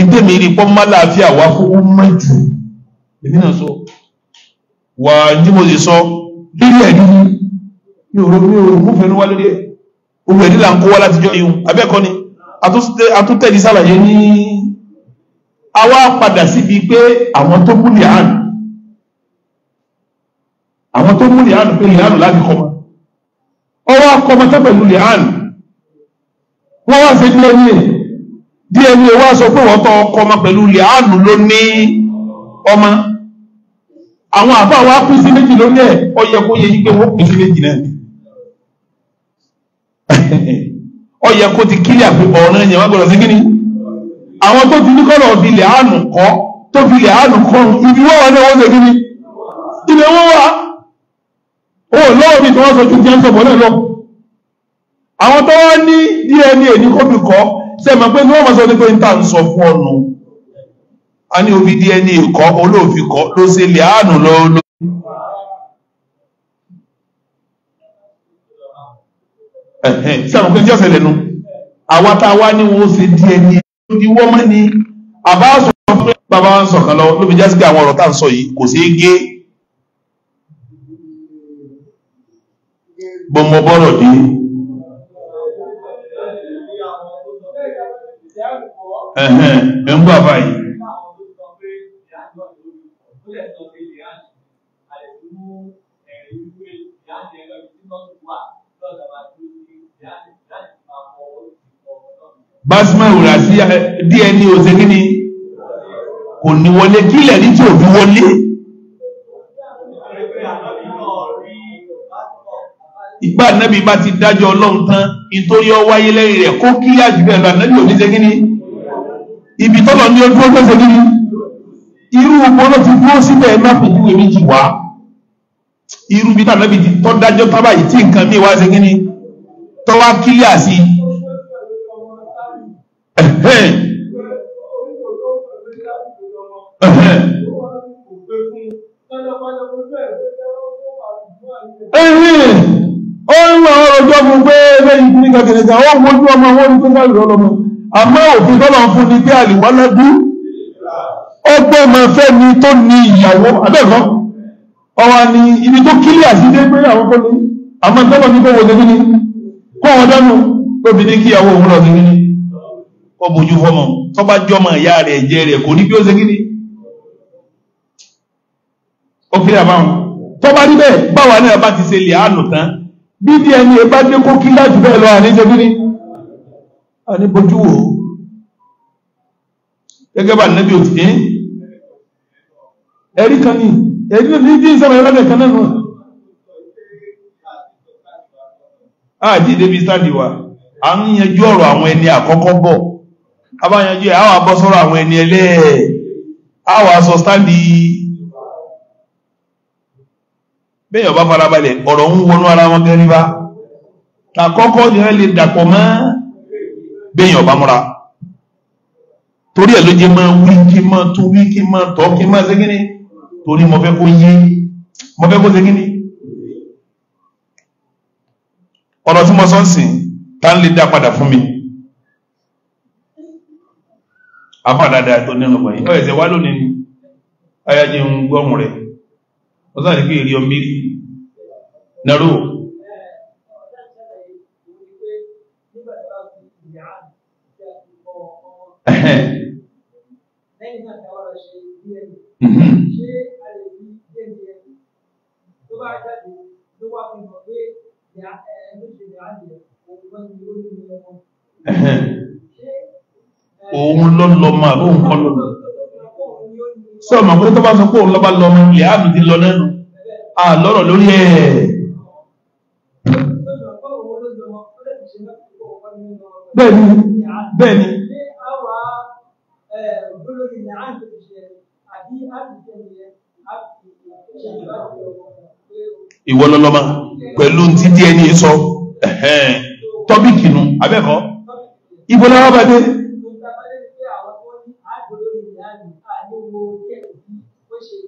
ìdè mi rí pọ́nmá láàfíà wá fún ó má jù èmi náà sọ wà ní mo sì sọ lílẹ̀ ẹ̀dí mi ò rò mi ò rò mú fẹ́nu wá lórí ẹ̀ òwò ẹ̀dí là ń kó wá látijọ́ ihun abẹ́ẹ̀kọ́ ni àtúntẹ̀dí sàlàyé ní àwa padà síbi pé àwọn tó mú lìhánù àwọn tó mú lìhánù pé lìhánù láti kọ́mọ ọwọ́ akọ́mọ pẹ̀lú lìhánù wọ́n wá fi DNA DNA wá sọ pé wọ́n ọkọ ọmọ pẹ̀lú ilẹ̀ àánú ló ní ọmọ àwọn àbá wa pín sí méjì lónìí ẹ̀ yẹ kó yẹ wọ́n pín sí méjì náà ni <laughs> kó ti kílì wọ́n gbọ́dọ̀ sí kíni àwọn tó ti ní fi ilẹ̀ àánú kọ́ tó fi ilẹ̀ àánú kọ́ ibi wọ́n wà ní kíni ilẹ̀ wọ́n wà ó àwọn tó wọ́n ní DNA ní kóbi kọ́ ṣe mọ̀ pé ní wọ́n mọ̀ sọ ní pé níta ń sọ fún ọ̀nà a ní obi DNA kọ́ olóòfin kọ́ ló ṣe lè àánú lọ́wọ́ ṣe mọ̀ pé jọ́sẹ̀ lẹ́nu àwọn táwa ní wọ́n ṣe DNA lójú wọ́n mọ́ ni àbá sọ pé bàbá ń sọ̀kan lọ ló fi jásí pé àwọn ọ̀rọ̀ tá ń sọ yìí kò ṣeé gé gbọmọbọrọ dé ẹ̀hẹ́n ẹ̀ ń bọ̀ báyìí. Básímà ìwòrà sí DNA òsè kí ni kò ní wọlé kí ilẹ̀ ní tí ò fi wọlé. Ìgbà nábì bá ti dájọ́ ọlọ́run tán, nítorí ọ wáyé lẹ́yìn rẹ̀ kó kíyà jù lọ, ànábì ò ní kí ni ibi tọ́lọ̀ ní ojú ọjọ́ ṣe gírí irú gbọ́nà ti dúró síbẹ̀ lápòjúwe méjì wá irú bí tàbí ti tọ́ dájọ́ tábà yìí tí nǹkan míì wá ṣe gírí tọ́wá kílíà sí ẹ̀hẹ́n ó ń rán ọ̀rọ̀ ọjọ́ fún pé lẹ́yìn kí ní kẹkẹrẹ jà ó mójú ọmọ wọn ní pé sáré lọ́lọ́mọ àmọ́ òfin tọ́lọ̀ fún ni pé àlìwálẹ́dú ọgbọ́n máa fẹ́ ni tó ní ìyàwó abẹ́ẹ̀kọ́ ọwà ni ibi tó kílẹ̀ àṣìdé pé àwọn kọ́ ni àmọ́ tọ́lọ̀ ní kó wo ṣe kíni kó wọn dánú tóbi ní kí ìyàwó òun lọ sí kíni kó bójú fọmọ tó bá jọmọ ìyá rẹ̀ ẹ̀jẹ̀ rẹ̀ kò bí di ẹni ẹgbá dé kó kí láti bẹ́ẹ̀ lọ àní jẹ́bí ní wò gẹ́gẹ́ bá nẹ́bí ẹ̀rí kan ní ẹ̀rí ní bí ìsẹ́mọ̀ ẹ̀rọ́dẹ̀ kan náà débi sáàdì wa a ń yanjú ọ̀rọ̀ àwọn ẹni àkọ́kọ́ bọ̀ a bá yanjú ẹ̀ àwọn abọ́sọ́rọ̀ àwọn ẹni ẹlẹ́ẹ̀ àwọn asọ sáàdì yìí bẹ́ẹ̀ ọba farabalẹ̀ ọ̀rọ̀ ń wọnú ara wọn tẹ́lẹ̀ bá tàkọ́kọ́ ni wọ́n lè dàpọ̀ mọ́ bẹ́ẹ̀ ọba múra torí ẹ̀ ló jẹ́ máa wí kí máa tún wí kí máa tọ́ kí máa ṣe kíni torí mo fẹ́ kó yé mo fẹ́ kó ṣe kíni. ọ̀rọ̀ tí mo sọ ń sìn tá ń lè dá padà fún mi afáàdáadáa tó ní ọ̀nà pẹ̀lú ọ̀yẹ̀sẹ̀ wá lónìí ni ayájẹ́ ń gbọ́rùn rẹ̀ wazari pé èrè omi nàró òun lọ́lọ́mọ àbóhùn kọ́ lọ́lọ́ sí ọmọ pé tó bá sọ pé òun lọ́bá lọ́mọ ilẹ̀ ààbì ti lọ lẹ́nu àlọ́rọ̀ lórí ẹ̀ bẹ́ẹ̀ni bẹ́ẹ̀ni ìwọ lọ́lọ́mọ pẹ̀lú títí ẹni sọ tọ́bíkì nù abẹ́kọ́ ìbọ̀lọ́wọ́ bá dé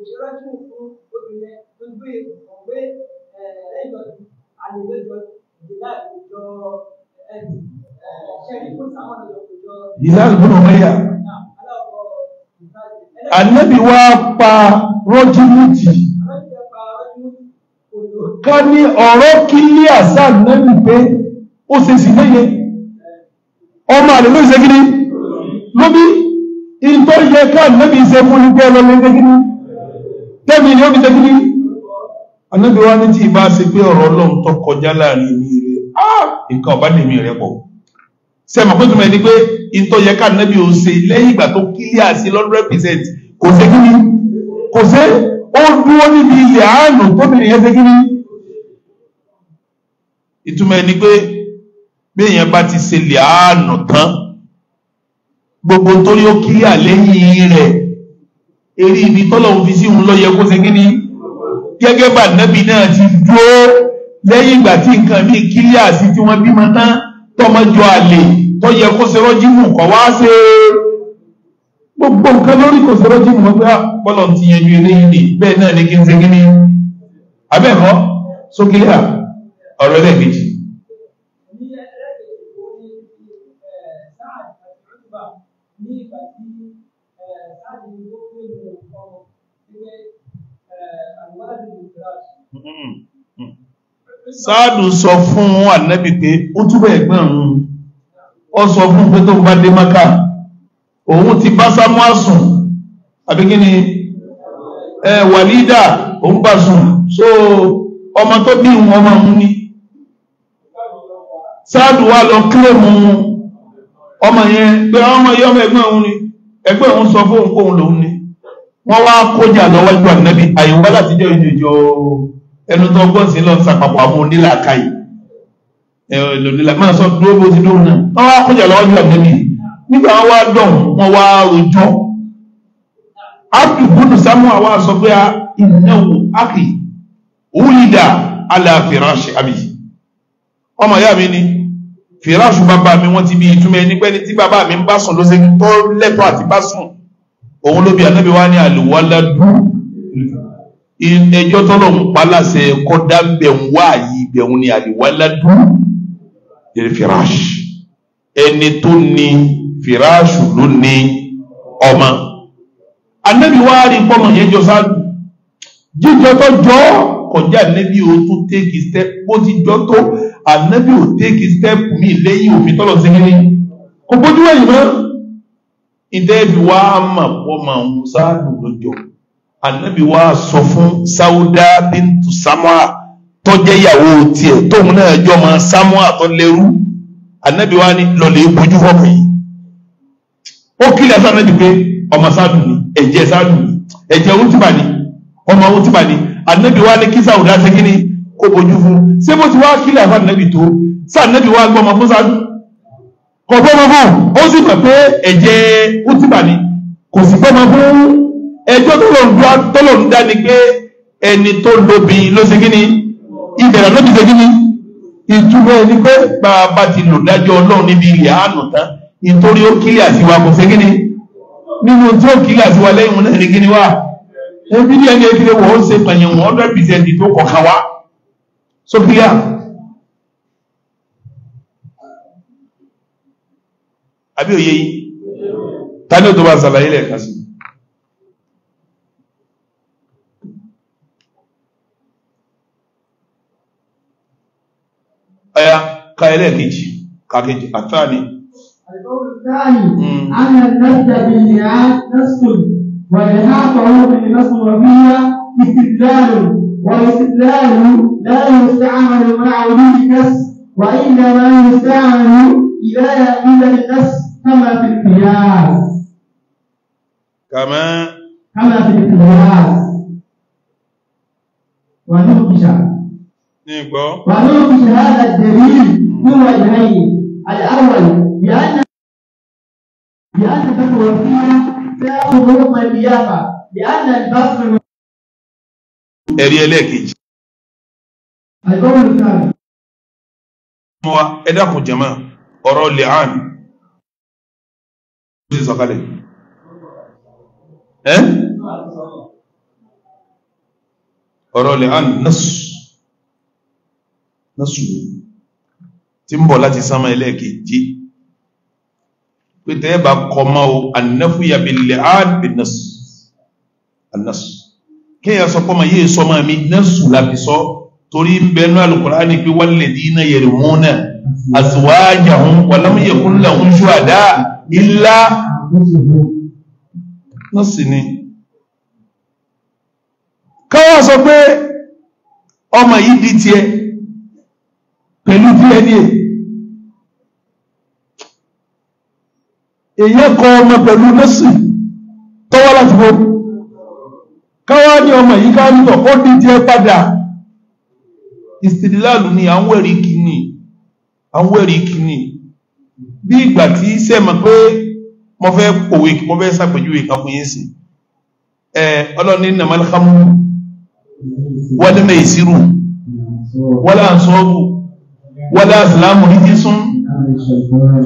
òṣèrọ́jú fún obìnrin tó gbé ọ̀gbẹ́ ẹ̀ẹ́dọ́dún àlejòjọ́ ìdílé àjọ ẹ̀ẹ́dì ṣẹ́ni kó sáwọn ọ̀dọ́ Bilal bin Umayya Ànábì wá pa rọ́júmùtì ká ní ọ̀rọ̀ kílí àṣà nẹ́bì pé ó ṣe sì léye ọmọ àlè ló ṣe gidi lóbi ìtọ́ yẹ ká nẹ́bì ṣe fún ìgbẹ́ lọ́lẹ́gbẹ́ gidi tẹ́mi ni ó fi tẹ́kí ní anábí wá ní tí ìbá ṣe pé ọ̀rọ̀ ọlọ́run tó kọjá láàrin mi rẹ̀ ah! nǹkan ni kò ṣe ó dúró níbi ilẹ̀ àánú tó bẹ̀rẹ̀ yẹn ṣe kí ni ìtumọ̀ ẹni pé bí èèyàn bá ti ṣe lẹ̀ àánú tán gbogbo torí ó kílíà lẹ́yìn rẹ̀ èrí ibi tọ́lọ̀un fi sí òun lọ kó ṣe kí ni gẹ́gẹ́ bà nẹ́bí náà ti dúró lẹ́yìn ìgbà tí nǹkan bí kílíà sí tí wọ́n bímọ tán tọmọjọ àlè tó yẹ kó ṣe rọ́jìmù kọ̀ wá ṣe gbogbo nǹkan lórí kò ṣe rọ́jìmù wọ́n pé à ah, bọ́lọ̀ ti yẹn ju eré ilé bẹ́ẹ̀ náà ni kí n ṣe kí ni abẹ́ẹ̀kọ́ sókè à ọ̀rọ̀ lẹ́ẹ̀kejì ní ìgbà tí sáàdù sọ fún ànábì pé ó túbọ̀ ẹ̀gbọ́n òun ó sọ fún pé tó bá dé maka òun ti bá sámúà sùn àbí kí ni ẹ wàlídà òun bá sùn so ọmọ tó bí òun ọmọ òun ni sáàdù wà lọ kílèmù ọmọ yẹn pé ọmọ yẹn ọmọ ẹ̀gbọ́n òun ni ẹgbẹ́ òun sọ fóun kóun lòun ni wọ́n wá kójà lọ́wọ́ ìjọ ànábì àyẹ̀wò láti jẹ́ ìjọ ìjọ ooo ẹnu tó gbọ́ sí lọ sàpapọ̀ àwọn onílàkà yìí ẹ̀rọ ìlònílà máa sọ dúró bó ti dúró náà wọ́n wá kújà lọ́wọ́ jù àgbẹ̀bí nígbà wọ́n wá dọ̀n wọ́n wá rojọ́ abdulbudu samuel wá sọ pé ìnáwó akì wúlídà ala firashi àbí ọmọ ìyá mi ni firashi bàbá mi wọ́n ti bí ìtumọ̀ ẹni pé ní tí bàbá mi ń bá sùn ló ṣe tó lẹ́tọ̀ọ́ àti bá sùn òun ló bí anábì ní àlùwaladu ẹjọ́ tọ́lọ̀ ń paláṣẹ kọ́dá bẹ̀rù wáàyí bẹ̀rù ni àlìwáládú lórí firash ẹni tó ní firash ló ní ọmọ anabi wa rí pọ́mọ yẹn jọ sáájú jíjọ tó jọ kọjá anabi ò tún take step bó ti jọ tó anabi ò take step mi lẹ́yìn òfin tọ́lọ̀ sí kí ni kò bójú wẹ̀yìn mọ́ ìdẹ́bi wa mọ̀ pọ́mọ ọ̀hún sáájú lójọ́ anabi wa sọ fún Sauda bintu Samua tó jẹ́ ìyàwó tiẹ̀ tóun náà jọ mọ Samua tó lérú anabi wa ni lọlẹ bójú fọkàn yìí ó kílẹ̀ fún anabi pé ọmọ sáàdù ni ẹ̀jẹ̀ sáàdù ni ẹ̀jẹ̀ wútìbà ni ọmọ wútìbà ni anabi wa ni kí Sauda ṣe kí ni kó bójú fún ṣé bó ti wá kílẹ̀ fún anabi tó sá anabi wa gbọ́ fún sáàdù kò gbọ́ ọmọ ó sì gbà pé ẹ̀jẹ̀ wútìbà ni kò sì gbọ́ fún ẹjọ́ tó lò ń dá ni pé ẹni tó lóbi ló ṣe kíni ìbẹ̀rẹ̀ ló ti ṣe kíni ìtumọ̀ ẹni pé bàbá ti lò dájọ́ ọlọ́run níbi ilẹ̀ àánú tán nítorí ó kílẹ̀ àtiwá kò ṣe kíni nínú tí ó kílẹ̀ àtiwá lẹ́yìn wọn náà ní kíni wá ebi ní ẹni ekele wọ́n ṣe pẹ̀yìn wọn hundred percent tó kọ̀ọ̀kan wá sókíyà. àbí òye yìí tani ó tó bá ṣàlàyé lẹ́ẹ̀kan sí i. ọ̀yá ka ẹlẹ́ẹ̀kejì kàkejì àtàní. وإنما يستعمل إلى إلى النفس كما في القياس كما كما في القياس ونقش نيكو معلوم في هذا الدليل هو وجهين الأول بأن بأن البصر فيها تأخذ حكم النيابة لأن البصر ẹ̀rí ẹlẹ́ẹ̀kejì. wa ẹ dákun jama ọ̀rọ̀ li'an ó ti sọ̀kalẹ̀ ẹ́ ọ̀rọ̀ li'an nasu násù tí ń bọ̀ láti sánmà ẹlẹ́ẹ̀kejì pé tẹ́ bá kọmọ o annafuya bilẹ̀ áàdì násù annasu kéèyàn sọ pọ́mọ yìí sọ máa mi násù láti sọ torí ń bẹ náà Al-Qur'ani pé walladhina yarmuna azwajahum wa lam yakun lahum shuhada illa násì ni káwọ́ sọ pé ọmọ yìí di tiẹ̀ pẹ̀lú DNA èyí kọ ọmọ pẹ̀lú nọ́ọ̀sì tọ́wọ́ láti bọ́ káwá ní ọmọ yìí ká nítọ̀ ó di jẹ́ padà ìsìdílàlù ni àwọn ẹ̀rí kìíní àwọn ẹ̀rí kìíní bí ìgbà tí iṣẹ́ mọ̀ pé mo fẹ́ kòwé mo fẹ́ ṣàpèjúwe kan fún yín sí ẹ ọlọ́ni nàmàlẹ́kàmù wọlé mẹ́ìsírù wọlé àǹsọ́ọ̀bù wọ́dá ìsìlámù ní ti sún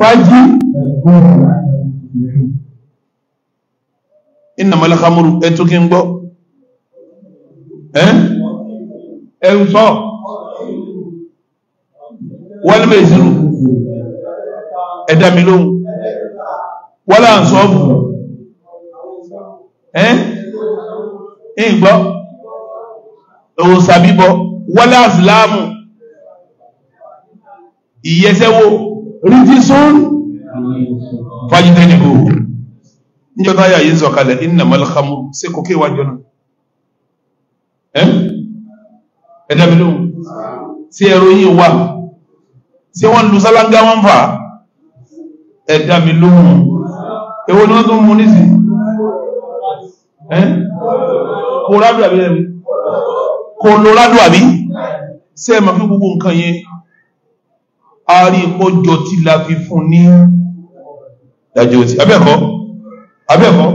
fájí innamal khamru ẹtù kí ń gbọ́ ẹ̀rù sọ wal maisiru ẹ̀dá mi lóhun wala ansabu gbọ́ òun sàbíbọ̀ wala ìsìlámù ìyẹsẹ́wó rídísún fàjídẹ́nìbò níjọ́ táyà yìí sọ̀kalẹ̀ iná malakamu sí kò kí wájọ́ náà ẹ̀dá mi lóhun sí ẹ̀rọ yìí wà sí wọ́n lu sálángá wọ́n fà ẹ̀dá mi lóhun èwo ni wọ́n tún mú nísì kò rádùn àbí kò ẹ̀mà fún gbogbo nǹkan yẹn a rí kójọ tí la fi fún ní dájọ́ tí abẹ́kọ́ abẹ́kọ́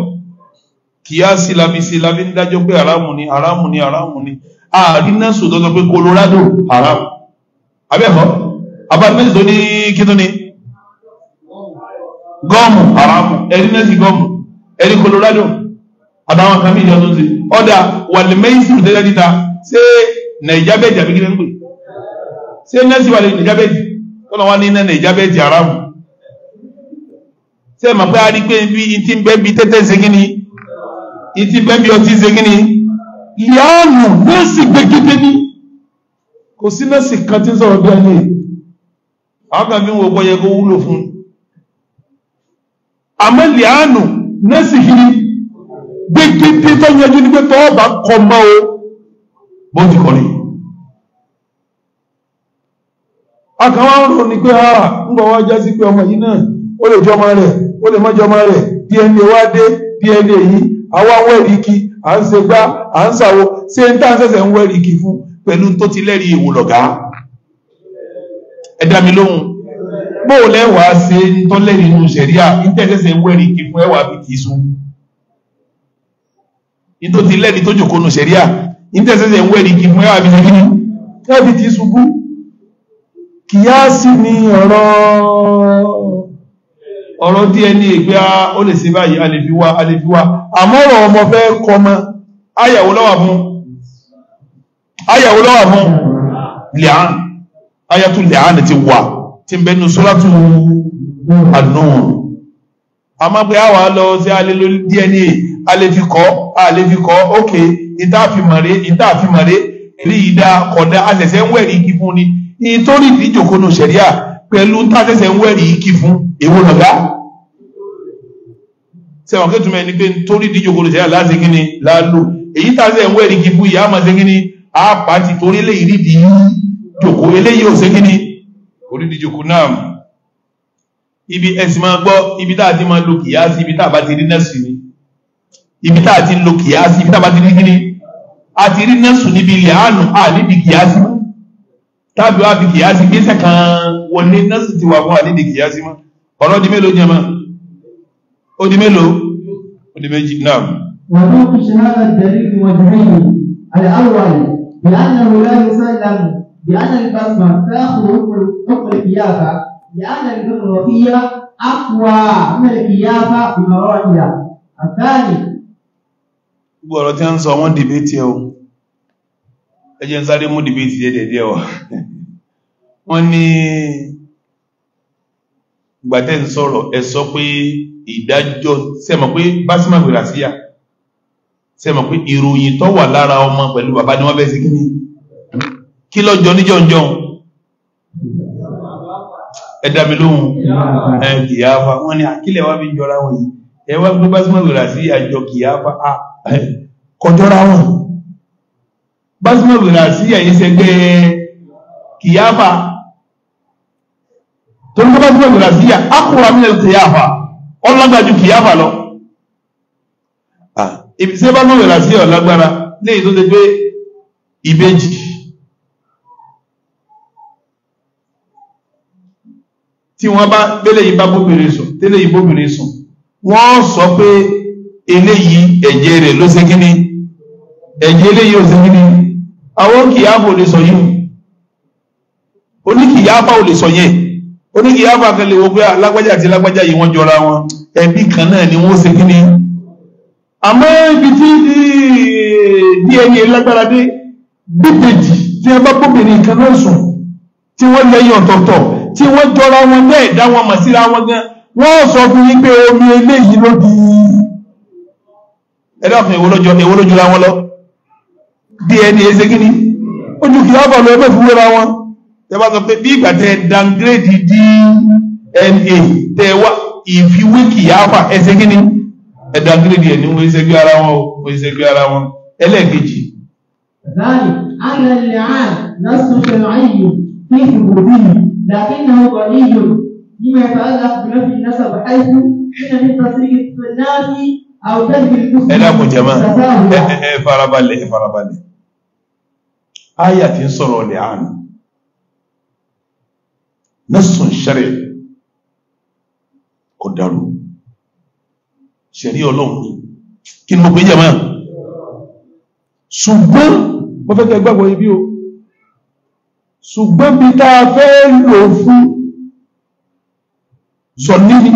kìíyàsí labisi labi ń dájọ́ pé haramu ni haramu ni haramu ni a rí nẹ́sù tó sọ pé Colorado haramu abẹ́kọ́ abáyébẹ́sì tó ní kínú ni gọ́ọ̀mù haramu ẹ̀rí nẹ́sì gọ́ọ̀mù ẹ̀rí Colorado àtàwọn kan mí ìjọ tó ń ṣe ọ̀dà wàlímẹ́sì tẹ́lẹ̀ níta ṣé nàìjábẹ́jì àbí kí ń pè ṣé nẹ́sì wàlímẹ́sì tọ́lọ́ wá ní nẹ́nà ìjábẹ́jì aráàmù tí ẹ mọ̀ pé a rí pé ibi ìtí ń bẹ́bi tẹ́tẹ́ ṣe kíni ìtí ń bẹ́bi ọtí ṣe kíni ìyáàlù nẹ́ẹ̀sì gbẹgẹdẹ ní kò sí nẹ́ẹ̀sì kan tí ń sọ̀rọ̀ bí ẹni àwọn kan fi ń wo àmọ́ ìyáàlù nẹ́ẹ̀sì kíni gbẹgẹdẹ tó yanjú ní pé tọ́ ọba kọ mọ́ o bó ti kọ́ nìyí ọkàn wa ń rò ní pé ara ah, ń bọ̀ wá já sí pé ọmọ yìí náà ó lè jọmọ rẹ̀ ó lè má jọmọ rẹ̀ DNA wá dé DNA yìí àwa ń wẹ̀rí kí à ń ṣe gbá à ń ṣàwo ṣé ń tàn ṣẹ̀ṣẹ̀ ń wẹ̀rí kí fún pẹ̀lú tó ti lẹ́rìí èwo lọ̀gá ẹ dá mi lóhùn bóò lẹ́wàá ṣe ń tọ́ lẹ́rìí inú ṣẹ̀ríà ń tẹ̀sẹ̀ṣẹ̀ ń wẹ̀rí kí fún ẹwà bìtì sùn nítorí lẹ́rìí tó jòkó nù ṣẹ̀ríà ń tẹ̀sẹ̀ṣẹ̀ ń wẹ̀rí kí fún ẹwà bìtì sùn kú kìyàsí ni ọ̀rọ̀ ọ̀rọ̀ díẹ̀ ní ìgbé ó lè ṣe báyìí alèfíwá alèfíwá àmọ́rọ̀ ọmọ fẹ́ kọmọ ayàwó lọ́wà fún ayàwó lọ́wà fún lẹ́án ayàtú lẹ́án ti wà tí ń bẹnu sọ́látù àdùnnùn a máa pé àwà lọ sí alèlò DNA alèfikọ́ alèfikọ́ ókè ìtàfimọ̀rẹ́ ìtàfimọ̀rẹ́ èyí dá kọ̀dá àṣẹ̀ṣẹ̀ ń wẹ̀rí kí fún ni nítorí ìdíjòkónú sẹ̀ríà pẹ̀lú tásẹ̀sẹ̀ ń wẹ̀rí kí fún èwo lọ̀gá sẹ́wọ̀n kẹ́tùmọ̀ ẹni pé nítorí ìdíjòkónú sẹ̀ríà láti kí ni lálò èyí tásẹ̀ ń wẹ̀rí kí fún ìyá àmọ́ sí kí ni àpá ti torí eléyìí rídìí jòkó eléyìí ò sí kí ni orí ìdíjòkó náà ibi ẹ̀sìn máa gbọ́ ibi tá a ti máa lo kìyàsí ibi tá a bá ti rí nẹ́sù ni ibi tá a ti lo kìyàsí ibi tá a bá ti rí kí a ti rí nẹ́sù níbi ilẹ̀ àánú à níbi kìyàsí mú tábí wa fi kìyàsí gbèsè kan wọlé náà sì ti wà fún àdídì kìyàsí mọ́ ọ̀rọ̀ di mélòó jẹ́ mọ́ ó di mélòó ó di méjì náà. وذوق شهادة الدليل وجهين الأول بأنه لا يسلم بأن البصمة تأخذ حكم الكيافة لأن الجغرافية أقوى من الكيافة بمراحل الثاني gbogbo ọ̀rọ̀ tí a ń sọ wọ́n dìbé tí o ẹ ń sáré mú dìbé tí ẹ dẹ̀dẹ̀ ọ wọ́n ní gbàtẹ́ ń sọ̀rọ̀ ẹ sọ pé ìdájọ́ sẹ́mọ̀ pé básímà gbèrà síyà sẹ́mọ̀ pé ìròyìn tó wà lára ọmọ pẹ̀lú bàbá ni wọ́n fẹ́ sí kí ni kí lọ́jọ́ níjọ́njọ́ ẹ̀dá mi lóhun kìyàfà wọ́n ní àkílẹ̀ wá bí jọra wọn yìí ẹ wá gbé básímà gbèrà sí àjọ kìyàfà kọjọ́ra wọn básímà gbèrà sí ẹ̀yìn kìyàfà torí tó bá dúró gàlàsíyà akura mi lè kìyàfà ọlọ́gbàjú kìyàfà lọ. Ah. ibi tí ẹ bá dúró gàlàsíyà ọ̀lágbára léyìí tó ti pé ìbejì. tí wọ́n bá bẹ́lẹ̀ yìí bá bóbìnrin sùn tẹ́lẹ̀ yìí bóbìnrin sùn wọ́n sọ pé eléyìí ẹ̀jẹ̀ rẹ̀ ló ṣe kíní ẹ̀jẹ̀ eléyìí ò ṣe kíní àwọn kìyàfà lè sọ yìí oníkìyàfà lè sọ yẹn oníkì yàgbà kan lè wo pé alágbájá àti alágbájá yìí wọ́n jọra wọn ẹbí kan náà ni wọ́n ṣe kíni àmọ́ ibi tí DNA lágbára dé bíbèjì tí wọ́n bá bóbìnrin kan náà sùn tí wọ́n lẹ́yìn ọ̀tọ̀ọ̀tọ̀ tí wọ́n jọra wọn bẹ́ẹ̀ dá wọn mọ̀ síra wọn gan wọ́n sọ fún yín pé omi eléyìí ló di ẹ̀dá fún ìwọ́lójú ra wọn lọ DNA ṣe kíni ojú kìí ọ̀bọ̀ lọ ẹgbẹ́ fún wọn tẹ́wà sọ pé bí ìgbà tẹ́ dangrade DNA tẹ́wà ìfiwé kìyàfà ẹsẹ̀ kí ni ẹ̀ dangrade ẹ̀ ní wọ́n ṣe gbé ara wọn wọ́n ṣe gbé ara wọn ẹlẹ́ẹ̀kejì. báyìí alẹ́ lè hàn lọ́sùn fẹ́ ayò ní ìbò bí i làkín náà kọ́ ní yò ní mẹ́fà aláàbùrẹ́ fi náà sọ̀rọ̀ àìsù nínú ní pàṣírí náà ní àwùjọ ẹ dákun jama ẹ farabalẹ̀ ẹ farabalẹ̀ aya ti sọ̀rọ̀ lè hàn nasun ṣẹrẹ kò dàrú ṣẹ̀rí ọlọ́run ni kí ni mo pè jẹ́mọ́ ṣùgbọ́n mo fẹ́ tẹ́ gbàgbọ́ ibi o ṣùgbọ́n bí tá fẹ́ lò fún zọ̀nìní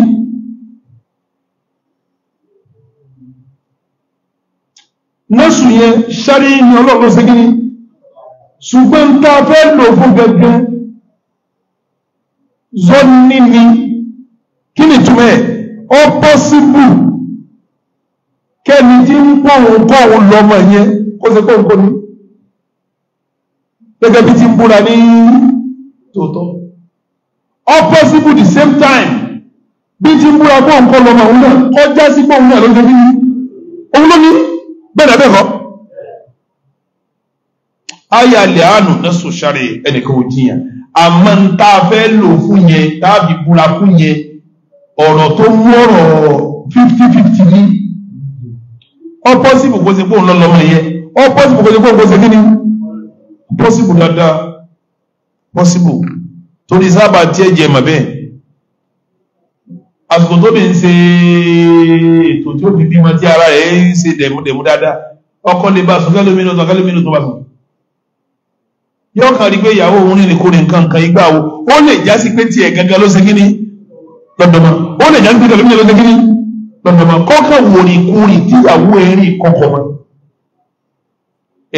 nasun yẹn ṣẹ́rí ni ọlọ́run ṣe kí ṣùgbọ́n tá fẹ́ lò fún gẹ́gẹ́ Zoni ni kí ni túmọ̀ ẹ̀ ó pọ́síbù kẹ́ni tí ń pọ̀hún pọ̀hún lọ́mọ yẹn kó ṣe kó ń kó ní gẹ́gẹ́ bí ti ń búra ní tòótọ́ ó pọ́síbù the same time bí ti ń búra pọ̀hún kọ́ lọ́mọ òun náà kọjá sí pọ̀hún náà ló bí òun ló ní bẹ́ẹ̀ bẹ́ẹ̀ kọ́ ayé alẹ́ àánú náà sọ sáré ẹnìkan ò jiyàn àmọ́ ń tá a fẹ́ lò fún yẹn táàbì búra fún yẹn ọ̀rọ̀ tó mú ọ̀rọ̀ fifty fifty ní ọpọ́sibù kó ṣe pé òun lọ́lọ́mọ yẹn ọpọ́sibù kó ṣe pé òun kó ṣe kí ni pọ́sibù dáadáa pọ́sibù torí sábà tí ẹ jẹ màbẹ́ àsìkò tó bí ń ṣe ètò tí ó fi bímọ tí ara ẹ̀ ń ṣe dẹ̀múdẹ̀mú dáadáa ọkọ lè bá sùn kálómínú sùn kálómínú tó bá sùn yóò kàn rí pé ìyàwó òun ní ìkórè nǹkan kan igbá o ó lè já sí pé tiẹ̀ gangan ló ṣe kí ni lọ́dọ̀mọ́ ó lè já sí pé tiẹ̀ gangan ló ṣe kí ni lọ́dọ̀mọ́ kọ́kàn wòrì kúrì tíyàwó ẹ̀rí kọ̀kọ̀ mọ́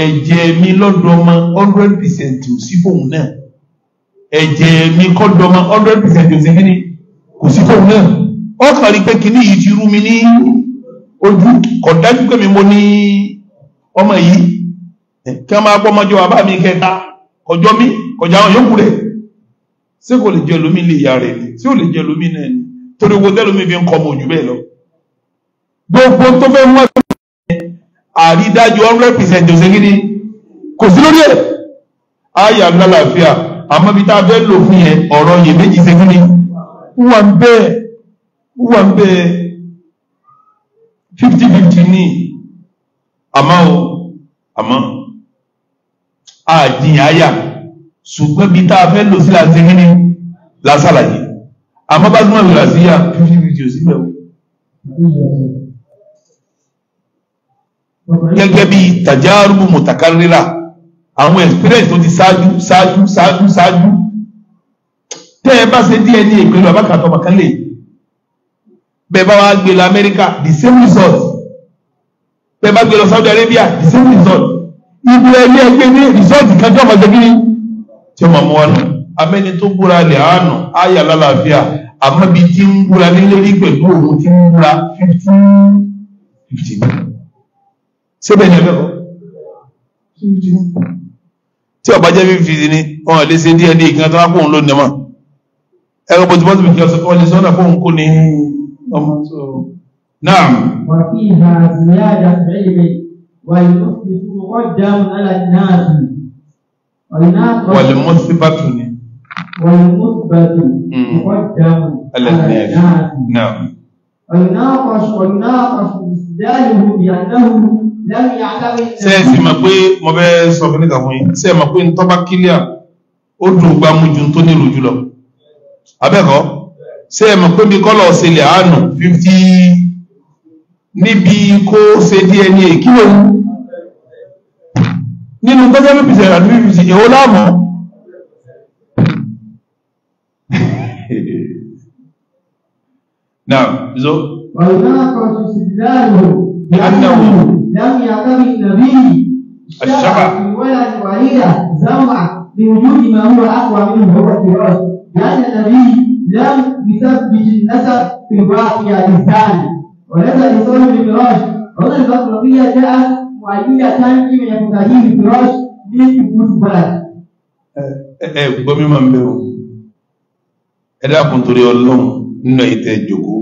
ẹ̀jẹ̀ mi lọ́dọ̀mọ́ hundred percent ò sí fóun náà ẹ̀jẹ̀ mi kọ́dọ̀mọ́ hundred percent ò sí kí ni kò sí fóun náà ó kàn rí pé kíní yìí ti rú mi ní ojú kò dájú pé mi mo ní ọmọ yìí kí wọ́n máa gbọ́ ọmọjọ́ bàbá mi kẹta ọjọ́ mi kọjá àwọn yòókù rẹ̀ ṣé kò lè jẹ́ lómi lè ya rẹ̀ ni tí ò lè jẹ́ lómi náà ni torí owó tẹ́lómi fi ń kọ́ ọmọ òjò bẹ́ẹ̀ lọ. gbogbo tó fẹ́ mú ẹgbẹ́ àrídájú hundred percent ọ̀sẹ̀ gidi kò sí lórí ẹ̀ ayé àgbàláfíà àmọ́ bí tá a fẹ́ lò fún yẹn ọ̀rọ̀ yẹn méjì ṣe wà ń bẹ́ẹ̀ wà ń bẹ́ẹ̀ fifty fifty ní àmọ́ o àmọ́ àjìyàyà ṣùgbọ́n bí tá a fẹ́ lò sí láti rí ní lásàlàyé àmọ́ bá gbọ́n ìrìnà sí yà fífí fídíò sílẹ̀ o gẹ́gẹ́ bí tàjárùbù mùtàkárírà àwọn experience tó ti ṣáájú ṣáájú ṣáájú ṣáájú tẹ́ ẹ bá ṣe díẹ̀ ní ìpínlẹ̀ abákàtọ̀ màkánlẹ̀ bẹ́ẹ̀ bá wá gbé lọ Amẹ́ríkà the same result bẹ́ẹ̀ bá gbé lọ Saudi Arabia the same result ibi ẹni ẹgbẹ́ ní rìsọ́ọ̀tì kẹjọ́ ọmọdébìnrin tí ó máa mú ọ̀nà amẹ́ni tó búra lẹ̀ àánú ayà lálàáfíà àmọ́ bí tí ń búra nílé rí pẹ̀lú òun tí ń búra fifteen fifteen síbẹ̀ ní ẹgbẹ́ tí ọba jẹ́ fifteen ni wọn lè ṣe díẹ̀ díẹ̀ kan tó wá kóun ló ní ọmọ ẹ̀rọ bọ́tí bọ́tí bìkì ọ̀sẹ̀ wọn lè sọ́nà kóun kó ní ọmọ náà. wàá fi ìhà àti ìyá àjà fẹ́ ìrẹ́ والمثبت والمثبت مقدم على النافي نعم ويناقش ويناقش استدلاله بأنه لم يعتمد ṣé ẹ sì mọ̀ pé mo bẹ́ sọ fún nìkan fún yín ṣé ẹ mọ̀ pé tó bá kílíà ó dùn gba mújú tó nílùú jùlọ abẹ́kọ̀ọ́ ṣé ẹ mọ̀ pé bí kọ́lọ̀ ṣe lè àánú fifty níbi kó ṣe dí ẹni èkí òun nínú tọ́jọ́ bí pìsẹ̀ àti bí pìsẹ̀ èwo láàmọ́ now so لأنه لم يقم النبي الشرع ولا الوليدة زرع بوجود ما هو أقوى منه هو التراث لأن النبي لم يثبت النسب في الواقع للثاني ولذا لصاحب الفراش عذر الأطرافية جاءت مؤيدة لمن يقتضيه الفراش من ثبوت البلد. ẹ gbọ́ mi máa ń bẹ̀rù ẹ dákun torí ọlọ́run nínú ìtẹ́ ìjòkó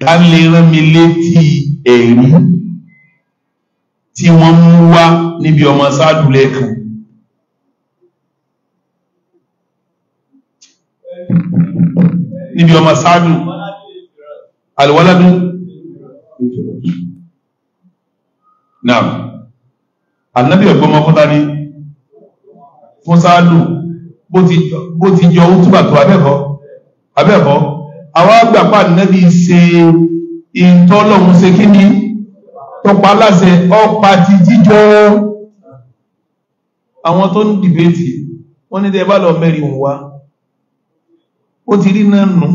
ká lè rán mi létí ẹ̀rí tí wọ́n mú wá níbi ọmọ sáàdù lẹ́ẹ̀kan níbi ọmọ sáàdù alìwọ́ládùn Now, ànábì ọ̀gbọ́n ọmọ fúnta ní fún sáàlù bó ti yọ ohun túbà tó abẹ́kọ̀ọ́ abẹ́kọ̀ọ́ àwọn àgbàpá ànábì ṣe ìtọ́lọ́hún ṣe kí ni tọpa aláṣẹ ọpa ti jíjọ àwọn tó ń dìbẹ́tì wọ́n ní tẹ́ bá lọ mẹ́rin wá ó ti rí náà nù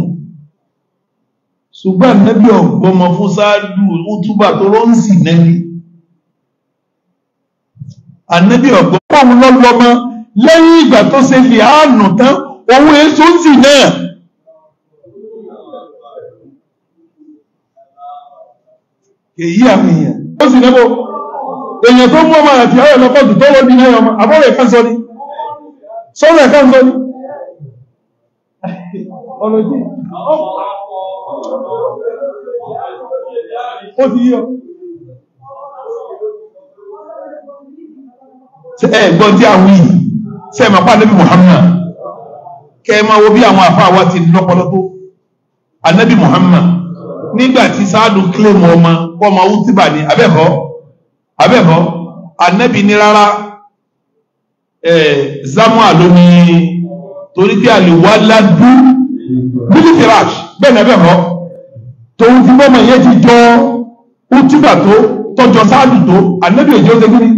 ṣùgbọ́n nẹ́bí ọ̀gbọ́mọ fún sáájú òtúbà tó ló ń sì nẹ́bí ànẹ́bí ọ̀gbọ́mọ lọ́lọ́mọ lẹ́yìn ìgbà tó ṣe fi àánú tán owó èso sì náà èyí àwọn èèyàn ó sì nẹ́bọ̀ èèyàn tó mú ọmọ àti ọ̀rọ̀ lọ́kọ̀tù tó wọ́n bí náà ọmọ àbọ̀rọ̀ ó ti yíò ẹ̀gbọ́n tí a wí ṣe mọ̀ pa Ànábì Muhammad kẹ ma wo bí àwọn àfáà wa ti lọ́pọlọ tó Ànábì Muhammad nígbàtí sáàdù kílèmù ọmọ ọmọ útíbà ní abẹ́kọ́ abẹ́kọ́ Ànábì ní rárá ẹ̀ zamua ló ní torí pé àlè wá ládùú bílí firash bẹ́ẹ̀ náà bẹ́ẹ̀ mọ́ tòun ti bọ́mọ yẹn ti jọ útúbà tó tọjọ sáájú tó ànábì èjì ó ṣe kíni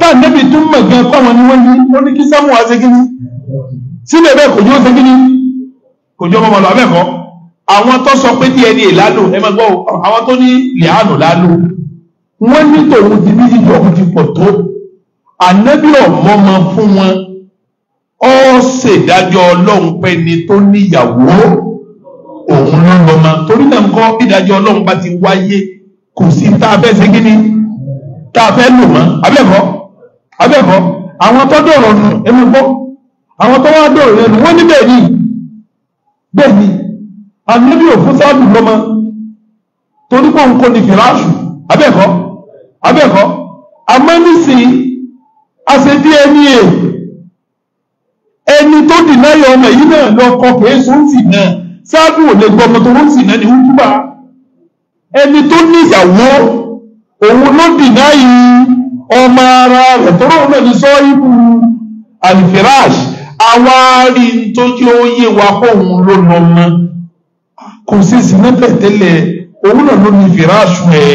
tá ànábì tún mọ̀ gan fáwọn ni wọ́n ní wọ́n ní kí sámú wa ṣe kíni sílẹ̀ bẹ́ẹ̀ kò jọ ó ṣe kíni kò jọ ọmọ lọ abẹ́kọ̀ọ́ àwọn tó sọ pé DNA lálò ẹ máa gbọ́ àwọn tó ní lẹ́hànù lálò wọ́n ní tòun ti bí jíjọ ọkùnrin pọ̀ tó ànábì ọ̀mọ́mọ fún wọn ó ṣèdájọ́ ọlọ́run pé ni tó níyàwó òun ló lọ́mọ torí náà ń kọ́ ìdájọ́ ọlọ́run bá ti wáyé kò sí tá a fẹ́ ṣe kí ni tá a fẹ́ lò mọ́ abẹ́kọ́ abẹ́kọ́ àwọn tó dọ̀rọ̀ nù ẹnu gbọ́ àwọn tó wá dọ̀rọ̀ ẹnu wọ́n ní bẹ́ẹ̀ ni bẹ́ẹ̀ ni ànábì òfin sáàbù lọ́mọ torí pé òun kò ní fìlàṣù abẹ́kọ́ abẹ́kọ́ àmọ́ nísìnyí a ṣe díẹ̀ ní èèyàn ẹni tó dìná yọ ọmọ yìí náà lọ kọ pé èso ń sì náà sáàbù ò lè gbọmọ tó ń sì náà ní wúkúbà ẹni tó ní ìyàwó òun ló dìná yìí ọmọ ara rẹ̀ tó rọ̀ náà ní sọ ibù alifirash awárí tó oyé wa kóhun ló nà ọmọ kò sí ìsinmi bẹ́ẹ̀ tẹ́lẹ̀ òun náà ló ní firash rẹ̀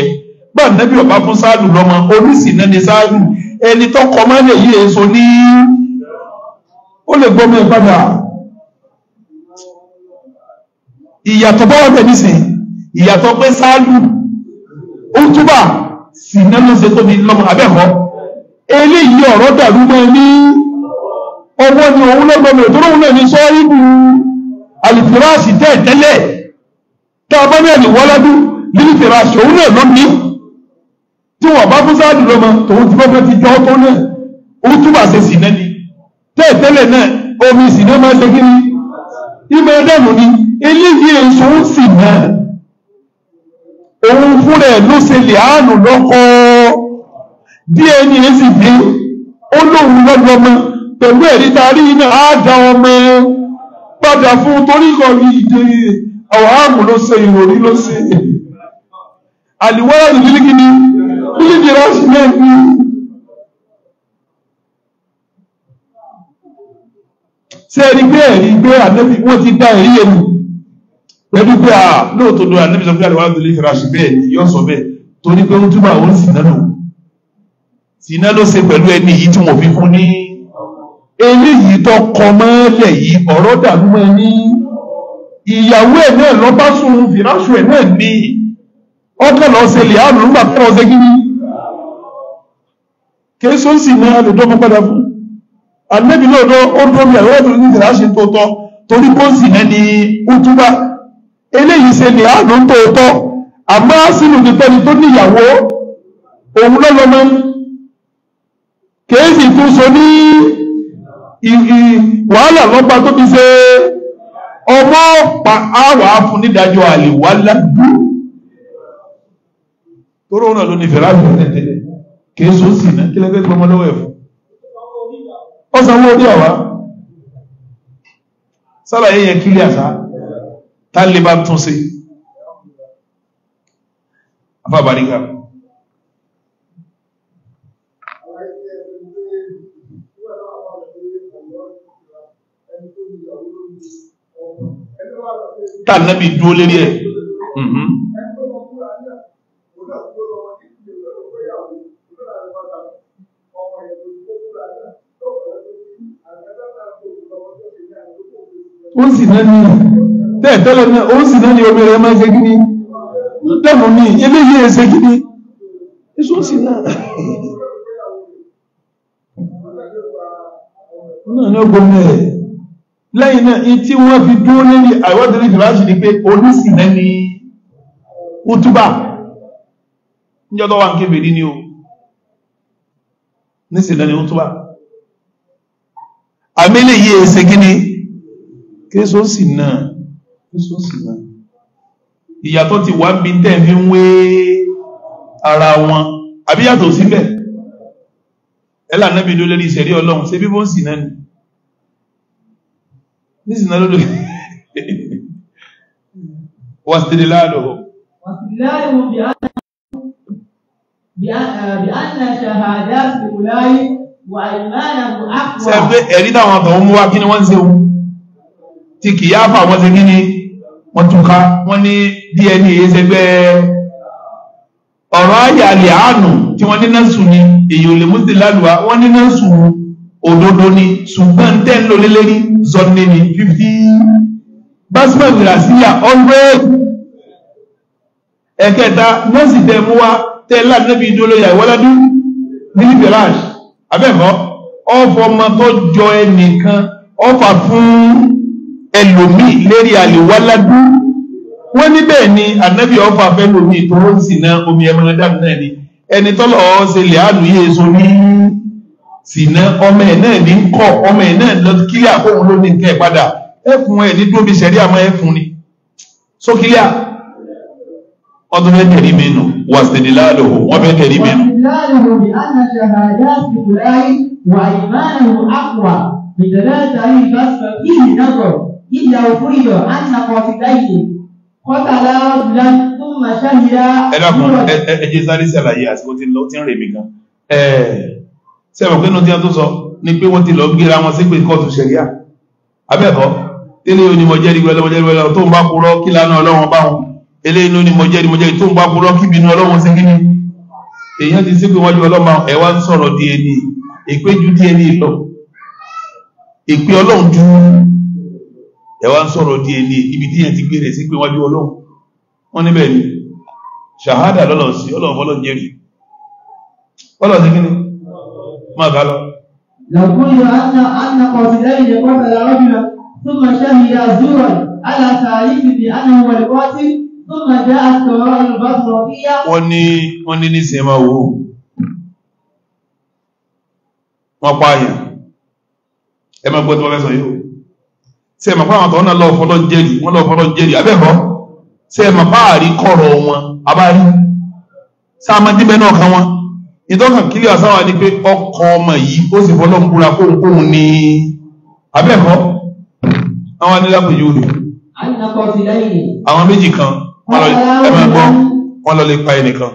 gbà nẹ́bí ọba fún sáàlù lọ́mọ oníṣìí náà ní sáàlù ẹni tó kọ mọ́lẹ̀ yìí èso ní ó lè gbọ́mọ ìpadà ìyàtọ̀ bọ́wọ́ tẹ̀lé sí ìyàtọ̀ pé sáálù ó túbà sí nẹ́lọ́sẹ̀ tó ní lọ́mọ abẹ́kọ́ eléyìí ọ̀rọ̀ dàrú mọ́ ní ọwọ́ ni òun lọ́gbọ́mọ ìtọ́rọ̀hún náà ní sọ́ọ́ ibù alìfìrásì tẹ́ tẹ́lẹ̀ tó ọbọ́ ní ẹ̀lì wọ́lọ́dú lílìfìrásì òun náà lọ́mí tí wọ́n bá fún sáàdù lọ́mọ tòun ti fẹ́ fẹ́ fi jọ́ tó náà ó túbà sí sí nẹ́ni tẹ́ẹ̀tẹ́lẹ̀ náà omi sì náà máa ṣe kí ní ìmọ̀ ẹ̀dẹ̀mù ni eléyìí èso ń sì náà òun fún rẹ̀ ló ṣe lè àánú lọ́kọ́ díẹ̀ ní èsì bí ó lóun lọ́dọ̀ ọmọ pẹ̀lú ẹ̀rí tarí iná á da ọmọ padà fún torí kọ̀ọ̀rí ìdè àwọ̀háàmù ló ṣe ìròrí ló ṣe àlìwọ́lá ìdílé kí ni bílíkì rọ́ọ̀ṣì náà ṣé ẹni pé ẹ̀rí pé ànábì wọ́n ti dá ẹ̀rí ẹ̀rù pẹ̀lú pé à lóòótọ́ lóra ànábì sọ pé àlùwà àdúlé ìfẹ́ ràṣì bẹ́ẹ̀ ni yóò sọ bẹ́ẹ̀ torí pé ó túbọ̀ àwọn sì náà lò sì náà ló ṣe pẹ̀lú ẹni yìí tí wọ́n fi fún ní eléyìí tó kọ mọ́lẹ̀ yìí ọ̀rọ̀ dàrú mọ́ ní ìyàwó ẹ̀ náà lọ bá sùn fìràṣù ẹ̀ náà ní ọkọ̀ lọ ṣe lè àrùn nígbà tó lọ ṣe kí ni kí sọ́ọ̀sì náà lè dọ́mọ padà fún àmẹ́bí lóòdó ó dóbi ẹ̀rọ ìdúró ní ìdíra ṣe tóótọ́ torí kó sì ẹ́ ní útúbá eléyìí ṣe ní àánú tóótọ́ àmọ́ sínú ní pẹ́ni tó níyàwó òun lọ́lọ́mọ́ kèésì tún so ní wàhálà lọ́gbà tó fi ṣe ọmọ pa àwà fún nídàájọ́ àlè wà lágbú toró náà ló ní fẹ́ràn kèésì ó sì ná kílẹ̀ pé ẹ̀fọ́ ó sanwó orí ọ̀wá sálàyé yẹn kílí àṣà tá lè bá tún sí afábàríkà tá nàbí dúó lérí ẹ̀ mhm. ó sì náà ní tẹ́ẹ̀tọ́lọ náà ó sì náà ní obìnrin máa ṣe gíní lọ́mù ní eléyìí ẹ̀ṣẹ́ gíní ẹ̀ṣọ́ sì náà náà ní ọgbọ̀n rẹ̀ lẹ́yìn náà in tí wọ́n fi dúró lórí àwọ́dẹ̀lẹ́ ìfìláṣì ni pé onísì náà ní útúbà níjọ́tọ́ wà ń kébè ní o nísì náà ní útúbà àmì eléyìí ẹ̀ṣẹ́ gíní késo sì náà késo sì náà ìyàtọ̀ ti wà bí tẹ́ fi ń wé ara wọn àbí yàtọ̀ síbẹ̀ ẹ náà bí lórí ìṣẹ̀rí ọlọ́run ṣe bí bó ń sì náà ni ní sì náà lódò wà sí ilé láàlọ́ wà sí ilé láàlọ́ a ń ṣàhàdá sí ìwòláyé wà ìmáàlà ẹ̀rí táwọn àtàwọn mú wá kí ni wọ́n ń ṣe wọn tí kì í áfà wọ́n ṣe kí ni wọ́n tún ká wọ́n ní dna ṣe bẹ́ẹ̀ ọ̀rọ̀ ayàlẹ̀ àánú tí wọ́n ní náà sùn ni èyí ò lè mú sí lálùwá wọ́n ní náà sùn òdodo ni ṣùgbọ́n tẹ́ ń lò lélẹ́rí zọ́ni ni fífí basman gracia always ẹ̀kẹta nọ́ọ̀sì tẹ mú wa tẹ lánàbí ìdólóyà ìwọ́ládú nílí village abẹ́fọ́ ọ̀fọ̀ ọmọ tó jọ ẹnìkan ọ̀fà fún ẹlòmíì lérí àlèwáládú wọ́n níbẹ̀ ni ànábì ọ̀fà fẹ́lòmíì tó ń sì ná omi ẹmọ dàmú náà ni ẹni tọ́lọ̀ ọ́ ṣe lè àánú yé èso ní sìnà ọmọ ẹ̀ náà ní kọ́ ọmọ ẹ̀ náà lọ kílẹ̀ àkóhun ló ní nǹkan ẹ̀ padà ẹ fún ẹ ní dúró bí sẹ́rí àmọ́ ẹ fún ni sókílẹ̀ ọdún fẹ́ tẹ̀lé mi nù wà sídìí láàlú wọ́n fẹ́ tẹ̀lé mi nù. wà ìmáàlú yíyà òkú iyọ̀ ànàkọ̀ ti dáyé kọ́tàlá ọ̀dùnlá fún màṣáyíra. ẹ dákun ẹ jẹ sáré ṣàlàyé àsìkò tí ń lọ tí ń rè mí gan sẹ́wọ̀n pé nùtí tó sọ ni pé wọ́n ti lọ gbéra wọn sí pé kóòtù ṣẹ̀ríà abẹ́ẹ̀kọ́ ilé ìlú ni mo jẹ́rìí wẹ́lẹ́ mo jẹ́rìí wẹ́lẹ́ tó ń bá purọ́ kí lánàá ọlọ́run bá wọn ilé ìlú ni mo jẹ́rìí mo jẹ́rìí tó ń bá purọ́ kí bínú ọlọ́run sí kíni èèyàn ti sí pé wọ́n ju ọlọ́run máa ẹ̀ ń sọ̀rọ̀ DNA èpé ju DNA lọ èpé ọlọ́run ju ẹ wá ń sọ̀rọ̀ di ẹni ibi tí yẹn ti gbére sí pé wájú ọlọ́run wọ́n níbẹ̀ ni ṣàhádà lọ́lọ́ sí ọlọ́run fọlọ́ jẹ́rìí ọlọ́ sí kíni máa bá lọ. làkúnyọ anna anna kọ̀sílẹ́yìn lè kọ́ta làrọ́ bìlọ ثم شهد زورا على ثالث بأنه هو القاتل ثم جاءت التوراة البصرية wọ́n ní wọ́n ní nísìnyí máa wò ó wọ́n pààyàn ẹ máa gbọ́ tí wọ́n fẹ́ sọ yìí o ṣe é mọ̀ fáwọn àtọ̀ náà lọ́ọ́ fọlọ́ jẹ́rìí wọ́n lọ́ọ́ fọlọ́ jẹ́rìí abẹ́fọ́ ṣe é mọ̀ fáàrí kọ̀rọ̀ wọn abárí sàmàdìbẹ́ náà kan wọn ìtọ́kàn kílí àsáwà ni pé ọkọ̀ ọmọ yìí ó sì fọlọ́ ń búra kóhunkóhun ní abẹ́fọ́ àwọn anílápẹ̀yọ́ rẹ̀ àwọn méjì kan wọ́n lọ lè pa ẹnìkan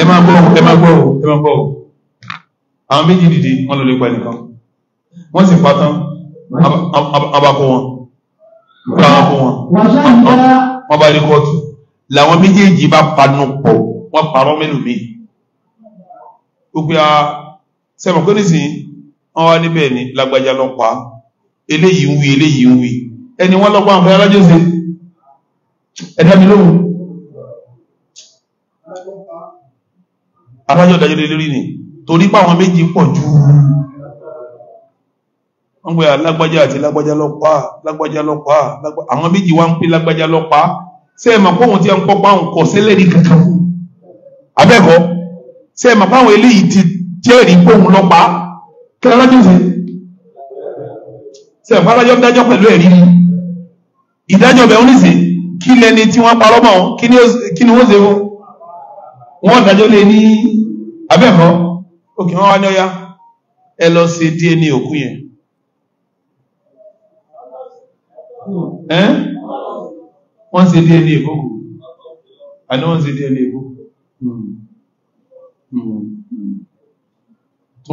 ẹ máa gbọ́ ẹ máa gbọ́ ẹ máa gbọ́ àwọn méjì dìde wọ́n lọ lè pa ẹnìkan wọ́n sì pa tán abakọ wọn abakọ wọn wọ́n bá rí kóòtù làwọn méjèèjì bá panu pọ̀ wọ́n parọ́ mélòó mi ó pé a sẹ́wọ̀n kó nísìnyí wọ́n wá níbẹ̀ ni lágbájá ló pa eléyìí ń wí eléyìí ń wí ẹni wọ́n lọ́pàá àwọn alájọ́ sí ẹ̀dá mi lóhun adájọ́ ìdájọ́ lórí ni torí pé àwọn méjì pọ̀ jù ú wọ́n gbé alágbájá ah, àti lágbájá lọ́pàá lágbájá lọ́pàá àwọn méjì wá ń pín lágbájá lọ́pàá ṣé ẹ mọ̀ pé òun ti ń kọ́pá òun kọ̀ sílẹ̀ ní kankan fún un abẹ́kọ̀ ṣé ẹ mọ̀ pé àwọn eléyìí ti jẹ́rìí pé òun lọ́pàá kí alájọ́ ṣe ṣé ẹ mọ̀ alájọ́ dájọ́ pẹ̀lú ẹ̀rí ni ìdájọ́ bẹ̀ oníṣe kí lẹni tí wọ́n parọ́ mọ́ kí ni wọ́n ṣe fún wọ́n dájọ́ lé e ní abẹ́kọ̀ òkè wọn wá ní ọya ẹ́n wọ́n ṣe DNA ìbókù àní wọ́n ṣe DNA ìbókù tí hmm. hmm.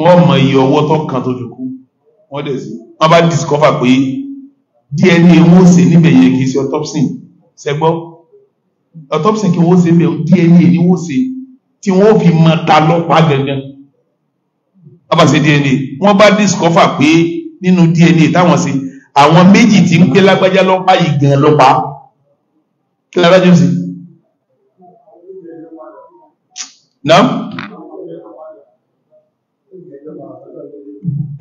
wọ́n mọ iye ọwọ́ tó kan tó jùkú wọ́n dẹ̀ sí wọ́n bá discover pé DNA wọ́n ṣe níbẹ̀ yẹn kìí ṣe autopsy ṣẹgbọ́ autopsy kí wọ́n ṣe bẹ̀ DNA ni wọ́n ṣe tí wọ́n fi mọ ta lọ́pàá gangan wọ́n bá ṣe DNA wọ́n bá discover pé nínú DNA táwọn ṣe àwọn méjì tí ń pé lágbájá lọ́pá yìí gan lọ́pá kí lára jù sí náà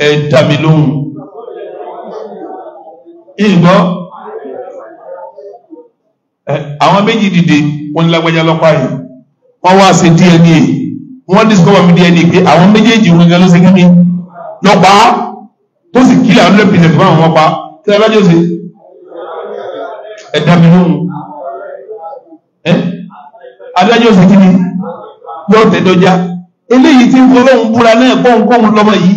ẹ dá mi lóhùn ìgbọ́ àwọn méjì dìde wọ́n ní lágbájá lọ́pá yìí wọ́n wá ṣe DNA wọ́n discover mi DNA pé àwọn méjèèjì wọn gan ló ṣe kí ni lọ́pá tó sì kílẹ̀ àwọn olóòpìnlẹ̀ fún àwọn ọmọ pa tí a bá jọ sí ẹ̀dá mi lóhùn ẹ́ adájọ́ sí kí ni yóò tẹ́dọ́já eléyìí tí ń kọ́ lóhùn búra náà kọ́hùnkọ́hùn lọ́mọ yìí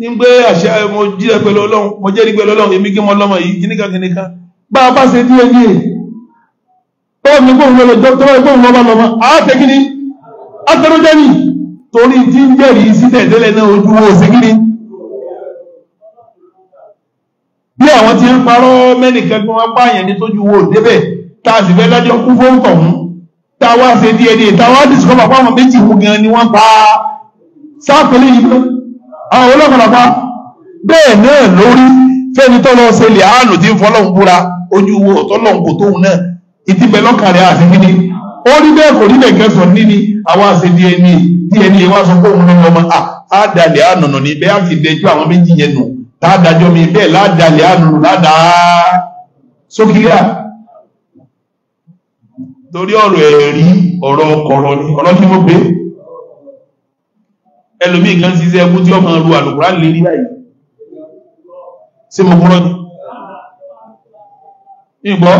ní pé àṣà mo jílẹ̀ pẹ̀lú ọlọ́run mo jẹ́rìí pẹ̀lú ọlọ́run èmi kí mo lọ́mọ yìí kíníkan kíníkan bá a bá ṣe díẹ̀ díẹ̀ tọ́wọ́ mi gbóhùn lọ́lọ́ tọ́wọ́ mi lọ́mọ lọ́mọ àátẹ́ kí ni àtẹ́rọ́jẹ́ ni torí tí ń jẹ́rìí sí tẹ̀tẹ́lẹ̀ náà ojú wo sí kí ni bí àwọn tí ń parọ́ mẹ́nìkan pé wọ́n ní tójú wo débẹ̀ tá a sì fẹ́ lọ́jọ́ kú fóńtọ̀ mú tá a wá ṣe DNA tá a wá discover pé àwọn méjì wù gan ni wọ́n pa sáàpẹ̀lẹ̀ yìí àwọn olókàlàpá bẹ́ẹ̀ náà lórí fẹ́ni tọ́lọ́ ṣe lè àánú tí ń fọlọ́hún búra ojú wo tọ́lọ́hún kò tóun náà ìtìbẹ̀ lọ́kàrẹ̀ àti kíni ó rí bẹ́ẹ̀ kò rí bẹ́ẹ̀ kẹsàn-án níní àwa ṣe DNA DNA wá sọ pé ní ọmọ àwọn tàdájọ́ mi bẹ́ẹ̀ ládàlẹ̀ àdùrù ládàá sókílẹ̀ torí ọ̀rọ̀ ẹ̀rí ọ̀rọ̀ ọkọ̀rọ̀ ni ọ̀rọ̀ tí mo pé ẹlòmíì kan ti ṣe ẹkú tí ọmọ ru àlùkùrá lè rí báyìí sí mo kúrọ́ ni ìgbọ́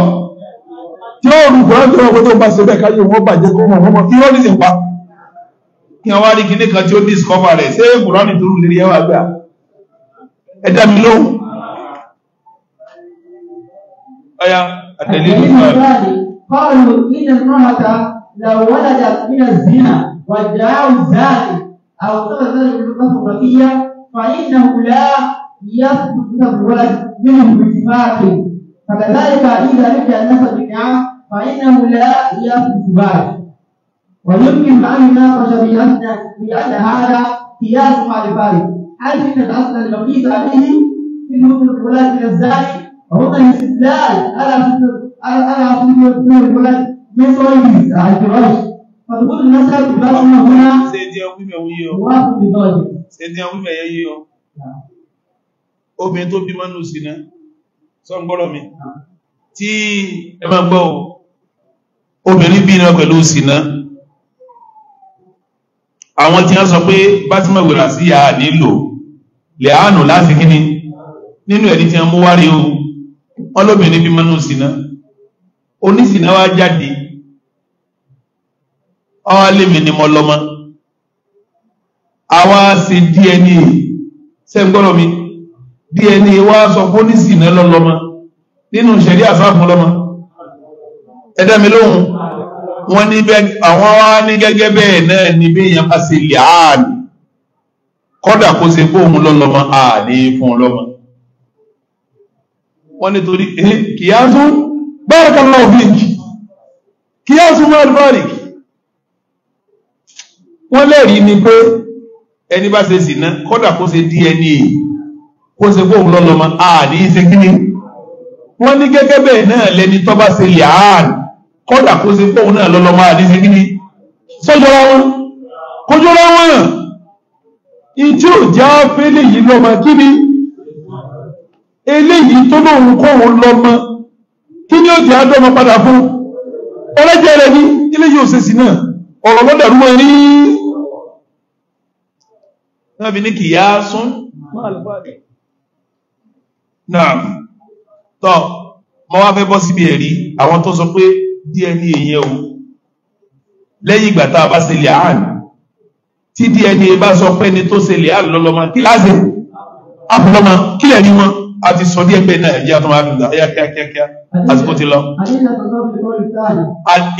tí ó rù kúrọ́ tí wọ́n tó bá ṣe bẹ́ẹ̀ káyé wọ́n bàjẹ́ kó mọ̀ mọ́ irọ́ ní sì pa kí wọ́n wá rí kinní kan tí ó discover rẹ̀ ṣé kúrọ́ nítorí lè rí ẹwà gbà ẹ dá mi lóhùn قالوا إن امرأة لو ولدت من الزنا وادعاه الزاني أو قتل ذلك بالرقية فإنه لا يثبت الولد منه باتفاق فكذلك إذا رجع النسب بالنعم فإنه لا يثبت بعد ويمكن أن يناقش بأن هذا قياس مع الفارق عارف ان الاصل المقيس عليه في حكم الولاة من الزاني هو الاستدلال على على حكم الولاة من صليب الجراح فتقول النسخ بلغنا هنا واقف بذلك سيدي àwọn ìmẹ̀yẹ yìí ọ obìnrin tó bí mọ́nù sí náà sọ ń gbọ́rọ̀ mi tí ẹ máa gbọ́ ọ obìnrin bí náà pẹ̀lú sí náà àwọn tí wọ́n sọ pé bá sí yà nílò lè àánù láti kí ni nínú ẹ̀rí tí a mú wárí o wọ́n lóbìnrin bí mọ́nú síná onísìná wá jáde ọwá ni mo lọ́mọ àwa ṣe DNA sẹ́gbọ́rọ̀ mi DNA wá sọ fún onísìná lọ́lọ́mọ nínú ìṣẹ̀rí àsáàfún lọ́mọ ẹ̀dá mi lóhun wọ́n ní àwọn wá ní gẹ́gẹ́ bẹ́ẹ̀ náà ní bí èèyàn bá ṣe lè àánù kọ́dà kó ṣe kó òun lọ́lọ́mọ ààlè fún ọlọ́mọ wọ́n nítorí eh kì á tún barakallahu fíkì kì á tún mọ́rìbárìkì wọ́n lẹ́rìí ni pé ẹni bá ṣe sìná kọ́dà kó ṣe DNA kó ṣe kó òun lọ́lọ́mọ ààlè ṣe kí ni wọ́n ní gẹ́gẹ́ bẹ́ẹ̀ náà lẹni tó bá ṣe lè ààlè kọ́dà kó ṣe kó òun náà lọ́lọ́mọ ààlè ṣe kí sọ́jọ́ra wọn kójọ́ra wọn ìjú ìjẹ́ ọ́fẹ́lẹ̀ yìí lọ́mọ kí ni eléyìí tó lóun kóhun lọ́mọ kí ni ó jẹ́ adọ́mọ padà fún ọlọ́jẹ́ rẹ̀ ní eléyìí òṣèṣì náà ọ̀rọ̀ lọ́dà rúmọ ní náà bí ní kì yá sún náà tọ́ mo wá fẹ́ bọ́ síbi ẹ̀rí àwọn tó sọ pé DNA yẹn o lẹ́yìn ìgbà tá a bá ṣe lè àárín tí DNA bá sọ pé ni tó ṣe lè àlọ́lọ́mọ kí láti àbúlọ́mọ kí lè rí wọn a ti sọ díẹ̀ pé náà ẹ̀yà tó máa dùn dáyà kíákíákíá àsìkò ti lọ.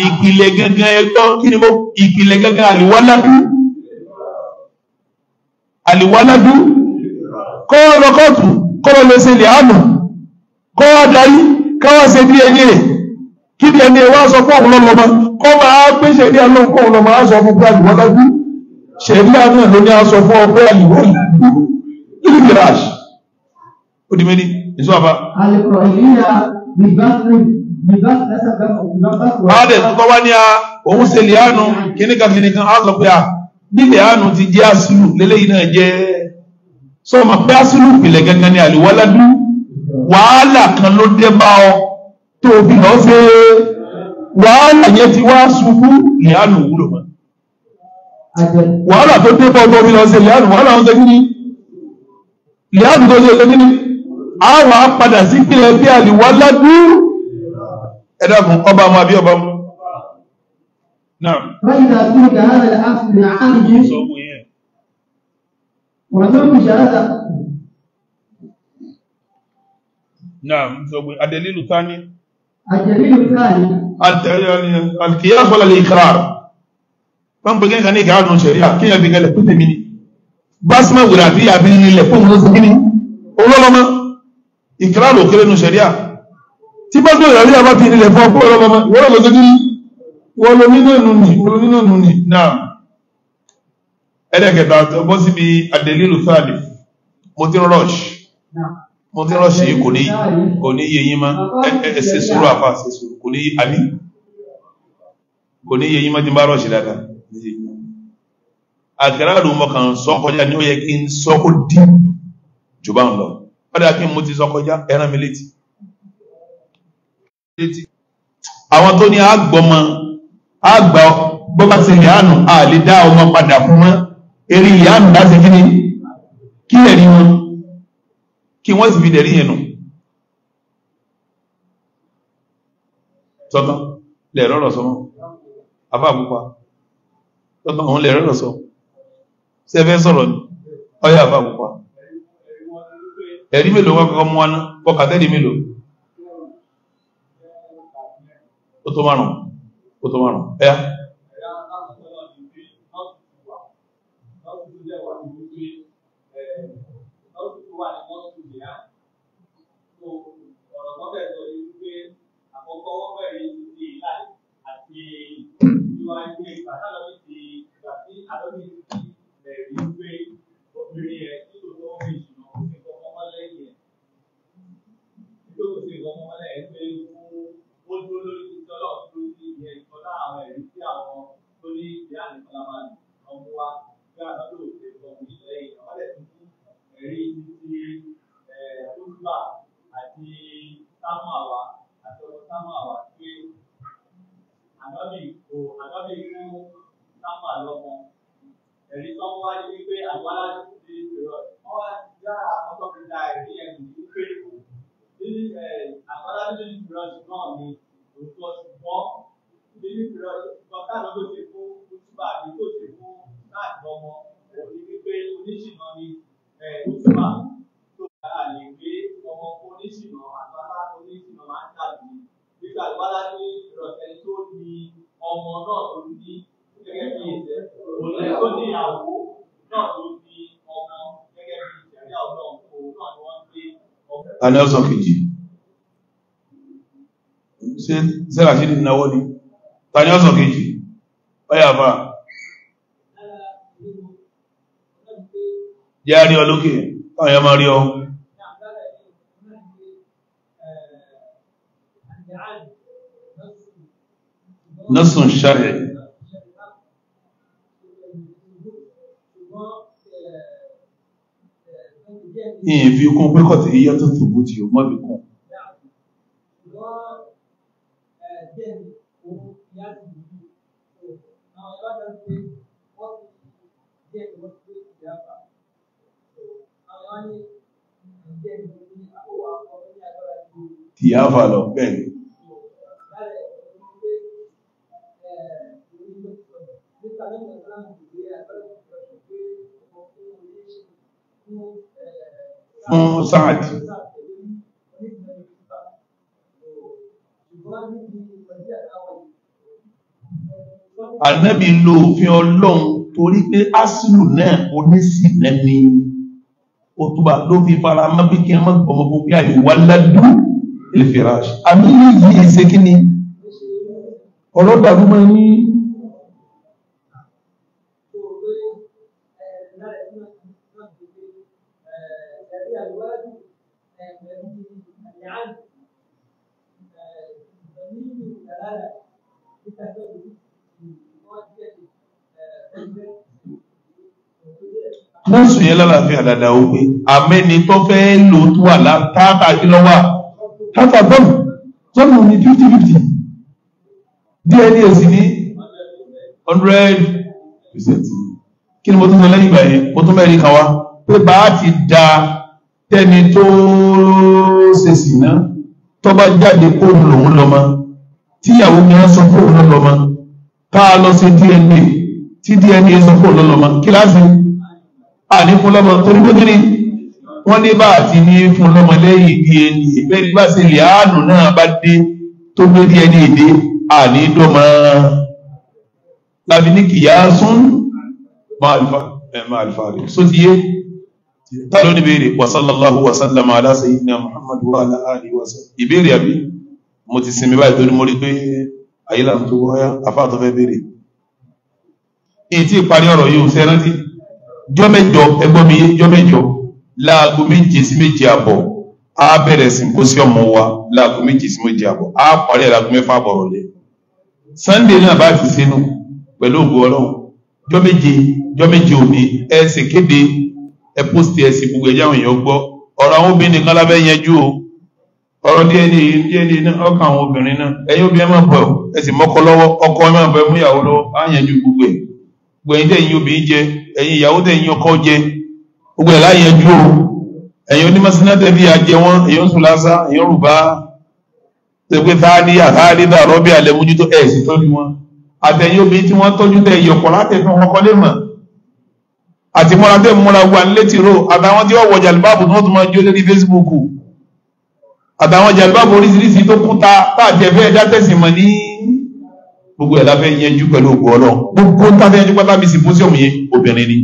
ìpìlẹ̀ gangan ẹgbọ́ kí ni mo ìpìlẹ̀ gangan àlìwáládú àlìwáládú kọ́ lọ kóòtù kọ́ lọ lè ṣe lè àmọ̀ kọ́ wá darí káwá ṣe DNA kí DNA wá sọ fún ọ̀pọ̀lọpọ̀ kọ́ máa gbéṣẹ́ ní àlọ́ fún ọ̀pọ̀lọpọ̀ á sọ fún pé àlìwáládú ṣẹ̀ríà náà ló ní aṣọ fún ọgbẹ́ ìwọ ìlú garage ó di méní èso àbá. Adẹ̀ tó wá ní a òun ṣe lìánu kìnnìkan kìnnìkan á sọ pé a ní lìánu ti jẹ́ àṣìlù lélẹ́yìn náà jẹ́ sọ́mọ pé àṣìlù ìpìlẹ̀ gangan ni àlùwọ́ládú wàhálà kan ló dé bá ọ tó fi wàhálà yẹn ti wá ṣubú lìánu wúlò mọ́ wàhálà tó dé bọ́ tó fi lọ sí lẹ́yìn wàhálà wọn tẹ́kí ní lẹ́yìn tó ṣe tẹ́kí ní àwọn apadà sí kílẹ̀ bí àlìwáládú ẹ̀dàkùn ọba mu àbí ọba mu. فإذا كنت هذا العفو عرج وترك شهادة نعم الدليل الثاني الدليل الثاني القياس ولا الإقرار wọ́n ń pe kẹ́kẹ́ ní ìkẹ́wà nù sẹ̀ríà kí yẹn fi kẹ́lẹ̀ pé tèmi ni gbásímọ̀ wèrè àbí àbí ilẹ̀ fún òun fún kíní olólọ́mọ ìkẹ́lá ló kéré nù sẹ̀ríà tí bá gbèrè àbí àbá fi ilẹ̀ fún ọkọ olólọ́mọ wọ́n lọ sí wọ́n lọ nínú ẹnu nì wọ́n lọ nínú ẹnu ni náà ẹlẹ́kẹ̀ta bọ́ síbi àdèlílù fáàlì mo ti rọ́ọ̀ṣì mo ti rọ́ọ̀ṣì kò ní kò ní yẹ yín má ẹsẹ̀ sùúrù àfa ẹsẹ̀ sùúrù kò ní àbí kò ní yẹ yín má ti bá rọ́ọ̀ṣì dáadáa àgbàràdùn mọ kàn sọ kọjá ni ó yẹ kí n sọ kó dín jù bá ń lọ wọ́n dà kí n mo ti sọ kọjá ẹran mi létí. àwọn tó ní àgbọmọ àgbà bọ́bá ṣe àlè dá ọmọ padà fún wọn eré yàánù láti kí ni kí lè rí wọn kí wọ́n sì fi dẹ̀rí yẹn nù. sọ́tàn lè rọrọ̀ sọ́mọ́ afáàbùpá òun lè rọ́rọ̀ sọ sẹ́fẹ́ sọ̀rọ̀ ní ọyá àfà pupa ẹ̀rí mélòó wọ́n kọ́kọ́ mú wọn pọ́kàtẹ́lì mélòó ó tó márùn-ún ó tó márùn-ún ẹ̀yà. ìnáwó ni tàní ọ̀sọ̀ kejì ọyà fà jẹ́ àrí ọlókè ọ̀yà máa rí ọ nọ́sùn ṣàrẹ̀ ìyìn fi kún pẹ́kọ̀ tí yíyá tó tòbó tí ó mọ́ kún Tìyáfà lọ bẹ́ẹ̀ fún sáàdì ànábì lo òfin ọlọ́run torí pé asìlù náà onísìnà ni ó túbà ló fi fara mọ́ bí kí ọmọ gbọmọ fún kí àyè wà ládú ìfìràṣì àmì yìí ṣe kí ni ọ̀rọ̀ dàrú mọ́ ní Nọ́ọ̀sù yẹn lálàáfíà dáadáa ó pé àmẹ́ni tó fẹ́ lò tó wà látàkà kí lọ́wọ́ látà bọ́ọ̀lù bọ́ọ̀lù ní fifty fifty díẹ̀ ní èsì ní hundred percent kí ni mo tún sọ lẹ́yìn ìgbà yẹn mo tún mẹ́rin kan wá pé bá a ti da tẹ́ni tó ṣe sì ná tó bá jáde kó lòun lọ́mọ tíyàwó mi á sọ kó lòun tá a lọ sí DNA tí dna sọ fún ọlọ́lọ́mọ kíláàsì àní fún lọ́mọ torí pé kíni wọ́n ní bá àti ní fún lọ́mọ lẹ́yìn dna bẹ́ẹ̀ ni bá ṣe lè àánú náà bá dé tó gbé dna dé àní dọ́mọ ní kìyà sún máa alfààrí sótíyé tàbí oníbèèrè wasallallahu wasallama ala sayyidina muhammadu wa ala alihi wa sallam ìbéèrè àbí mo ti sinmi báyìí torí mo rí pé àyílà tó wáyá afáàtọ́fẹ́ béèrè èyí ìparí ọ̀rọ̀ yìí ò fẹ́ rántí ẹgbọ́n mi láago méje sí méje àbọ̀ á bẹ̀rẹ̀ wa láago méje sí méje àbọ̀ á parí mẹ́fà náà bá ti sínú pẹ̀lú ògùn ọlọ́run jọ́mẹ́je jọ́mẹ́je òní ẹ ṣe kéde ẹ pósìtì ẹ sì gbogbo ẹ̀jẹ̀ àwọn èèyàn gbọ́ ọ̀rọ̀ àwọn obìnrin o ọ̀rọ̀ díẹ̀ díẹ̀ ọkàn àwọn obìnrin náà ẹ̀yin obìnrin bọ̀ ẹ ọkọ gbogbo ẹ̀yin tẹ̀yin obìnrin jẹ ẹ̀yin ìyàwó tẹ̀yin ọkọ jẹ gbogbo ẹ̀ láyé ẹjú o ẹ̀yin onímọ̀sánná tẹ̀bí ajẹ wọn ẹ̀yin oṣù lásà ẹ̀yin rúbá tẹ̀gbẹ́ táàdì àtàdì dà rọ́bì alẹ́ mójútó ẹ̀ sì tọ́jú wọn àtẹ̀yin obìnrin tí wọ́n tọ́jú tẹ̀ yọ̀pọ̀ látẹ̀fẹ́ wọn kọ́lé mọ̀ àti múra tẹ̀ múra wà létí ro àtàwọn tí wọ́n wọ jàlúbáàbù tí wọ́n tún máa jó lórí Facebook àtàwọn jàlúbáàbù oríṣiríṣi tó kúta táàtì ẹ̀fẹ́ ẹ̀dá tẹ̀sìn mọ̀ ní gbogbo ẹ̀ láfẹ́ yẹnjú pẹ̀lú ògùn ọlọ́ gbogbo táfẹ́ yẹnjú pátá bíi symposium yẹn obìnrin ni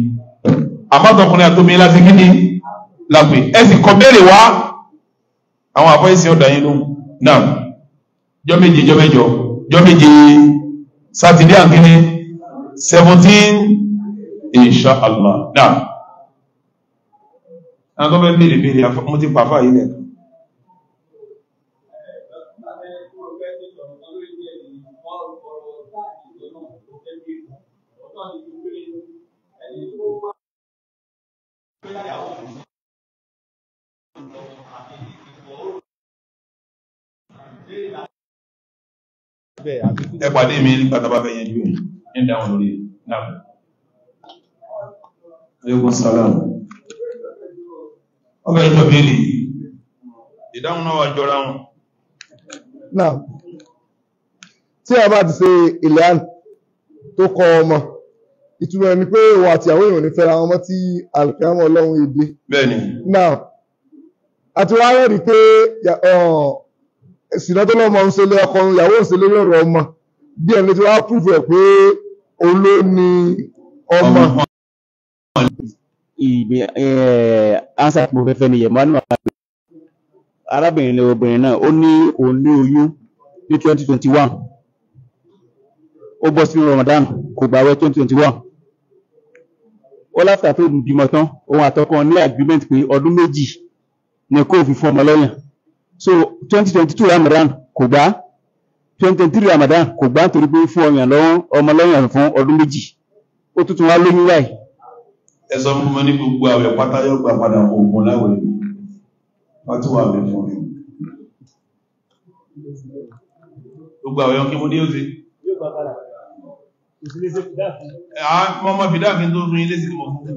àmọ́tọkùnrin àtòmí láti kí La lápè ẹ sì kọ bẹ́ẹ̀rẹ̀ wá àwọn àfọ́yẹsẹ̀ ọ̀dà yín lóhùn náà jọ méje jọ mẹ́jọ jọ méje sátidé àkíní seventeen insha allah náà. àwọn tó fẹ́ béèrè béèrè mo ti pàfà yìí lẹ́nu. ẹ pàdé mi nígbà tá a bá fẹ́ yẹn ju yẹn ẹ ń dáhùn lórí náà. aleykum salaam ọbẹ̀ ìjọ béèrè ìdáhùn náà wà jọra wọn. náà tí a bá ti ṣe ìlànà tó kọ ọmọ ìtumọ̀ ni pé òun àti àwọn èèyàn ní fẹ́ra wọn mọ́ tí alùpàmọ́ ọlọ́run èdè. bẹ́ẹ̀ ni. náà àti wàá rẹ̀ rí pé sìnà tó lọ́mọ ń ṣe lé ọkọ ìyàwó ń ṣe lé lọ́rọ̀ ọmọ bí ẹni tí wàá prove ẹ̀ pé òun ló ní ọmọ. ìgbé ansa tí mo fẹ́ fẹ́ nìyẹn arábìnrin obìnrin náà ó ní òun ní oyún ní twenty twenty one ó bọ́ sínú Ramadan kò gbàwẹ̀ twenty twenty one ó láfíà tó bímọ tán òun àtọkọ ní agreement pé ọdún méjì ni kó fi fún ọmọ lọ́yàn so twenty twenty two Ramadan kò gbá twenty twenty three Ramadan kò gbá nítorí pé fún ọyàn lọ́wọ́ ọmọ lọ́yàn fún ọdún méjì ó tuntun wá lóyún láì. ẹ sọ fún mi ní gbogbo àwẹ̀ pátá yóò gbà padà oògùn láwẹ̀ wọ́n tún wà mí fún mi. gbogbo àwẹ̀ ọkẹ́ mo ní ó ti. Ah, mo mọ fìdá kí n tó fún ilé sí mo fún mi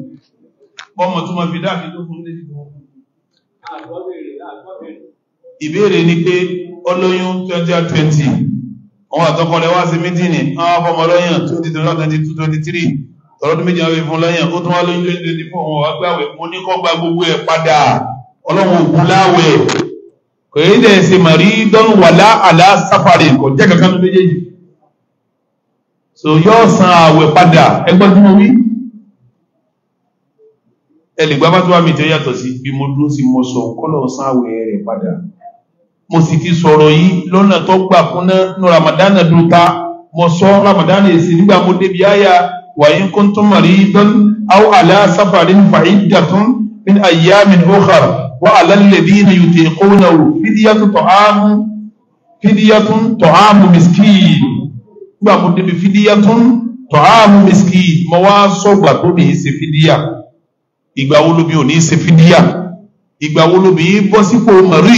mo mọ tún mọ fìdá kí n tó fún ilé sí mo fún mi ìbéèrè ni pé ọlọ́yún 2020 àwọn àtọ́kọ rẹ̀ wá sí mídìní àwọn afọmọ lọ́yàn 2023 tọ́lọ́dún méjì àwọn ìfún lọ́yàn ó tún wá lóyún 2024 wọn wá gbàwẹ̀ mo ní kọ́ gba gbogbo ẹ̀ padà ọlọ́run ògùn láwẹ̀ kò yí dẹ̀ ṣe màrí dọ́nù wà láàlá sáfàrì tó so yóò san àwẹ̀ padà ẹgbọ́n tí mo wí ẹ lè gbá bá tó wà mí tó yàtọ̀ sí bí mo dúró sí mo sọ kọ́lọ̀ san rẹ̀ padà mo sì ti sọ̀rọ̀ yìí lọ́nà tó gbà kúnná ní ramadana dùn ta mo sọ ramadana èsì nígbà mo débi àyà wàyí kuntum maridan aw ala safarin fa'iddatun min ayyamin ukhar wa ala alladhina yutiqunahu fidyatun ta'amu fidyatun ta'amu miskin nígbà mo débi fidyatun ta'amu miskin mo wá sọ̀gbà tó mi ṣe fídíà ìgbà wo lómi ò ní ṣe fídíà ìgbà wo lómi bọ́ sípò mari.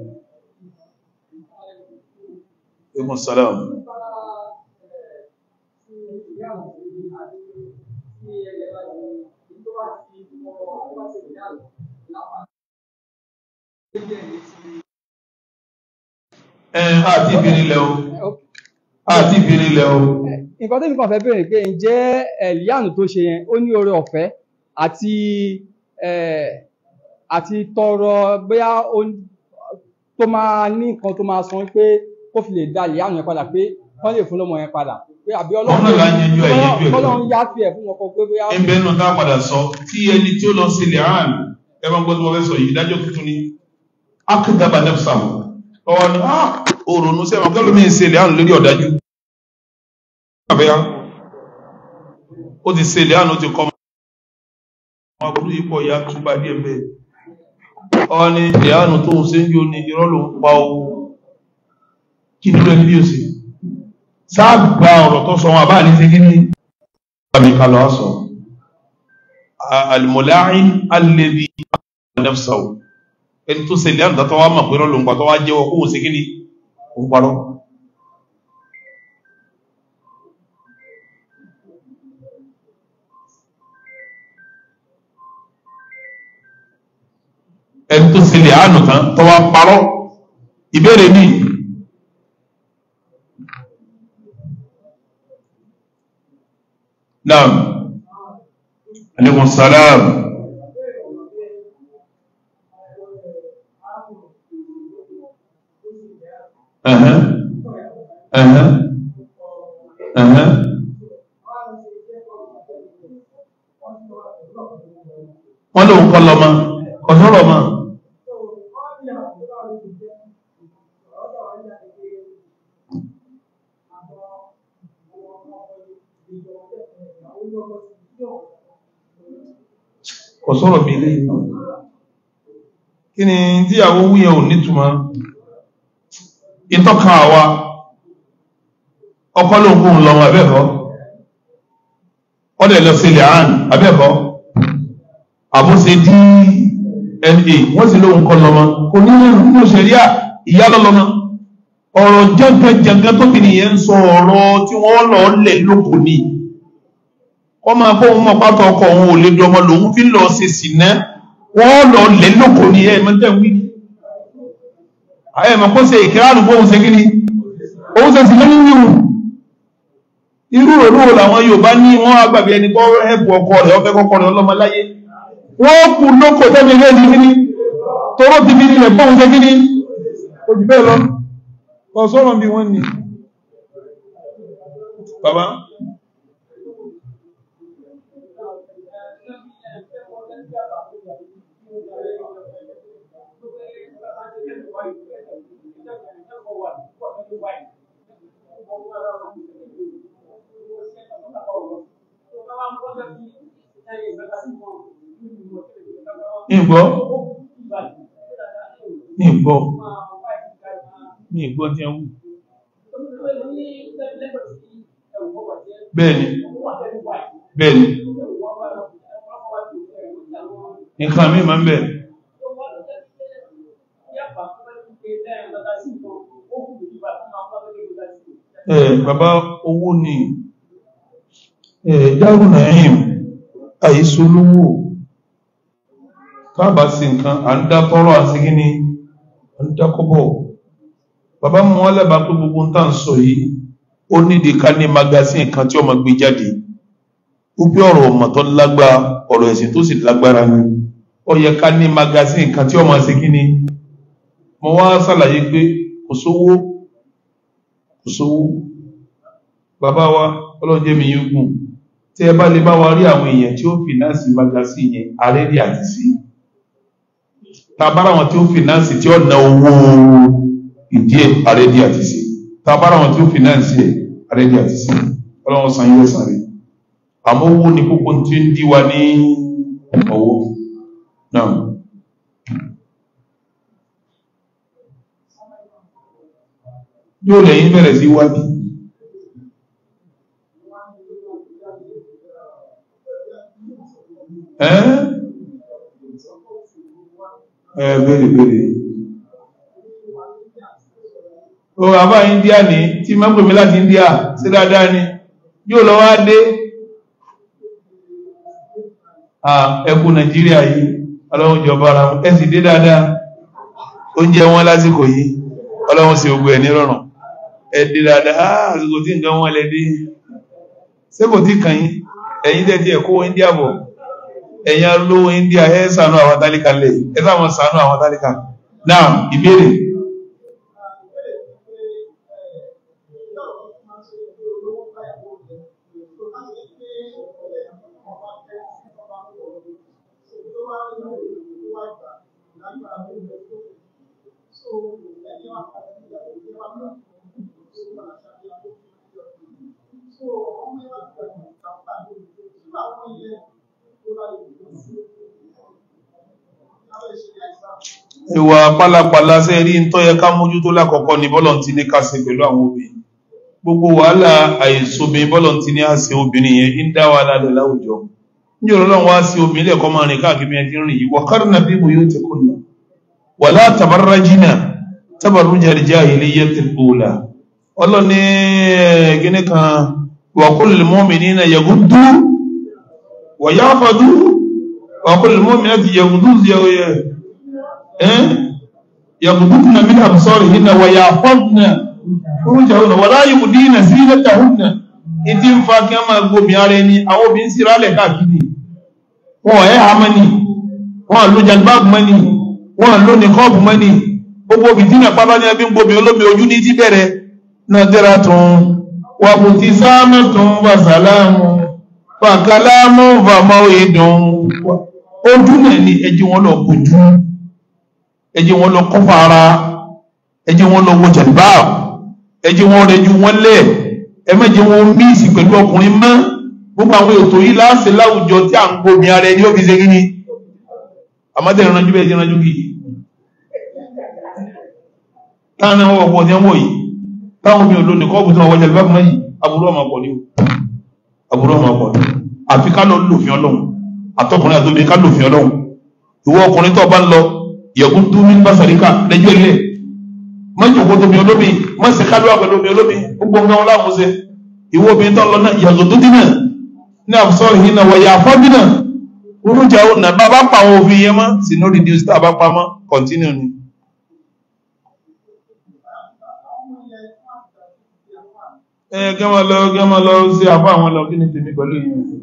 Ibn Salam. Ẹn àti ìbìnrin lẹ o. Àti ìbìnrin lẹ o. Nǹkan tó fi kàn fẹ́ bèèrè pé ǹjẹ́ ẹ̀líyànù tó ṣe yẹn, ó ní oore ọ̀fẹ́ àti àti tọrọ bóyá tó máa ní nǹkan tó máa sọ pé kó fi lè da ìyá yẹn padà pé wọ́n lè fún lọ́mọ yẹn padà pé àbí ọlọ́run náà yanjú ẹ̀ yanjú ẹ̀ ọlọ́run yá fi ẹ̀ fún wọn kọ pé bóyá. ẹ bẹ́ẹ̀ náà tá a padà sọ tí ẹni tí ó lọ sí ilẹ̀ ààrùn ẹ bá ń gbọ́ tí wọ́n fẹ́ sọ yìí ìdájọ́ tuntun ni akédàbà nẹ́fṣà ọwọ́ ni ah, ó ronú sẹ́wọ̀n akẹ́lò mi ń ṣe ilẹ̀ ààrùn lórí ọ̀dájú. ó ti ṣe ilẹ̀ ààrùn ó ti kọ́ ọmọ burú yìí pọ̀ ya túbà díẹ̀ bẹ́ẹ̀ ọ ni ilẹ̀ ààrùn tó ń kí ni lóyún bí o sì sáàgbà ọ̀rọ̀ tó sọ wọn àbá ní ṣe kí ni àbí kalọ̀ sọ alìmọ̀láàrín alẹ́bí alẹ́fṣàwò ẹni tó ṣẹlẹ̀ àdá tó wá mọ̀ pé rọ́lù nǹkan tó wá jẹ́wọ́ kó ṣe kí ni ó ẹni tó ṣẹlẹ̀ àánú tán tó parọ́ ìbéèrè bíi نعم عليكم السلام اها اها اها ولو قلما قلما kò sọ̀rọ̀ bí ilé kí ni tíyàwó wúyẹ ò nítumọ̀ ìtọ́ka àwa ọkọ ló ń kóhun lọ́wọ́ abẹ́bọ́ ọdẹ lọ sí ilẹ̀ àn abẹ́bọ́ àbúṣe DNA wọ́n sì lóhun kọ́ lọ́mọ kò ní nínú ṣẹ̀ríà ìyá lọ́lọ́mọ ọ̀rọ̀ jẹ́gbẹ́jẹ̀gẹ́ tóbi nìyẹn ń sọ ọ̀rọ̀ tí wọ́n lọ lẹ̀ lóko ni kọ́ máa bọ́ òun mọ̀pátọ̀ ọkọ̀ òun ò lè dọmọ lòun fi lọ ṣe sì ná wọ́n lọ lẹ́ lóko ní ẹ̀ mọ́tẹ́ wí ni ẹ̀ mọ̀ kó ṣe ìkírààrùn bóun ṣe kíni òun ṣe sì lẹ́yìn yìí irú òru làwọn Yorùbá ní wọ́n agbàgbé ẹni kọ́ ẹ̀bù ọkọ rẹ̀ ọfẹ́ kọ́kọ́ rẹ̀ ọlọ́mọ láyé wọ́n kú lóko tẹ́mi rẹ̀ ní kíni toró ti fi nílẹ̀ bóun ṣe kíni òjì bẹ́ẹ̀ lọ kọ̀ sọ́rọ̀ bí wọ́n ní bàbá ìgbọ́ ìgbọ́ ní ìgbọ́ jẹ́ wù bẹ́ẹ̀ni bẹ́ẹ̀ni nǹkan mí ma ń bẹ̀rẹ̀ Bàbá owó ni Darun Naim àìsolówó káàbà sí nǹkan à ń dá tọ́rọ àti gíní à ń dá kọ́bọ̀ bàbá mú ọlẹ́bà tó gbogbo tá ń sọ yìí ó nídìí ká ní magazine kan tí ó gbé jáde ó bí ọ̀rọ̀ ọmọ tó lágbára ọ̀rọ̀ ẹ̀sìn tó sì lágbára ni ó yẹ ká ní magazine kan tí ó máa gíní mo wá ṣàlàyé pé kò sówó kò sówó bàbá wa ọlọ́jẹ́mi yóò gùn tí ẹ bá lè bá wa rí àwọn èèyàn tí ó fìnánsì magasin yẹn àrẹ́dì àti sí tàbára àwọn tí ó fìnánsì tí ó na owó ìdí ẹ̀ àrẹ́dì àti sí tàbára àwọn tí ó fìnánsì ẹ̀ àrẹ́dì àti sí ọlọ́run san yóò san rẹ̀ àmọ́ owó ni púpọ̀ tí ń dí wa ní ọwọ́ náà. yóò lẹ́yìn bẹ̀rẹ̀ sí wádìí. ẹ́ bèèrè bèèrè o àbá india ní tí mẹ́gbẹ̀mí láti india sí dáadáa ni yóò lọ wá dé ẹkù nàìjíríà yìí ọlọ́run jọba ara wọn ẹ̀sì dé dáadáa oúnjẹ wọn lásìkò yìí ọlọ́run sì ogun ẹ̀ nírọ̀rùn ẹ̀dì dáadáa àsìkò tí nǹkan wọn lẹ́dí sẹ́kò tí kàn yín ẹ̀yìn tẹ́tí ẹ̀kọ́ India bọ̀ ẹ̀yin olówó India ẹ ṣàánú àwọn tálíkà lè ẹ sáwọn ṣàánú àwọn tálíkà náà ìbéèrè. Thank you ìwà pálapàla sí ẹ̀rí ń tọ́yẹ ká mójútó lákọ̀ọ́kọ́ ni bọ́lọ̀ ti ní ká ṣe pẹ̀lú àwọn obìnrin gbogbo wàhálà àìsóbin bọ́lọ̀ ti ní àṣẹ obìnrin yẹn ń dá wàhálà lẹ̀ láwùjọ ní ọlọ́run wá sí obìnrin lẹ́ẹ̀kọ́ máa rìn káàkiri ẹni rìn yìí waqarna bí mo yóò ti kún lọ wala tabarrajina tabarruja al-jahiliyyatil la ọlọ́ni gíní kan wa qul lil mu'minina yaghuddu wọ̀yáfàdú ọkùnlùmọ́mìnàtì yàgùdúnà mílà sọ́rọ̀ yínà wọ̀yáfàdúnà fúrújàúnà wọ́lá yìí sí lẹ́tàúnà ìdí ń fa kí a máa gbóbi ara ẹni àwọn obìnrin sí rálẹ̀ káàkiri wọ́n ẹ̀ àmọ́ni wọ́n ló jalbab mọ́ni wọ́n ló ní kọ́ọ̀bù mọ́ni gbogbo obì tí náà pápá ní ẹbí ń gbóbi olómi ojú ní ti bẹ̀rẹ̀ náà fàkàlámù fàmọ́ ìdùn ojú náà ni ẹjẹ́ wọn lọ kojú ẹjẹ́ wọn lọ kọfà ara ẹjẹ́ wọn lọ wọjà bá ẹjẹ́ wọn rẹjú wọn lẹ̀ ẹmẹ́jẹ́ wọn míìsì pẹ̀lú ọkùnrin mọ́ gbogbo àwọn ètò yìí láàṣẹ láwùjọ tí à ń gbomi ara ẹni ó fi ṣe kíni àmọ́tẹ̀ ìrànjú bẹ́ẹ̀ ìrànjú kì í táwọn ọ̀pọ̀ ọ̀dẹ́wọ̀ yìí táwọn mi ò lónìí kọ́ọ̀bù tí wọ́n wọjà bá fún yìí àbúrò ọmọ pọ̀ ní o àbúrò ọmọ ọ̀pọ̀ àfi ká lọ lòfin ọlọ́run àtọkùnrin àtọbìnrin ká lòfin ọlọ́run ìwọ ọkùnrin tó bá ń lọ yẹ̀kún tún ní bàṣàríkà lẹ́jọ́ ilé má jòkó tóbi olómi má ṣe ká lóra pẹ̀lú omi olómi gbogbo nǹkan wọn láwọn ṣe ìwọ obìnrin tó ń lọ náà yàtọ̀ tó dínà ní àfisọ́rì yìí náà wọ̀yà àfọ́ dínà orújà òun náà bá pa òfin yẹn mọ́ sínú rìdíùsì tá bá pa mọ́ kọ̀ntínú ni. gẹ́mọ̀ lọ gẹ́mọ̀ lọ sí àbá àwọn lọ kí ni tèmi pẹ̀lú ìyìn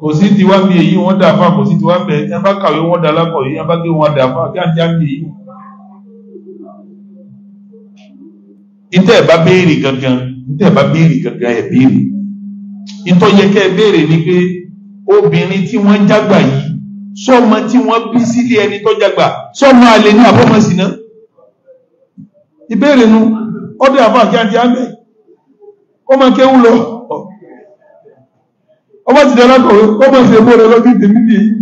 kò sí ti wá bí èyí wọ́n dáfà kò sí ti wá bẹ̀ ẹ bá kàwé wọ́n dá lápọ̀ èyí bá gé wọ́n dáfà kí á já bí èyí ìtẹ́ bá béèrè gangan ìtẹ́ bá béèrè gangan ẹ̀ béèrè ìtọ́ yẹ kẹ́ béèrè ni pé obìnrin tí wọ́n jágbà yìí sọ́mọ tí wọ́n bí sílé ẹni tó sọ́mọ àlè ní àbọ́mọ̀sí náà ìbéèrè nu ọdẹ àbá kíákí ámẹ́ ó máa kéwú lọ ọba ti dára kọ̀wé ó máa fi èbó rẹ lọ bí tèmi nìyí.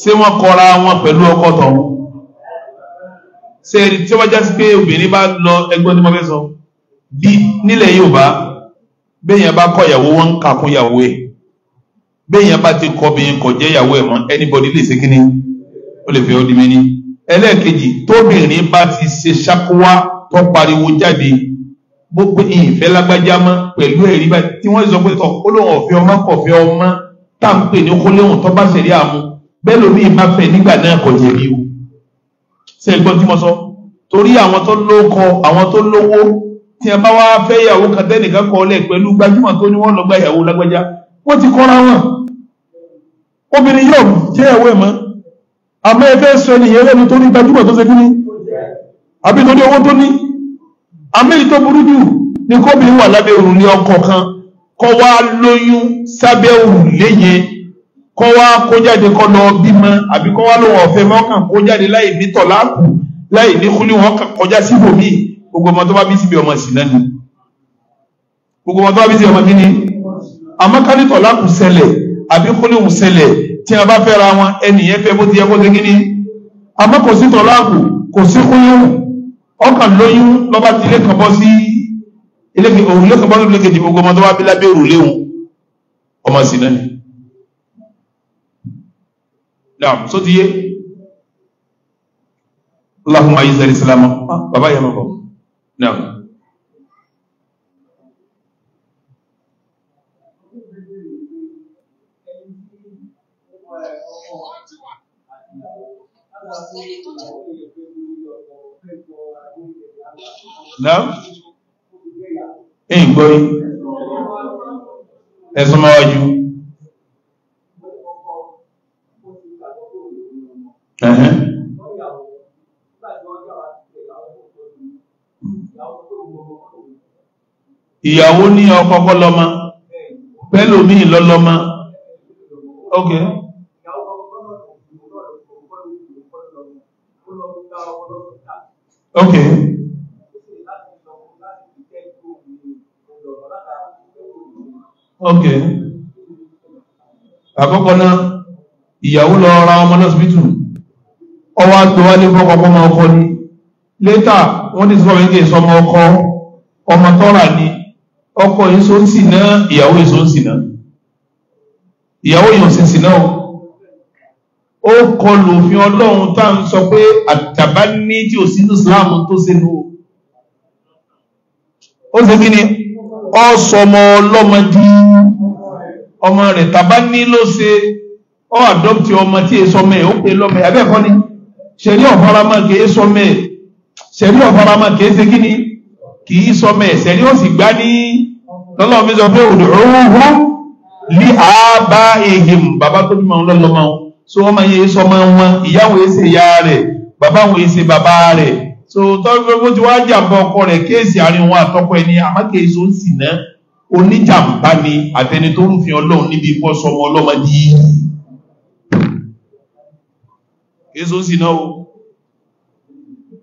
ṣé wọ́n kọra wọn pẹ̀lú ọkọ tọ̀hún ṣé ẹni tí wọ́n já sí pé obìnrin bá lọ ẹgbẹ́ onímọ̀ fẹ́ sọ bí nílẹ̀ Yorùbá béèyàn bá kọ ìyàwó wọn ń kà kún ìyàwó ẹ̀ béèyàn bá ti kọ obìnrin kò jẹ́ ìyàwó ẹ̀ mọ́ anybody lè ṣe kínní ó lè fẹ́ ó di mí ní. ẹlẹ́ẹ̀kejì tóbìnrin bá ti ṣe ṣákúwá tó pariwo jáde bó pé ìfẹ́ lágbájá mọ́ pẹ̀lú ẹ̀rí báyìí tí wọ́n sọ pé tọ̀ ó lóun ọ̀fẹ́ ọmọ kọ̀fẹ́ ọmọ tá à ń pè ní kólẹ́hùn tó bá ṣẹ̀rí àmú bẹ́ẹ̀ lómi ìbá fẹ́ nígbà náà kò jẹ̀bi o ṣe é gbọ́ tí mo sọ torí àwọn tó lóko àwọn tó lówó tí ẹ bá wá fẹ́ ìyàwó kan tẹ́nìkan kọ́ lẹ̀ pẹ̀lú gbajúmọ̀ tó ní wọ́n lọ gba ìyàwó lágbájá wọ́n ti kọ́ra wọn obìnrin yóò jẹ́ ìyàwó ẹ̀ mọ́ àmọ́ ẹ fẹ́ sọ ẹnìyàn lẹ́nu tó ní gbajúmọ̀ tó ṣe kí ni àbí tó ní owó tó ní àmọ́ èyí tó burú jù ni kóbìnrin wà lábẹ́ òrùn ní ọkọ kan kọ́ wá lóyún sábẹ́ òrùn léye kọ́ wá kó jáde kọ́ lọ bímọ àbí kọ́ wá lóun ọ̀fẹ́ mọ́kàn kó jáde láì ní tọ̀láàkù láì ní kúlí kọjá síbòmíì gbogbo ọmọ tó bá bí síbi ọmọ sí náà ni gbogbo ọmọ tó bá bí síbi ọmọ kí ni amákánítọ̀ lákù ṣẹlẹ̀ àbí kólíhùn ṣẹlẹ̀ tí a bá fẹ́ ra wọn ẹnìyẹn fẹ́ bó ti yẹ kó ṣe kí ni àmọ́ kò sí tọ̀láàkù kò sí kólíhùn ọkàn lóyún lọ́ba ti ilé kan bọ́ sí ilé òun ilé kan bọ́ sí ilé kejì gbogbo ọmọ tó bá bí lábẹ́ òrùlé òun ọmọ sí náà ni. Naam, sótìyé. Allahumma ayyiz al-islam. Ah, bàbá yẹn lọ bọ̀. Não. Não? Ìgbò ẹ̀sùn mọ́ ọjú. Ẹ̀hẹ́n. ìyàwó ní ọkọ kọlọmọ mi lọ́lọ́mọ ok ok ok àkọ́kọ́ náà ìyàwó lọ ra ọmọ lọ́sibítù ọwọ́ àgbẹ̀wálé fọ́kọ̀ọ́kọ́ máa kọ́ ní létà wọ́n ti sọ́wọ́ ń gẹ̀ sọmọ ọkọ ọmọ tọ́ra ni ọkọ èso ń sì náà ìyàwó èso ń sì náà ìyàwó èèyàn sì sì náà ó kọlù òfin ọlọ́run tá à ń sọ pé àtàbá ní tí ò sí Islam tó sínú ó ṣe kí ni ọ sọmọ ọlọ́mọ di ọmọ rẹ̀ tàbá ní ló ṣe ọ àdọ́pì ọmọ tí èso mẹ́ ó pè lọ́mọ abẹ́ẹ̀kọ́ ni ṣẹ̀rí ọ̀faramọ́ kìí sọmẹ́ ṣẹ̀rí ọ̀faramọ́ kìí ṣe kí ni kì í sọmọ ẹ̀sẹ̀ ni ó sì gbá ní lọ́lọ́ mi sọ pé òdòrúhú lí àbá ehim bàbá tó bímọ lọ́lọ́mọ so wọ́n máa yẹ sọmọ wọn ìyáwó ẹsẹ̀ ìyá rẹ̀ bàbá wọn ẹsẹ̀ bàbá rẹ̀ so tọ́gbọ́n ti wá jàmbá ọkọ rẹ̀ kéèsì àárín wọn àtọ́kọ ẹni àmọ́ kéèsì ó ń sì ná oníjàmbá ni àtẹni tó ń fi ọlọ́run níbi ikọ́ sọmọ ọlọ́mọ di kéèsì ó sì ná o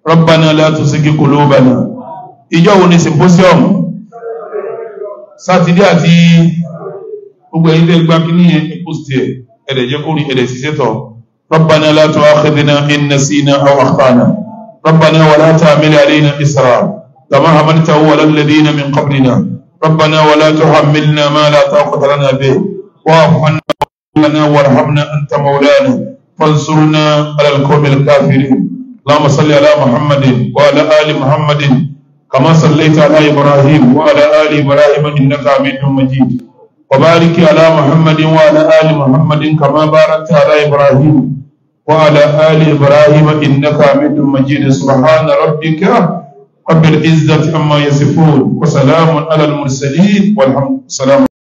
rabbana la tusiki kulubana ìjọ wo ni symposium sátidé àti gbogbo ẹ̀yin tẹ́ gbá kíní yẹn ní post ẹ̀ ẹ̀dẹ̀ jẹ́ kó rí ẹ̀dẹ̀ ṣiṣẹ́ tọ̀ ربنا لا تؤاخذنا إن نسينا أو أخطأنا ربنا ولا تحمل علينا إسرا كما حملته على الذين من قبلنا ربنا ولا تحملنا ما لا طاقة لنا به واعف عنا وارحمنا أنت مولانا فانصرنا على القوم الكافرين اللهم صل على محمد وعلى آل محمد كما صليت على إبراهيم وعلى آل إبراهيم إنك حميد مجيد وبارك على محمد وعلى آل محمد كما باركت على إبراهيم وعلى آل إبراهيم إنك حميد مجيد سبحان ربك رب العزة عما يصفون وسلام على المرسلين والحمد والسلام